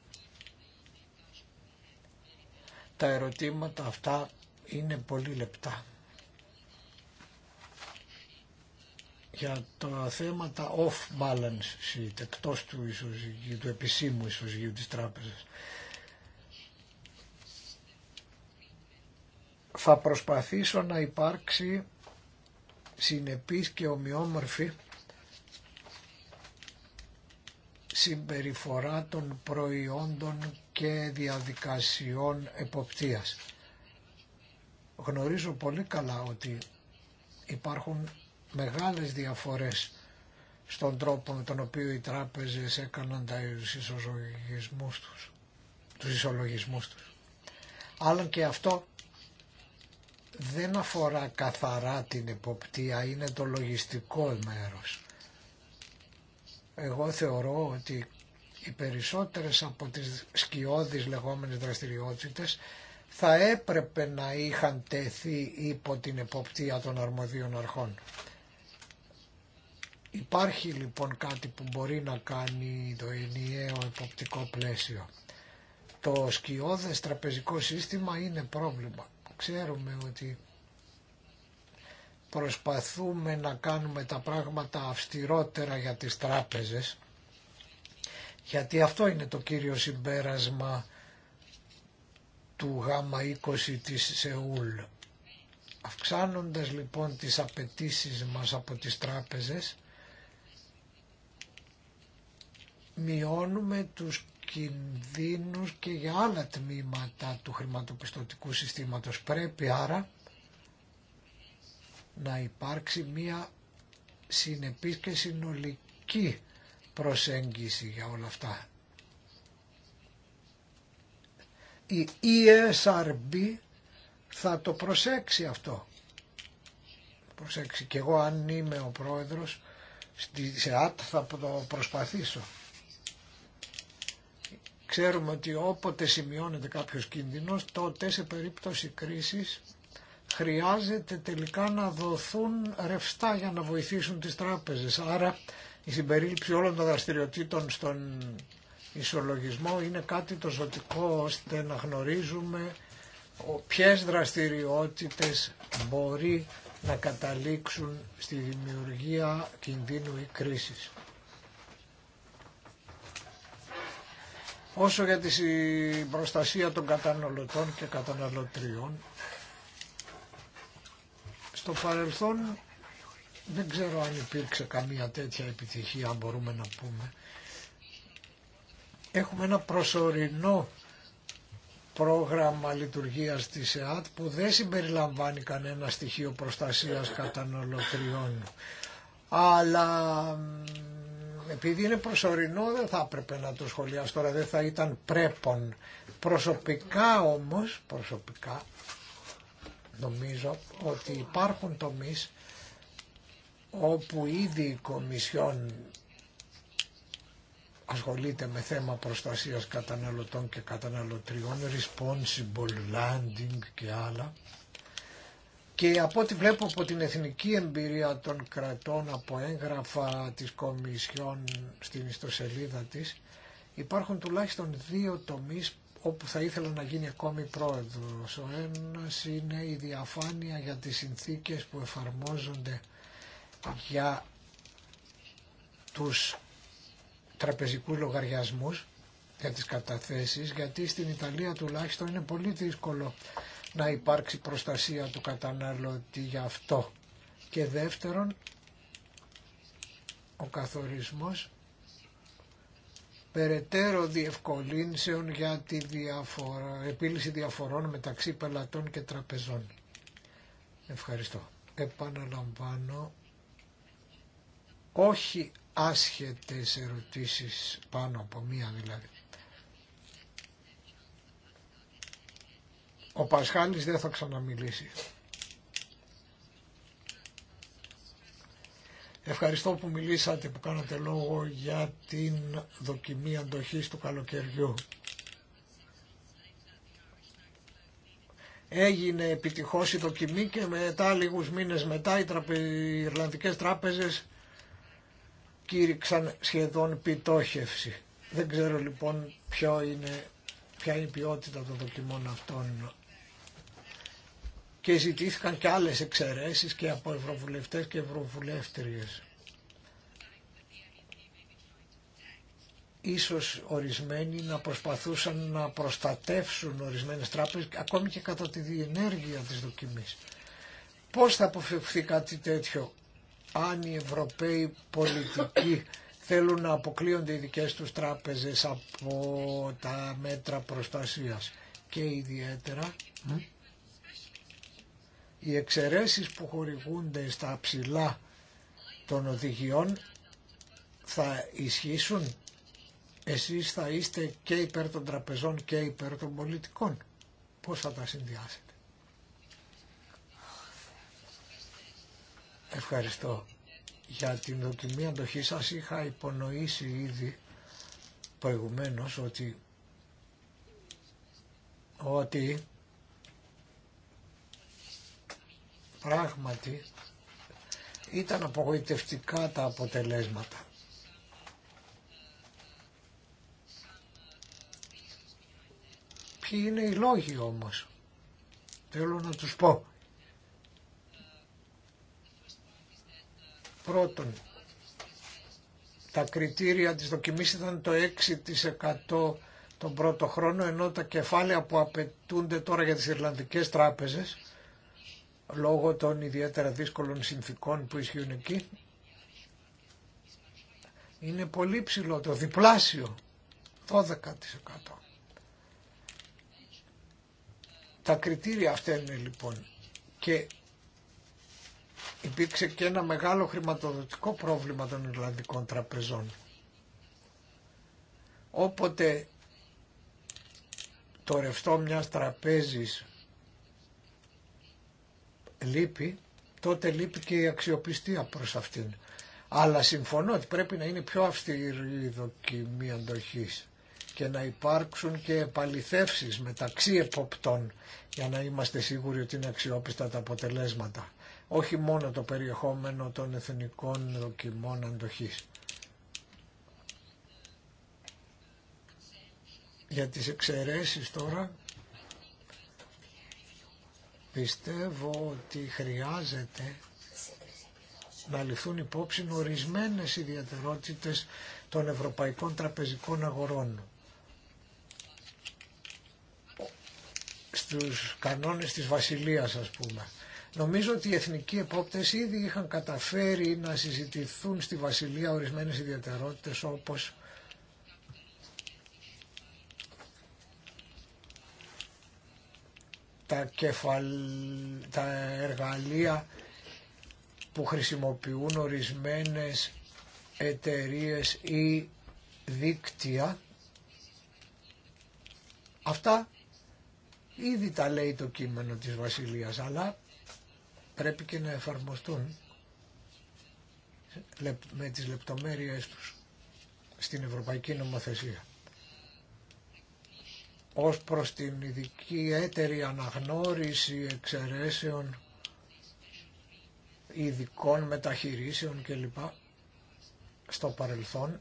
S1: Τα ερωτήματα αυτά είναι πολύ λεπτά. Για τα θέματα off balance sheet, εκτός του, του επισήμου ισοζυγίου της τράπεζας. θα προσπαθήσω να υπάρξει συνεπής και ομοιόμορφη συμπεριφορά των προϊόντων και διαδικασιών εποπτείας. Γνωρίζω πολύ καλά ότι υπάρχουν μεγάλες διαφορές στον τρόπο με τον οποίο οι τράπεζες έκαναν τα ισολογισμούς τους. Τους Αλλά και αυτό δεν αφορά καθαρά την εποπτεία, είναι το λογιστικό μέρος. Εγώ θεωρώ ότι οι περισσότερες από τις σκιώδεις λεγόμενες δραστηριότητες θα έπρεπε να είχαν τεθεί υπό την εποπτεία των αρμοδίων αρχών. Υπάρχει λοιπόν κάτι που μπορεί να κάνει το ενιαίο εποπτικό πλαίσιο. Το σκιώδες τραπεζικό σύστημα είναι πρόβλημα Ξέρουμε ότι προσπαθούμε να κάνουμε τα πράγματα αυστηρότερα για τις τράπεζες, γιατί αυτό είναι το κύριο συμπέρασμα του γάμα 20 της Σεούλ. Αυξάνοντας λοιπόν τις απαιτήσει μας από τις τράπεζες, μειώνουμε τους κινδύνους και για άλλα τμήματα του χρηματοπιστωτικού συστήματος. Πρέπει άρα να υπάρξει μία συνεπής και συνολική προσέγγιση για όλα αυτά. Η ESRB θα το προσέξει αυτό. Προσέξει. Και εγώ αν είμαι ο πρόεδρος στη ΣΕΑΤ θα το προσπαθήσω. Ξέρουμε ότι όποτε σημειώνεται κάποιος κίνδυνος, τότε σε περίπτωση κρίσης χρειάζεται τελικά να δοθούν ρευστά για να βοηθήσουν τις τράπεζες. Άρα η συμπερίληψη όλων των δραστηριοτήτων στον ισολογισμό είναι κάτι το ζωτικό ώστε να γνωρίζουμε ποιες δραστηριότητες μπορεί να καταλήξουν στη δημιουργία κινδύνου ή κρίσης. Όσο για τη προστασία των καταναλωτών και καταναλωτριών, στο παρελθόν δεν ξέρω αν υπήρξε καμία τέτοια επιτυχία, αν μπορούμε να πούμε. Έχουμε ένα προσωρινό πρόγραμμα λειτουργίας της ΕΑΤ που δεν συμπεριλαμβάνει κανένα στοιχείο προστασίας καταναλωτριών. Αλλά επειδή είναι προσωρινό δεν θα έπρεπε να το σχολιάσω τώρα, δεν θα ήταν πρέπον. Προσωπικά όμως, προσωπικά, νομίζω ότι υπάρχουν τομείς όπου ήδη η Κομισιόν ασχολείται με θέμα προστασίας καταναλωτών και καταναλωτριών, responsible landing και άλλα, και από ό,τι βλέπω από την εθνική εμπειρία των κρατών από έγγραφα της Κομισιόν στην ιστοσελίδα της υπάρχουν τουλάχιστον δύο τομείς όπου θα ήθελα να γίνει ακόμη πρόεδρος. Ο ένας είναι η διαφάνεια για τις συνθήκες που εφαρμόζονται για τους τραπεζικούς λογαριασμούς για τις καταθέσεις γιατί στην Ιταλία τουλάχιστον είναι πολύ δύσκολο να υπάρξει προστασία του καταναλωτή γι' αυτό. Και δεύτερον, ο καθορισμός περαιτέρω διευκολύνσεων για τη διαφορα... επίλυση διαφορών μεταξύ πελατών και τραπεζών. Ευχαριστώ. Επαναλαμβάνω, όχι άσχετες ερωτήσεις πάνω από μία δηλαδή. Ο Πασχάλης δεν θα ξαναμιλήσει. Ευχαριστώ που μιλήσατε, που κάνατε λόγο για την δοκιμή αντοχής του καλοκαιριού. Έγινε επιτυχώς η δοκιμή και μετά λίγους μήνες μετά οι, τραπε... Ιρλανδικές τράπεζες κήρυξαν σχεδόν πιτόχευση. Δεν ξέρω λοιπόν ποιο είναι, ποια είναι η ποιότητα των δοκιμών αυτών και ζητήθηκαν και άλλες εξαιρέσεις και από ευρωβουλευτές και ευρωβουλεύτριες. Ίσως ορισμένοι να προσπαθούσαν να προστατεύσουν ορισμένες τράπεζες ακόμη και κατά τη διενέργεια της δοκιμής. Πώς θα αποφευθεί κάτι τέτοιο αν οι Ευρωπαίοι πολιτικοί θέλουν να αποκλείονται οι δικές τους τράπεζες από τα μέτρα προστασίας και ιδιαίτερα οι εξαιρέσεις που χορηγούνται στα ψηλά των οδηγιών θα ισχύσουν. Εσείς θα είστε και υπέρ των τραπεζών και υπέρ των πολιτικών. Πώς θα τα συνδυάσετε. Ευχαριστώ για την δοκιμή αντοχή σας. Είχα υπονοήσει ήδη προηγουμένως ότι ότι Πράγματι ήταν απογοητευτικά τα αποτελέσματα. Ποιοι είναι οι λόγοι όμως. Θέλω να τους πω. Πρώτον, τα κριτήρια της δοκιμής ήταν το 6% τον πρώτο χρόνο, ενώ τα κεφάλαια που απαιτούνται τώρα για τις Ιρλανδικές τράπεζες λόγω των ιδιαίτερα δύσκολων συνθήκων που ισχύουν εκεί είναι πολύ ψηλό το διπλάσιο 12% τα κριτήρια αυτά είναι λοιπόν και υπήρξε και ένα μεγάλο χρηματοδοτικό πρόβλημα των Ιρλανδικών τραπεζών όποτε το ρευστό μιας τραπέζης λείπει, τότε λείπει και η αξιοπιστία προς αυτήν. Αλλά συμφωνώ ότι πρέπει να είναι πιο αυστηρή η δοκιμή αντοχής και να υπάρξουν και επαληθεύσεις μεταξύ εποπτών για να είμαστε σίγουροι ότι είναι αξιόπιστα τα αποτελέσματα. Όχι μόνο το περιεχόμενο των εθνικών δοκιμών αντοχής. Για τις εξαιρέσεις τώρα Πιστεύω ότι χρειάζεται να ληφθούν υπόψη ορισμένες ιδιαιτερότητες των ευρωπαϊκών τραπεζικών αγορών. Στους κανόνες της Βασιλείας ας πούμε. Νομίζω ότι οι εθνικοί επόπτες ήδη είχαν καταφέρει να συζητηθούν στη Βασιλεία ορισμένες ιδιαιτερότητες όπως τα, κεφαλ... τα εργαλεία που χρησιμοποιούν ορισμένες εταιρείες ή δίκτυα. Αυτά ήδη τα λέει το κείμενο της Βασιλείας, αλλά πρέπει και να εφαρμοστούν με τις λεπτομέρειες τους στην Ευρωπαϊκή Νομοθεσία ως προς την ειδική έτερη αναγνώριση εξαιρέσεων ειδικών μεταχειρήσεων κλπ. στο παρελθόν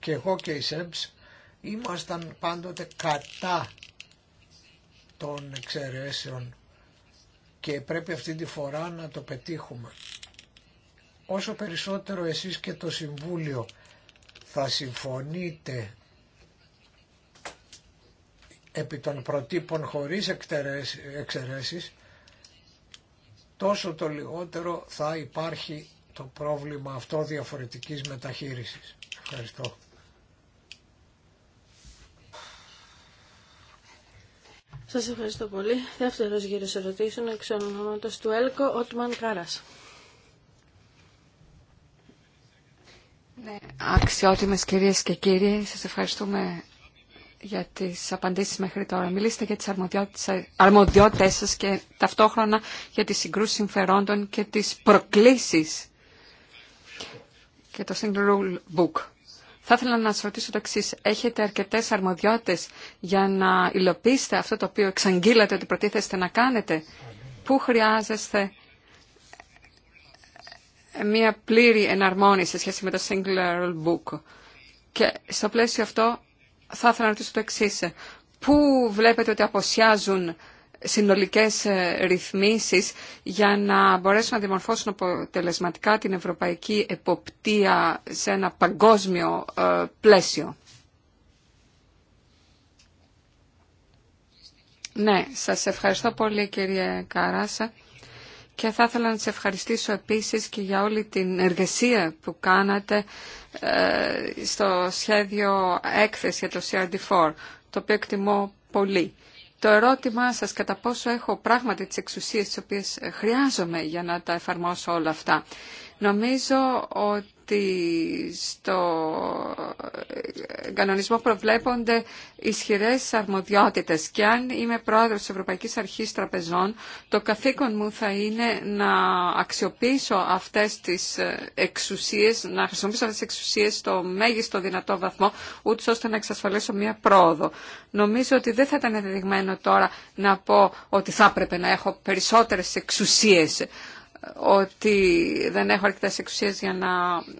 S1: και εγώ και οι ΣΕΜΣ ήμασταν πάντοτε κατά των εξαιρέσεων και πρέπει αυτή τη φορά να το πετύχουμε. Όσο περισσότερο εσείς και το Συμβούλιο θα συμφωνείτε επί των προτύπων χωρίς εξαιρέσεις, τόσο το λιγότερο θα υπάρχει το πρόβλημα αυτό διαφορετικής μεταχείρισης. Ευχαριστώ.
S2: Σας ευχαριστώ πολύ. Δεύτερος γύρος ερωτήσεων εξ ονόματος του ΕΛΚΟ, Ότμαν Κάρας.
S3: Ναι, αξιότιμες κυρίες και κύριοι, σας ευχαριστούμε για τις απαντήσεις μέχρι τώρα. μιλήστε για τις αρμοδιότητες σας και ταυτόχρονα για τις συγκρούσεις συμφερόντων και τις προκλήσεις και το Single Rule Book. Θα ήθελα να σας ρωτήσω το εξή. Έχετε αρκετές αρμοδιότητες για να υλοποιήσετε αυτό το οποίο εξαγγείλατε ότι προτίθεστε να κάνετε. Πού χρειάζεστε μια πλήρη εναρμόνιση σε σχέση με το Single Rule Book. Και στο πλαίσιο αυτό θα ήθελα να ρωτήσω το εξή. Πού βλέπετε ότι αποσιάζουν συνολικές ε, ρυθμίσεις για να μπορέσουν να δημορφώσουν αποτελεσματικά την ευρωπαϊκή εποπτεία σε ένα παγκόσμιο ε, πλαίσιο. Ναι, σας ευχαριστώ πολύ κύριε Καράσα και θα ήθελα να σε ευχαριστήσω επίσης και για όλη την εργασία που κάνατε ε, στο σχέδιο έκθεση για το CRD4, το οποίο εκτιμώ πολύ. Το ερώτημά σας κατά πόσο έχω πράγματι τις εξουσίες τις οποίες χρειάζομαι για να τα εφαρμόσω όλα αυτά. Νομίζω ότι ότι στο κανονισμό προβλέπονται ισχυρές αρμοδιότητες και αν είμαι πρόεδρος της Ευρωπαϊκής Αρχής Τραπεζών, το καθήκον μου θα είναι να αξιοποιήσω αυτές τις εξουσίες, να χρησιμοποιήσω αυτές τις εξουσίες στο μέγιστο δυνατό βαθμό, ούτως ώστε να εξασφαλίσω μια πρόοδο. Νομίζω ότι δεν θα ήταν ενδειγμένο τώρα να πω ότι θα έπρεπε να έχω περισσότερες εξουσίες ότι δεν έχω αρκετέ εξουσίε για να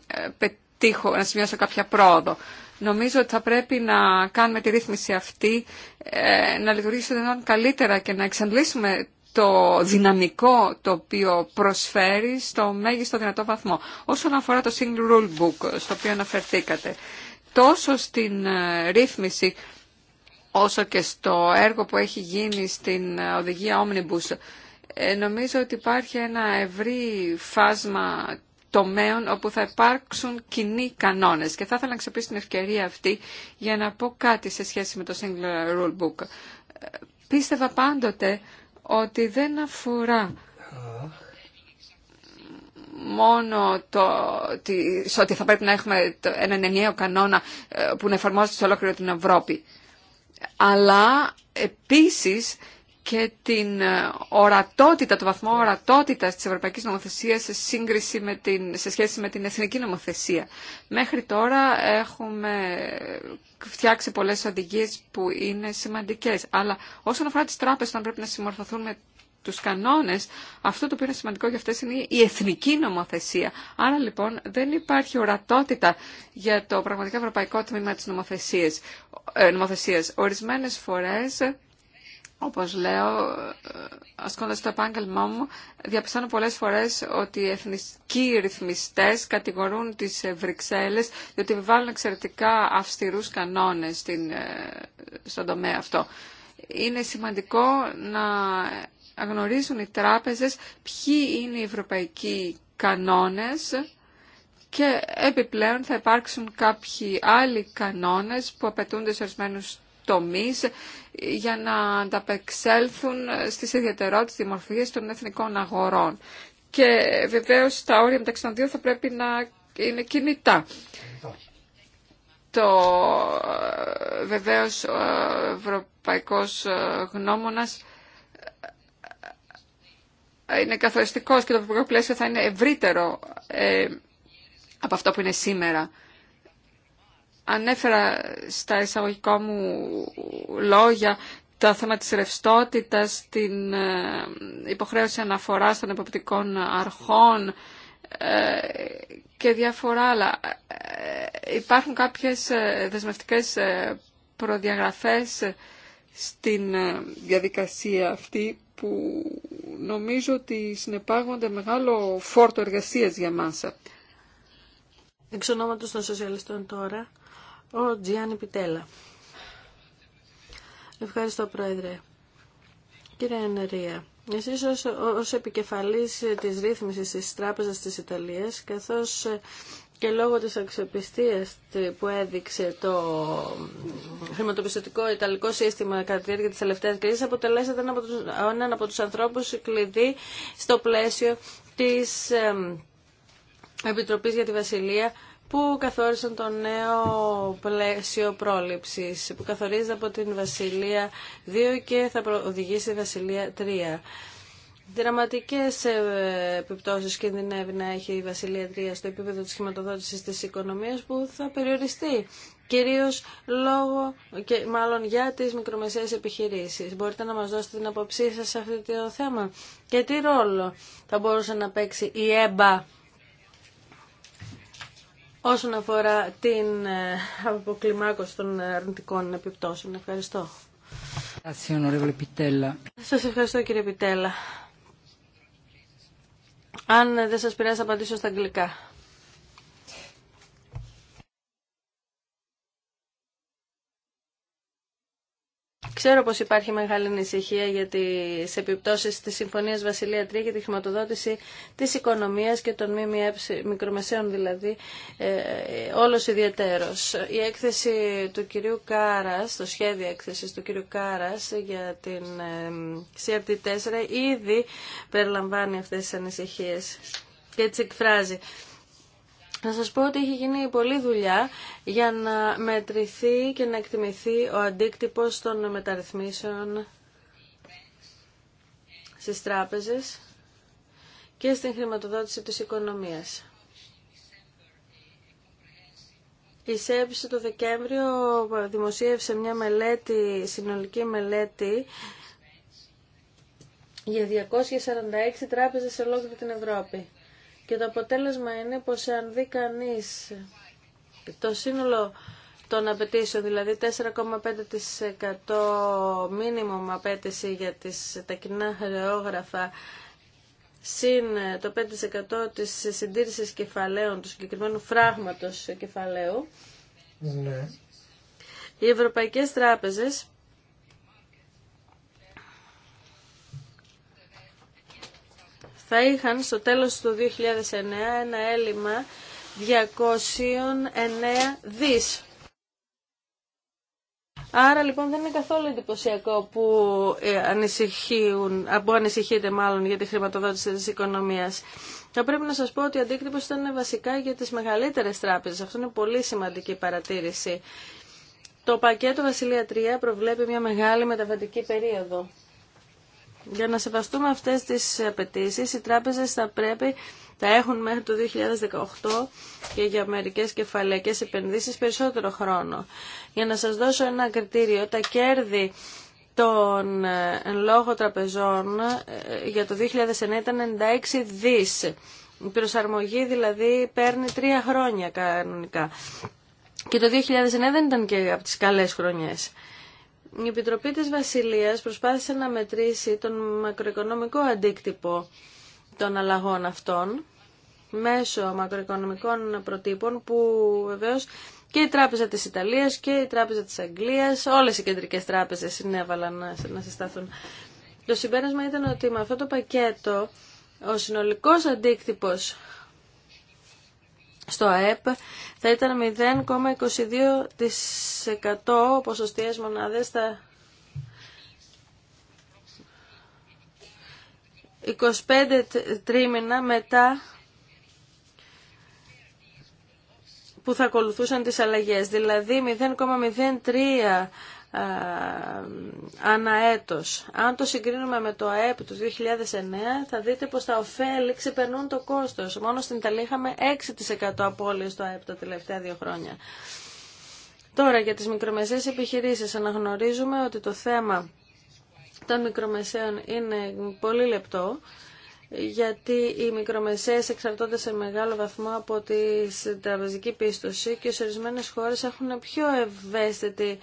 S3: ε, πετύχω, να σημειώσω κάποια πρόοδο. Νομίζω ότι θα πρέπει να κάνουμε τη ρύθμιση αυτή, ε, να λειτουργήσει δυνατόν καλύτερα και να εξαντλήσουμε το δυναμικό το οποίο προσφέρει στο μέγιστο δυνατό βαθμό. Όσον αφορά το single rule book στο οποίο αναφερθήκατε, τόσο στην ε, ρύθμιση όσο και στο έργο που έχει γίνει στην οδηγία Omnibus, ε, νομίζω ότι υπάρχει ένα ευρύ φάσμα τομέων όπου θα υπάρξουν κοινοί κανόνες και θα ήθελα να ξεπίσω την ευκαιρία αυτή για να πω κάτι σε σχέση με το Single Rule Book. Ε, πίστευα πάντοτε ότι δεν αφορά μόνο το, ότι θα πρέπει να έχουμε έναν ενιαίο κανόνα ε, που να εφαρμόζεται σε ολόκληρη την Ευρώπη. Αλλά επίσης και την ε, ορατότητα, το βαθμό ορατότητας της ευρωπαϊκής νομοθεσίας σε, σύγκριση με την, σε σχέση με την εθνική νομοθεσία. Μέχρι τώρα έχουμε φτιάξει πολλές οδηγίες που είναι σημαντικές, αλλά όσον αφορά τις τράπεζες, όταν πρέπει να συμμορφωθούν με τους κανόνες, αυτό το οποίο είναι σημαντικό για αυτές είναι η εθνική νομοθεσία. Άρα λοιπόν δεν υπάρχει ορατότητα για το πραγματικά ευρωπαϊκό τμήμα της νομοθεσίας. Ε, νομοθεσίας. Ορισμένες φορές όπως λέω, ασκώντας το επάγγελμά μου, διαπιστώνω πολλές φορές ότι οι εθνικοί ρυθμιστές κατηγορούν τις ε, Βρυξέλλες διότι βάλουν εξαιρετικά αυστηρούς κανόνες ε, στον τομέα αυτό. Είναι σημαντικό να γνωρίζουν οι τράπεζες ποιοι είναι οι ευρωπαϊκοί κανόνες και επιπλέον θα υπάρξουν κάποιοι άλλοι κανόνες που απαιτούνται σε ορισμένους τομείς για να ανταπεξέλθουν στις ιδιαιτερότητες δημορφίες των εθνικών αγορών. Και βεβαίως τα όρια μεταξύ των δύο θα πρέπει να είναι κινητά. Το βεβαίως ο ευρωπαϊκός γνώμονας είναι καθοριστικός και το ευρωπαϊκό πλαίσιο θα είναι ευρύτερο ε, από αυτό που είναι σήμερα. Ανέφερα στα εισαγωγικά μου λόγια το θέμα της ρευστότητα, την ε, υποχρέωση αναφοράς των εποπτικών αρχών ε, και διαφορά άλλα. Ε, υπάρχουν κάποιες δεσμευτικές προδιαγραφές στην διαδικασία αυτή που νομίζω ότι συνεπάγονται μεγάλο φόρτο εργασίας για μας. Εξ
S2: ονόματος των σοσιαλιστών τώρα, ο Τζιάννη Πιτέλα. Ευχαριστώ, Πρόεδρε. Κύριε Ενερία, εσείς ως, ως επικεφαλής της ρύθμισης της Τράπεζας της Ιταλίας, καθώς και λόγω της αξιοπιστίας που έδειξε το χρηματοπιστωτικό ιταλικό σύστημα κατά τη διάρκεια της τελευταίας κρίσης, αποτελέσατε ένα από τους, έναν από τους ανθρώπους κλειδί στο πλαίσιο της Επιτροπής για τη Βασιλεία που καθόρισαν το νέο πλαίσιο πρόληψης που καθορίζεται από την Βασιλεία 2 και θα οδηγήσει η Βασιλεία 3. Δραματικές ε, επιπτώσεις κινδυνεύει να έχει η Βασιλεία 3 στο επίπεδο της χρηματοδότησης της οικονομίας που θα περιοριστεί κυρίως λόγω και μάλλον για τις μικρομεσαίες επιχειρήσεις. Μπορείτε να μας δώσετε την αποψή σας σε αυτό το θέμα και τι ρόλο θα μπορούσε να παίξει η ΕΜΠΑ όσον αφορά την ε, αποκλιμάκωση των αρνητικών επιπτώσεων. Ευχαριστώ. Σας ευχαριστώ κύριε Πιτέλα. Αν δεν σας πειράζει θα απαντήσω στα αγγλικά. Ξέρω πως υπάρχει μεγάλη ανησυχία για τις επιπτώσεις της Συμφωνίας Βασιλεία 3 και τη χρηματοδότηση της οικονομίας και των ΜΜΕ, μικρομεσαίων δηλαδή, ε, όλος ιδιαίτερος. Η έκθεση του κυρίου Κάρας, το σχέδιο έκθεσης του κυρίου Κάρας για την ε, CRT4 ήδη περιλαμβάνει αυτές τις ανησυχίες και τις εκφράζει να σας πω ότι έχει γίνει πολλή δουλειά για να μετρηθεί και να εκτιμηθεί ο αντίκτυπος των μεταρρυθμίσεων στις τράπεζες και στην χρηματοδότηση της οικονομίας. Η ΣΕΠΣΕ το Δεκέμβριο δημοσίευσε μια μελέτη, συνολική μελέτη για 246 τράπεζες σε ολόκληρη την Ευρώπη. Και το αποτέλεσμα είναι πως αν δει κανεί το σύνολο των απαιτήσεων, δηλαδή 4,5% μίνιμουμ απέτηση για τις, τα κοινά χρεόγραφα, συν ε, το 5% της συντήρησης κεφαλαίων, του συγκεκριμένου φράγματος κεφαλαίου, ναι. οι ευρωπαϊκές τράπεζες θα είχαν στο τέλος του 2009 ένα έλλειμμα 209 δις. Άρα λοιπόν δεν είναι καθόλου εντυπωσιακό που, ε, ανησυχούν, που ανησυχείτε μάλλον για τη χρηματοδότηση της οικονομίας. Θα πρέπει να σας πω ότι η αντίκτυπος ήταν βασικά για τις μεγαλύτερες τράπεζες. Αυτό είναι πολύ σημαντική παρατήρηση. Το πακέτο Βασιλεία 3 προβλέπει μια μεγάλη μεταβατική περίοδο. Για να σεβαστούμε αυτές τις απαιτήσει, οι τράπεζες θα πρέπει τα έχουν μέχρι το 2018 και για μερικές κεφαλαίκες επενδύσεις περισσότερο χρόνο. Για να σας δώσω ένα κριτήριο, τα κέρδη των ε, εν λόγω τραπεζών ε, για το 2009 ήταν 96 δις. Η προσαρμογή δηλαδή παίρνει τρία χρόνια κανονικά. Και το 2009 δεν ήταν και από τις καλές χρονιές η Επιτροπή της Βασιλείας προσπάθησε να μετρήσει τον μακροοικονομικό αντίκτυπο των αλλαγών αυτών μέσω μακροοικονομικών προτύπων που βεβαίως και η Τράπεζα της Ιταλίας και η Τράπεζα της Αγγλίας, όλες οι κεντρικές τράπεζες συνέβαλαν να συστάθουν. Το συμπέρασμα ήταν ότι με αυτό το πακέτο ο συνολικός αντίκτυπος στο ΑΕΠ θα ήταν 0,22% ποσοστιαίες μονάδες στα 25 τρίμηνα μετά που θα ακολουθούσαν τις αλλαγές, δηλαδή 0,03 ε, αναέτος. Αν το συγκρίνουμε με το ΑΕΠ του 2009 θα δείτε πως τα ωφέλη ξεπερνούν το κόστος. Μόνο στην Ιταλία είχαμε 6% απώλειες στο ΑΕΠ τα τελευταία δύο χρόνια. Τώρα για τις μικρομεσαίες επιχειρήσεις αναγνωρίζουμε ότι το θέμα των μικρομεσαίων είναι πολύ λεπτό γιατί οι μικρομεσαίες εξαρτώνται σε μεγάλο βαθμό από τη τραπεζική πίστοση και σε ορισμένε χώρες έχουν πιο ευαίσθητη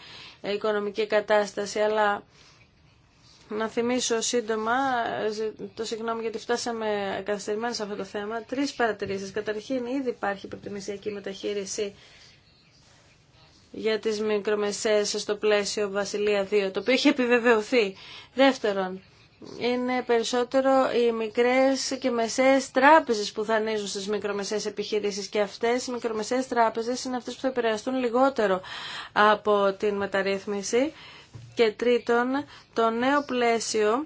S2: οικονομική κατάσταση, αλλά να θυμίσω σύντομα, το συγγνώμη γιατί φτάσαμε καθυστερημένα σε αυτό το θέμα, τρεις παρατηρήσεις. Καταρχήν ήδη υπάρχει προτιμησιακή μεταχείριση για τις μικρομεσαίες στο πλαίσιο Βασιλεία 2, το οποίο έχει επιβεβαιωθεί. Δεύτερον, είναι περισσότερο οι μικρές και μεσαίες τράπεζες που δανείζουν στις μικρομεσαίες επιχειρήσεις και αυτές οι μικρομεσαίες τράπεζες είναι αυτές που θα επηρεαστούν λιγότερο από την μεταρρύθμιση και τρίτον το νέο πλαίσιο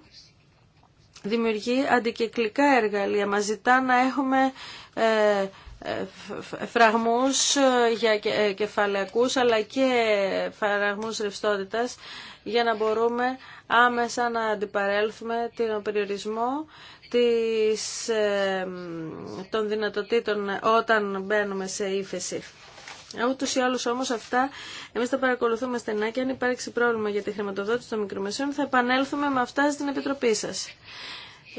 S2: δημιουργεί αντικυκλικά εργαλεία μας ζητά να έχουμε ε, φραγμούς για κεφαλαιακούς αλλά και φραγμούς ρευστότητας για να μπορούμε άμεσα να αντιπαρέλθουμε τον περιορισμό της, ε, των δυνατοτήτων όταν μπαίνουμε σε ύφεση. Ούτω ή άλλω όμως αυτά εμείς τα παρακολουθούμε στενά και αν υπάρξει πρόβλημα για τη χρηματοδότηση των μικρομεσαίων θα επανέλθουμε με αυτά στην Επιτροπή σα.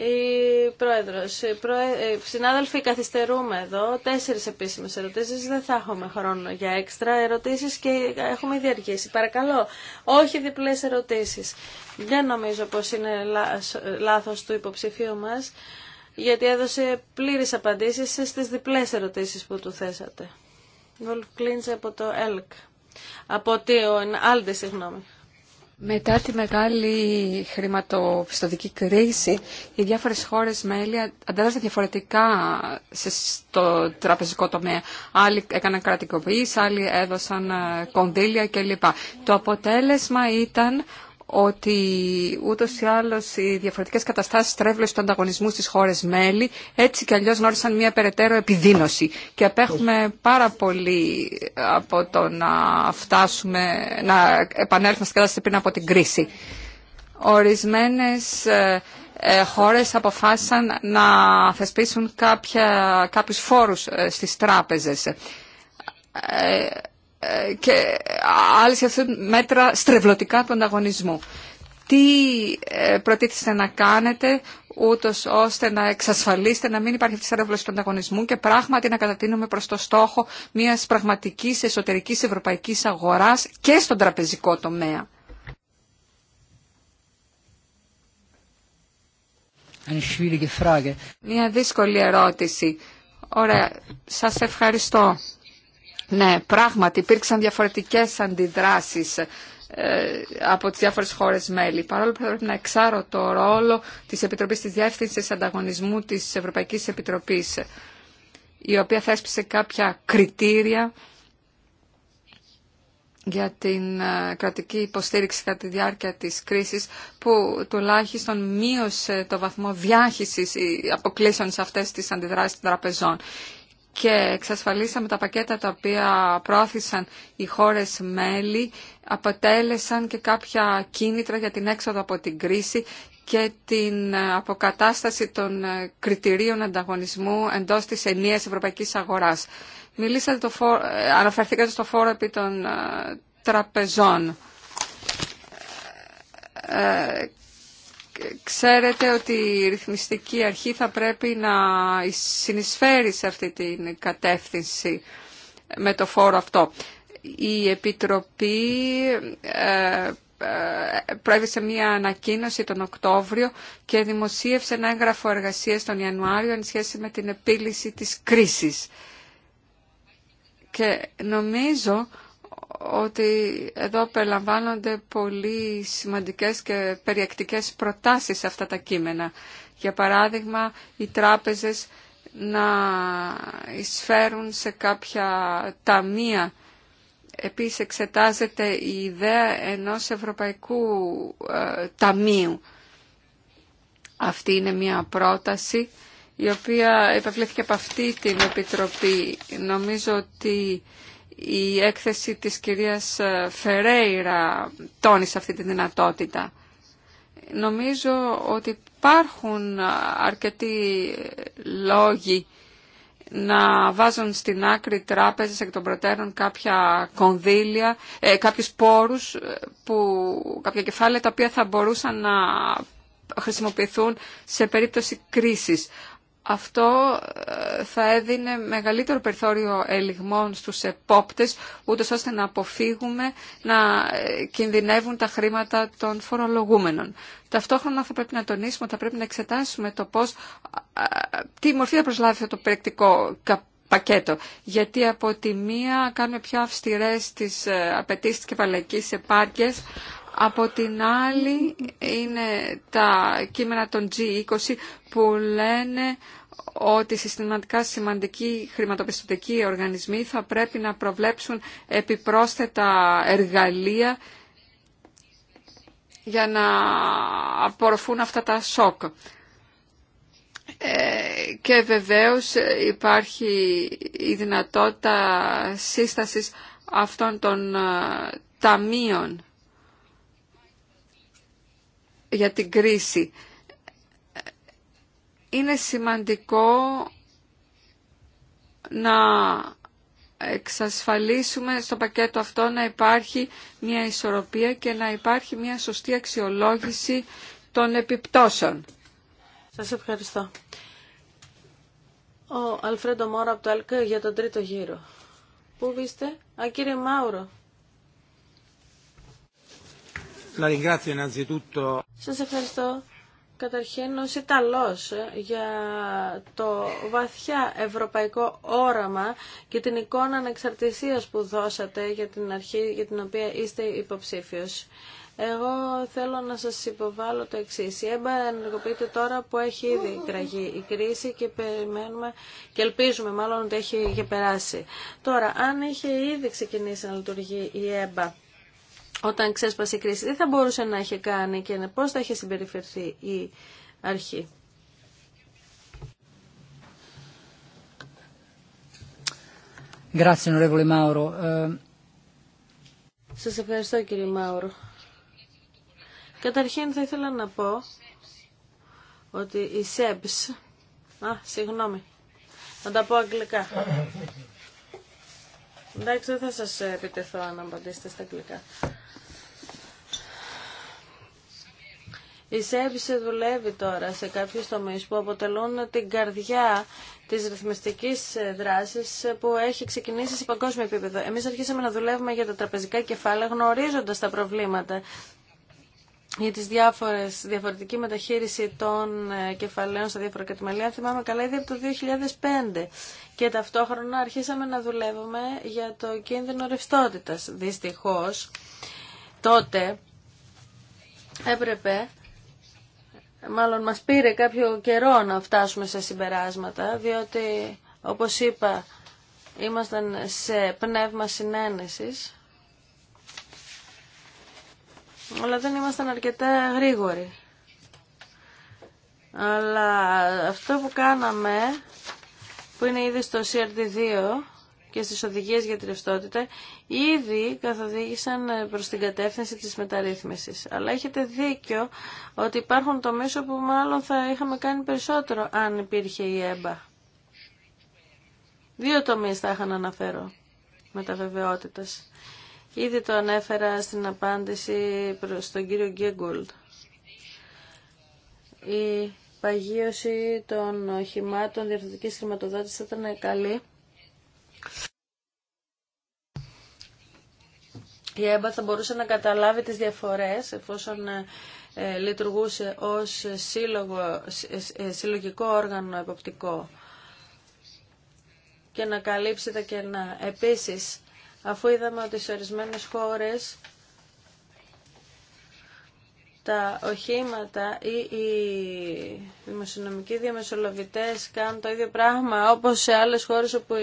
S2: Η Πρόεδρος, ε, συνάδελφοι καθυστερούμε εδώ, τέσσερις επίσημες ερωτήσεις, δεν θα έχουμε χρόνο για έξτρα ερωτήσεις και έχουμε διαργήσει. Παρακαλώ, όχι διπλές ερωτήσεις. Δεν νομίζω πως είναι λάθος του υποψηφίου μας, γιατί έδωσε πλήρες απαντήσεις στις διπλές ερωτήσεις που του θέσατε. Βολφ από το ΕΛΚ, από το Άλντε, συγγνώμη.
S3: Μετά τη μεγάλη χρηματοπιστωτική κρίση, οι διάφορες χώρες μέλη αντέδρασαν διαφορετικά στο τραπεζικό τομέα. Άλλοι έκαναν κρατικοποίηση, άλλοι έδωσαν ε, κονδύλια κλπ. Το αποτέλεσμα ήταν ότι ούτως ή άλλως οι διαφορετικές καταστάσεις τρέβλωση του ανταγωνισμού στι χώρε μέλη έτσι και αλλιώ γνώρισαν μια περαιτέρω επιδείνωση και απέχουμε πάρα πολύ από το να φτάσουμε, να επανέλθουμε στην κατάσταση πριν από την κρίση. Ορισμένες ε, ε, χώρες αποφάσισαν να θεσπίσουν κάποιου κάποιους φόρους ε, στις τράπεζες ε, και άλλε μέτρα στρεβλωτικά του ανταγωνισμού. Τι ε, προτίθεστε να κάνετε ούτω ώστε να εξασφαλίσετε να μην υπάρχει αυτή η του ανταγωνισμού και πράγματι να κατατείνουμε προ το στόχο μια πραγματική εσωτερική ευρωπαϊκή αγορά και στον τραπεζικό τομέα. Μια δύσκολη ερώτηση. Ωραία, σας ευχαριστώ. Ναι, πράγματι υπήρξαν διαφορετικές αντιδράσεις ε, από τις διάφορες χώρες μέλη. Παρόλο που θα πρέπει να εξάρω το ρόλο της Επιτροπής της Διεύθυνσης Ανταγωνισμού της Ευρωπαϊκής Επιτροπής, η οποία θέσπισε κάποια κριτήρια για την ε, κρατική υποστήριξη κατά τη διάρκεια της κρίσης που τουλάχιστον μείωσε το βαθμό διάχυσης ε, αποκλήσεων σε αυτές τις αντιδράσεις των τραπεζών και εξασφαλίσαμε τα πακέτα τα οποία προώθησαν οι χώρες μέλη, αποτέλεσαν και κάποια κίνητρα για την έξοδο από την κρίση και την αποκατάσταση των κριτηρίων ανταγωνισμού εντός της ενίας ευρωπαϊκής αγοράς. Μιλήσατε το αναφερθήκατε στο φόρο επί των ε, τραπεζών ε, ξέρετε ότι η ρυθμιστική αρχή θα πρέπει να συνεισφέρει σε αυτή την κατεύθυνση με το φόρο αυτό. Η Επιτροπή ε, ε, προέβησε μία ανακοίνωση τον Οκτώβριο και δημοσίευσε ένα έγγραφο εργασίας τον Ιανουάριο εν σχέση με την επίλυση της κρίσης. Και νομίζω ότι εδώ περιλαμβάνονται πολύ σημαντικές και περιεκτικές προτάσεις σε αυτά τα κείμενα. Για παράδειγμα, οι τράπεζες να εισφέρουν σε κάποια ταμεία. Επίσης εξετάζεται η ιδέα ενός ευρωπαϊκού ε, ταμείου. Αυτή είναι μια πρόταση η οποία επαυλήθηκε από αυτή την Επιτροπή. Νομίζω ότι η έκθεση της κυρίας ε, Φερέιρα τόνισε αυτή τη δυνατότητα. Νομίζω ότι υπάρχουν ε, αρκετοί ε, λόγοι να βάζουν στην άκρη τράπεζες εκ των προτέρων κάποια κονδύλια, κάποιους πόρους, που, κάποια κεφάλαια τα οποία θα μπορούσαν να χρησιμοποιηθούν σε περίπτωση κρίσης αυτό ε, θα έδινε μεγαλύτερο περιθώριο ελιγμών στους επόπτες, ούτω ώστε να αποφύγουμε να ε, κινδυνεύουν τα χρήματα των φορολογούμενων. Ταυτόχρονα θα πρέπει να τονίσουμε ότι θα πρέπει να εξετάσουμε το πώς, ε, τι μορφή θα προσλάβει αυτό το περιεκτικό πακέτο. Γιατί από τη μία κάνουμε πιο αυστηρές τις απαιτήσει και κεφαλαϊκή επάρκειας, από την άλλη είναι τα κείμενα των G20 που λένε ότι συστηματικά σημαντικοί χρηματοπιστωτικοί οργανισμοί θα πρέπει να προβλέψουν επιπρόσθετα εργαλεία για να απορροφούν αυτά τα σοκ. Ε, και βεβαίως υπάρχει η δυνατότητα σύστασης αυτών των ε, ταμείων για την κρίση είναι σημαντικό να εξασφαλίσουμε στο πακέτο αυτό να υπάρχει μια ισορροπία και να υπάρχει μια σωστή αξιολόγηση των επιπτώσεων. Σας ευχαριστώ.
S2: Ο Αλφρέντο Μόρα από το ΑΛΚ για τον τρίτο γύρο. Πού είστε, α, κύριε Μάουρο. Σας ευχαριστώ καταρχήν ως Ιταλός ε, για το βαθιά ευρωπαϊκό όραμα και την εικόνα ανεξαρτησίας που δώσατε για την αρχή για την οποία είστε υποψήφιος. Εγώ θέλω να σας υποβάλω το εξή. Η ΕΜΠΑ ενεργοποιείται τώρα που έχει ήδη κραγεί η κρίση και περιμένουμε και ελπίζουμε μάλλον ότι έχει περάσει. Τώρα, αν είχε ήδη ξεκινήσει να λειτουργεί η ΕΜΠΑ, όταν ξέσπασε η κρίση, τι θα μπορούσε να είχε κάνει και πώς θα είχε συμπεριφερθεί η αρχή. Ε, σας ευχαριστώ κύριε Μάουρο. Καταρχήν θα ήθελα να πω ότι η ΣΕΠΣ... Α, συγγνώμη. Θα τα πω αγγλικά. Εντάξει, δεν θα σας επιτεθώ αν απαντήσετε στα αγγλικά. Η ΣΕΒΣ δουλεύει τώρα σε κάποιους τομείς που αποτελούν την καρδιά της ρυθμιστικής δράσης που έχει ξεκινήσει σε παγκόσμιο επίπεδο. Εμείς αρχίσαμε να δουλεύουμε για τα τραπεζικά κεφάλαια γνωρίζοντας τα προβλήματα για τις διάφορες, διαφορετική μεταχείριση των ε, κεφαλαίων στα διάφορα κατημελία, θυμάμαι καλά ήδη από το 2005. Και ταυτόχρονα αρχίσαμε να δουλεύουμε για το κίνδυνο ρευστότητας. Δυστυχώς, τότε έπρεπε μάλλον μας πήρε κάποιο καιρό να φτάσουμε σε συμπεράσματα, διότι όπως είπα ήμασταν σε πνεύμα συνένεσης, αλλά δεν ήμασταν αρκετά γρήγοροι. Αλλά αυτό που κάναμε, που είναι ήδη στο CRD2, και στις οδηγίες για τη ρευστότητα ήδη καθοδήγησαν προς την κατεύθυνση της μεταρρύθμισης. Αλλά έχετε δίκιο ότι υπάρχουν τομείς όπου μάλλον θα είχαμε κάνει περισσότερο αν υπήρχε η ΕΜΠΑ. Δύο τομείς θα είχα να αναφέρω βεβαιότητας. Ήδη το ανέφερα στην απάντηση προς τον κύριο Γκέγκολτ. Η παγίωση των οχημάτων διευθυντικής χρηματοδότησης ήταν καλή η ΕΜΠΑ θα μπορούσε να καταλάβει τις διαφορές εφόσον ε, ε, λειτουργούσε ως σύλλογο, ε, συλλογικό όργανο εποπτικό και να καλύψει τα κενά. Επίσης, αφού είδαμε ότι σε ορισμένες χώρες τα οχήματα ή οι δημοσιονομικοί διαμεσολαβητές κάνουν το ίδιο πράγμα όπως σε άλλες χώρες όπου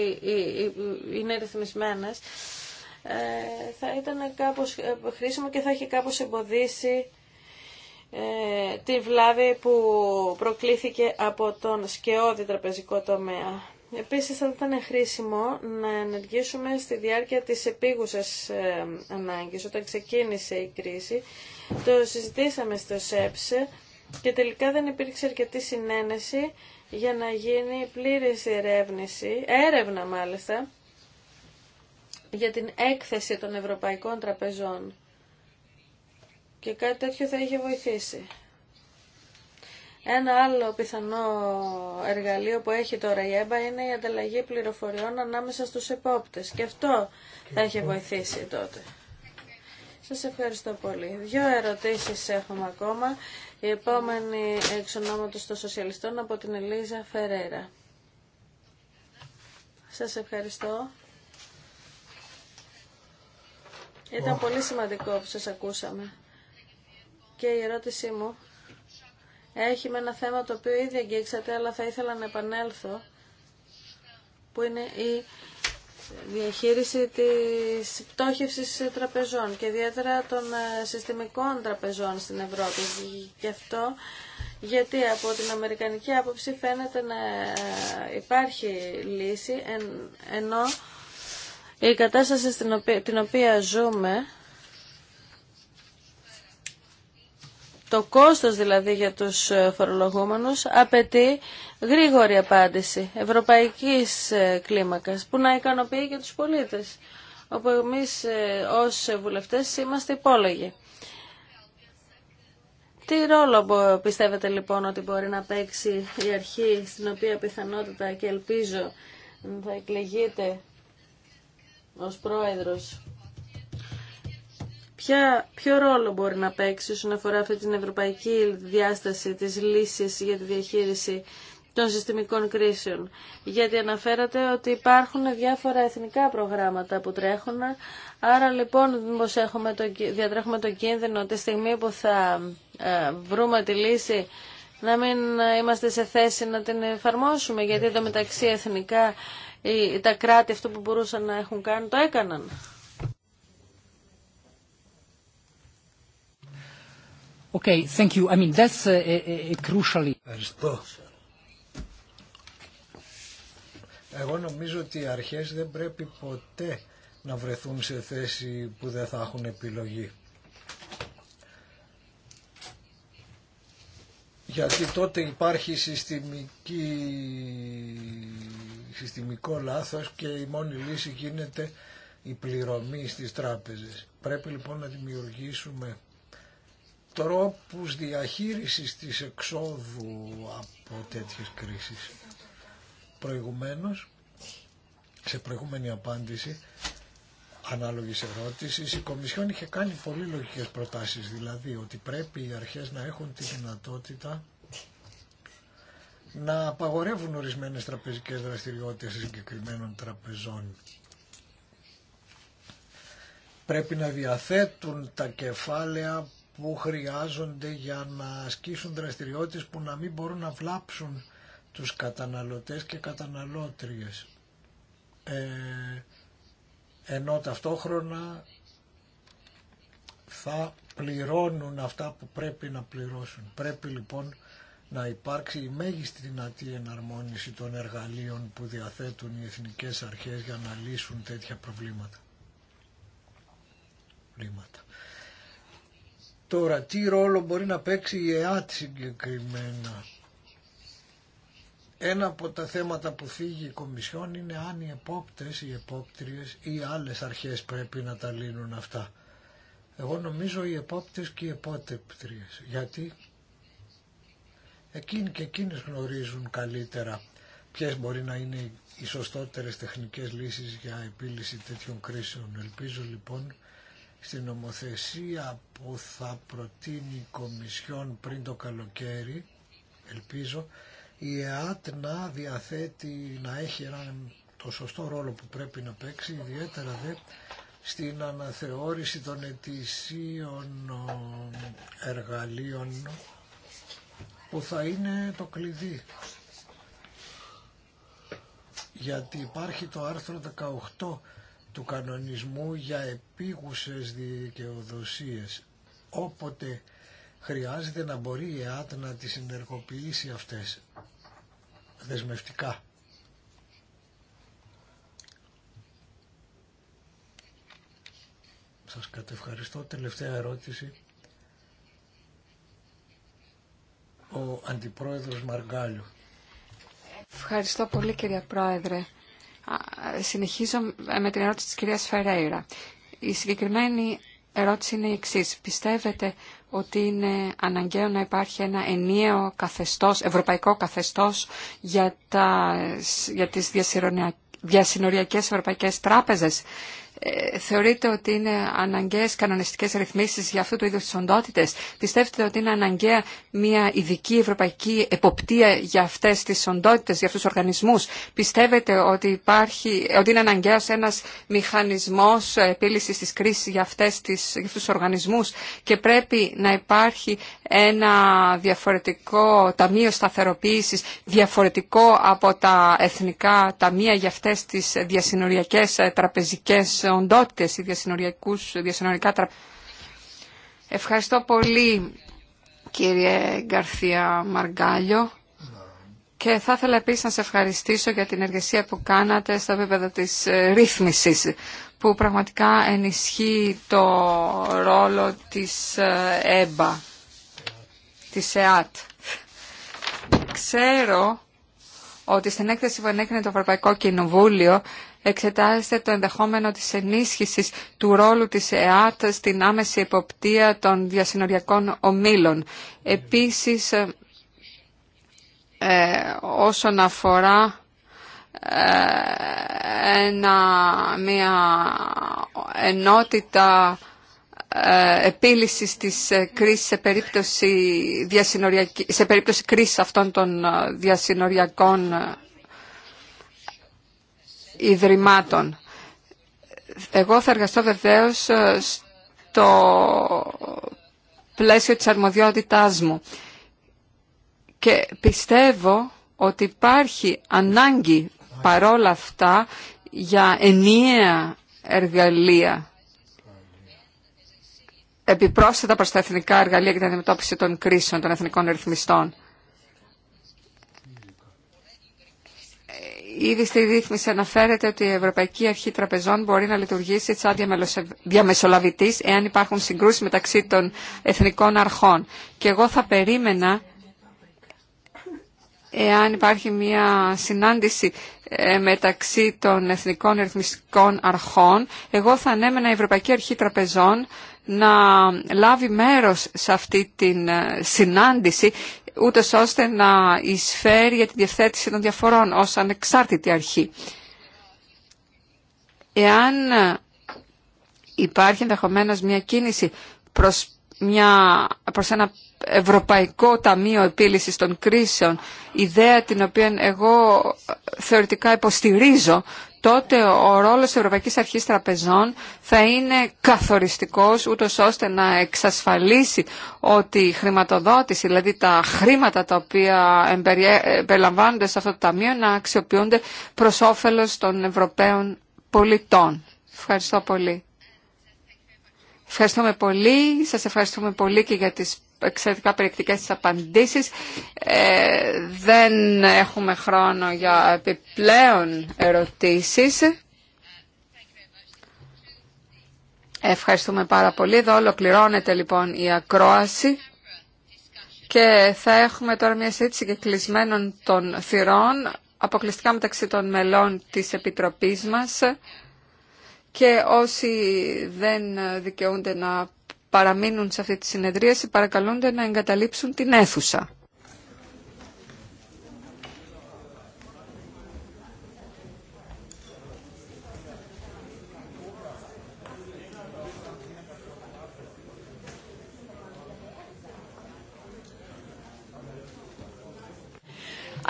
S2: είναι ρυθμισμένες ε, θα ήταν κάπως ε, χρήσιμο και θα έχει κάπως εμποδίσει ε, τη βλάβη που προκλήθηκε από τον σκεώδη τραπεζικό τομέα. Επίσης θα ήταν χρήσιμο να ενεργήσουμε στη διάρκεια της επίγουσας ε, ανάγκης. Όταν ξεκίνησε η κρίση, το συζητήσαμε στο ΣΕΠΣΕ και τελικά δεν υπήρξε αρκετή συνένεση για να γίνει πλήρης ερεύνηση, έρευνα μάλιστα, για την έκθεση των ευρωπαϊκών τραπεζών. Και κάτι τέτοιο θα είχε βοηθήσει. Ένα άλλο πιθανό εργαλείο που έχει τώρα η ΕΜΠΑ είναι η ανταλλαγή πληροφοριών ανάμεσα στους επόπτες και αυτό θα έχει βοηθήσει τότε. Σας ευχαριστώ πολύ. Δύο ερωτήσεις έχουμε ακόμα. Η επόμενη εξ ονόματος των Σοσιαλιστών από την Ελίζα Φερέρα. Σας ευχαριστώ. Ήταν πολύ σημαντικό που σας ακούσαμε. Και η ερώτησή μου έχει με ένα θέμα το οποίο ήδη αγγίξατε, αλλά θα ήθελα να επανέλθω, που είναι η διαχείριση της πτώχευσης τραπεζών και ιδιαίτερα των ε, συστημικών τραπεζών στην Ευρώπη. Γι' αυτό, γιατί από την αμερικανική άποψη φαίνεται να ε, υπάρχει λύση, ενώ η κατάσταση στην την οποία ζούμε το κόστος δηλαδή για τους ε, φορολογούμενους απαιτεί γρήγορη απάντηση ευρωπαϊκής ε, κλίμακας που να ικανοποιεί και τους πολίτες όπου εμείς ε, ως βουλευτές είμαστε υπόλογοι. Τι ρόλο πιστεύετε λοιπόν ότι μπορεί να παίξει η αρχή στην οποία πιθανότητα και ελπίζω θα εκλεγείτε ως πρόεδρος ποια, ποιο ρόλο μπορεί να παίξει όσον αφορά αυτή την ευρωπαϊκή διάσταση της λύσης για τη διαχείριση των συστημικών κρίσεων. Γιατί αναφέρατε ότι υπάρχουν διάφορα εθνικά προγράμματα που τρέχουν. Άρα λοιπόν έχουμε το, διατρέχουμε το κίνδυνο τη στιγμή που θα ε, βρούμε τη λύση να μην είμαστε σε θέση να την εφαρμόσουμε. Γιατί εδώ μεταξύ εθνικά τα κράτη αυτό που μπορούσαν να έχουν κάνει το έκαναν.
S1: Ευχαριστώ. Εγώ νομίζω ότι οι αρχές δεν πρέπει ποτέ να βρεθούν σε θέση που δεν θα έχουν επιλογή. Γιατί τότε υπάρχει συστημική, συστημικό λάθος και η μόνη λύση γίνεται η πληρωμή στις τράπεζες. Πρέπει λοιπόν να δημιουργήσουμε τρόπους διαχείρισης της εξόδου από τέτοιες κρίσεις. Προηγουμένως, σε προηγούμενη απάντηση, ανάλογης ερώτηση. η Κομισιόν είχε κάνει πολύ λογικές προτάσεις, δηλαδή ότι πρέπει οι αρχές να έχουν τη δυνατότητα να απαγορεύουν ορισμένες τραπεζικές δραστηριότητες συγκεκριμένων τραπεζών. Πρέπει να διαθέτουν τα κεφάλαια που χρειάζονται για να ασκήσουν δραστηριότητες που να μην μπορούν να βλάψουν τους καταναλωτές και καταναλώτριες. Ε, ενώ ταυτόχρονα θα πληρώνουν αυτά που πρέπει να πληρώσουν. Πρέπει λοιπόν να υπάρξει η μέγιστη δυνατή εναρμόνιση των εργαλείων που διαθέτουν οι εθνικές αρχές για να λύσουν τέτοια προβλήματα. Τώρα, τι ρόλο μπορεί να παίξει η ΕΑΤ συγκεκριμένα. Ένα από τα θέματα που φύγει η Κομισιόν είναι αν οι επόπτες, οι επόπτριες ή άλλες αρχές πρέπει να τα λύνουν αυτά. Εγώ νομίζω οι επόπτες και οι επότεπτριες, γιατί εκείνοι και εκείνες γνωρίζουν καλύτερα ποιες μπορεί να είναι οι σωστότερες τεχνικές λύσεις για επίλυση τέτοιων κρίσεων. Ελπίζω λοιπόν στην νομοθεσία που θα προτείνει η Κομισιόν πριν το καλοκαίρι, ελπίζω, η ΕΑΤ να διαθέτει, να έχει έναν το σωστό ρόλο που πρέπει να παίξει, ιδιαίτερα δε στην αναθεώρηση των ετησίων ε, εργαλείων που θα είναι το κλειδί. Γιατί υπάρχει το άρθρο 18 του κανονισμού για επίγουσες δικαιοδοσίες. Όποτε χρειάζεται να μπορεί η ΕΑΤ να τις συνεργοποιήσει αυτές δεσμευτικά. Σας κατευχαριστώ. Τελευταία ερώτηση. Ο Αντιπρόεδρος Μαργκάλου.
S3: Ευχαριστώ πολύ κύριε Πρόεδρε. Συνεχίζω με την ερώτηση της κυρίας Φερέιρα. Η συγκεκριμένη ερώτηση είναι η εξής. Πιστεύετε ότι είναι αναγκαίο να υπάρχει ένα ενιαίο καθεστώς, ευρωπαϊκό καθεστώς για, τα, για τις διασυνοριακές ευρωπαϊκές τράπεζες ε, θεωρείτε ότι είναι αναγκαίες κανονιστικές ρυθμίσεις για αυτού του είδους τις οντότητες. Πιστεύετε ότι είναι αναγκαία μια ειδική ευρωπαϊκή εποπτεία για αυτές τις οντότητες, για αυτούς τους οργανισμούς. Πιστεύετε ότι, υπάρχει, ότι είναι αναγκαίος ένας μηχανισμός επίλυσης της κρίσης για, αυτές τις, για αυτούς τους οργανισμούς και πρέπει να υπάρχει ένα διαφορετικό ταμείο σταθεροποίησης, διαφορετικό από τα εθνικά ταμεία για αυτές τις διασυνοριακές ε, τραπεζικές οντότητες ή διασυνοριακά τραπέζια. Ευχαριστώ πολύ κύριε Γκαρθία Μαργκάλιο και θα ήθελα επίσης να σε ευχαριστήσω για την εργασία που κάνατε στα επίπεδο της ε, ρύθμισης που πραγματικά ενισχύει το ρόλο της ε, ΕΜΠΑ, της ΕΑΤ. Ξέρω ότι στην έκθεση που ενέκρινε το Ευρωπαϊκό Κοινοβούλιο εξετάζεται το ενδεχόμενο της ενίσχυσης του ρόλου της ΕΑΤ στην άμεση εποπτεία των διασυνοριακών ομίλων. Επίσης, ε, ε, όσον αφορά ε, ένα, μια ενότητα επίλυσης της κρίσης σε περίπτωση, σε περίπτωση κρίσης αυτών των διασυνοριακών ιδρυμάτων. Εγώ θα εργαστώ βεβαίως ε, στο πλαίσιο της αρμοδιότητάς μου και πιστεύω ότι υπάρχει ανάγκη παρόλα αυτά για ενιαία εργαλεία επιπρόσθετα προς τα εθνικά εργαλεία για την αντιμετώπιση των κρίσεων των εθνικών ρυθμιστών. Ήδη στη ρύθμιση αναφέρεται ότι η Ευρωπαϊκή Αρχή Τραπεζών μπορεί να λειτουργήσει σαν διαμεσολαβητής εάν υπάρχουν συγκρούσεις μεταξύ των εθνικών αρχών. Και εγώ θα περίμενα εάν υπάρχει μια συνάντηση ε, μεταξύ των εθνικών ρυθμιστικών αρχών, εγώ θα ανέμενα η Ευρωπαϊκή Αρχή Τραπεζών να λάβει μέρος σε αυτή την ε, συνάντηση ούτε ώστε να εισφέρει για τη διευθέτηση των διαφορών ως ανεξάρτητη αρχή. Εάν υπάρχει ενδεχομένω μια κίνηση προς, μια, προς ένα Ευρωπαϊκό Ταμείο Επίλυσης των Κρίσεων, ιδέα την οποία εγώ θεωρητικά υποστηρίζω τότε ο ρόλος της Ευρωπαϊκής Αρχής Τραπεζών θα είναι καθοριστικός ούτως ώστε να εξασφαλίσει ότι η χρηματοδότηση, δηλαδή τα χρήματα τα οποία περιλαμβάνονται σε αυτό το ταμείο να αξιοποιούνται προς όφελος των Ευρωπαίων πολιτών. Ευχαριστώ πολύ. Ευχαριστούμε πολύ. Σας ευχαριστούμε πολύ και για τις εξαιρετικά περιεκτικές τις απαντήσεις. Ε, δεν έχουμε χρόνο για επιπλέον ερωτήσεις. Ευχαριστούμε πάρα πολύ. Εδώ ολοκληρώνεται λοιπόν η ακρόαση και θα έχουμε τώρα μια συζήτηση και κλεισμένων των θυρών αποκλειστικά μεταξύ των μελών της Επιτροπής μας και όσοι δεν δικαιούνται να παραμείνουν σε αυτή τη συνεδρίαση παρακαλούνται να εγκαταλείψουν την αίθουσα.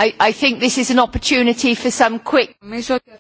S3: I, I think this is an opportunity for some quick...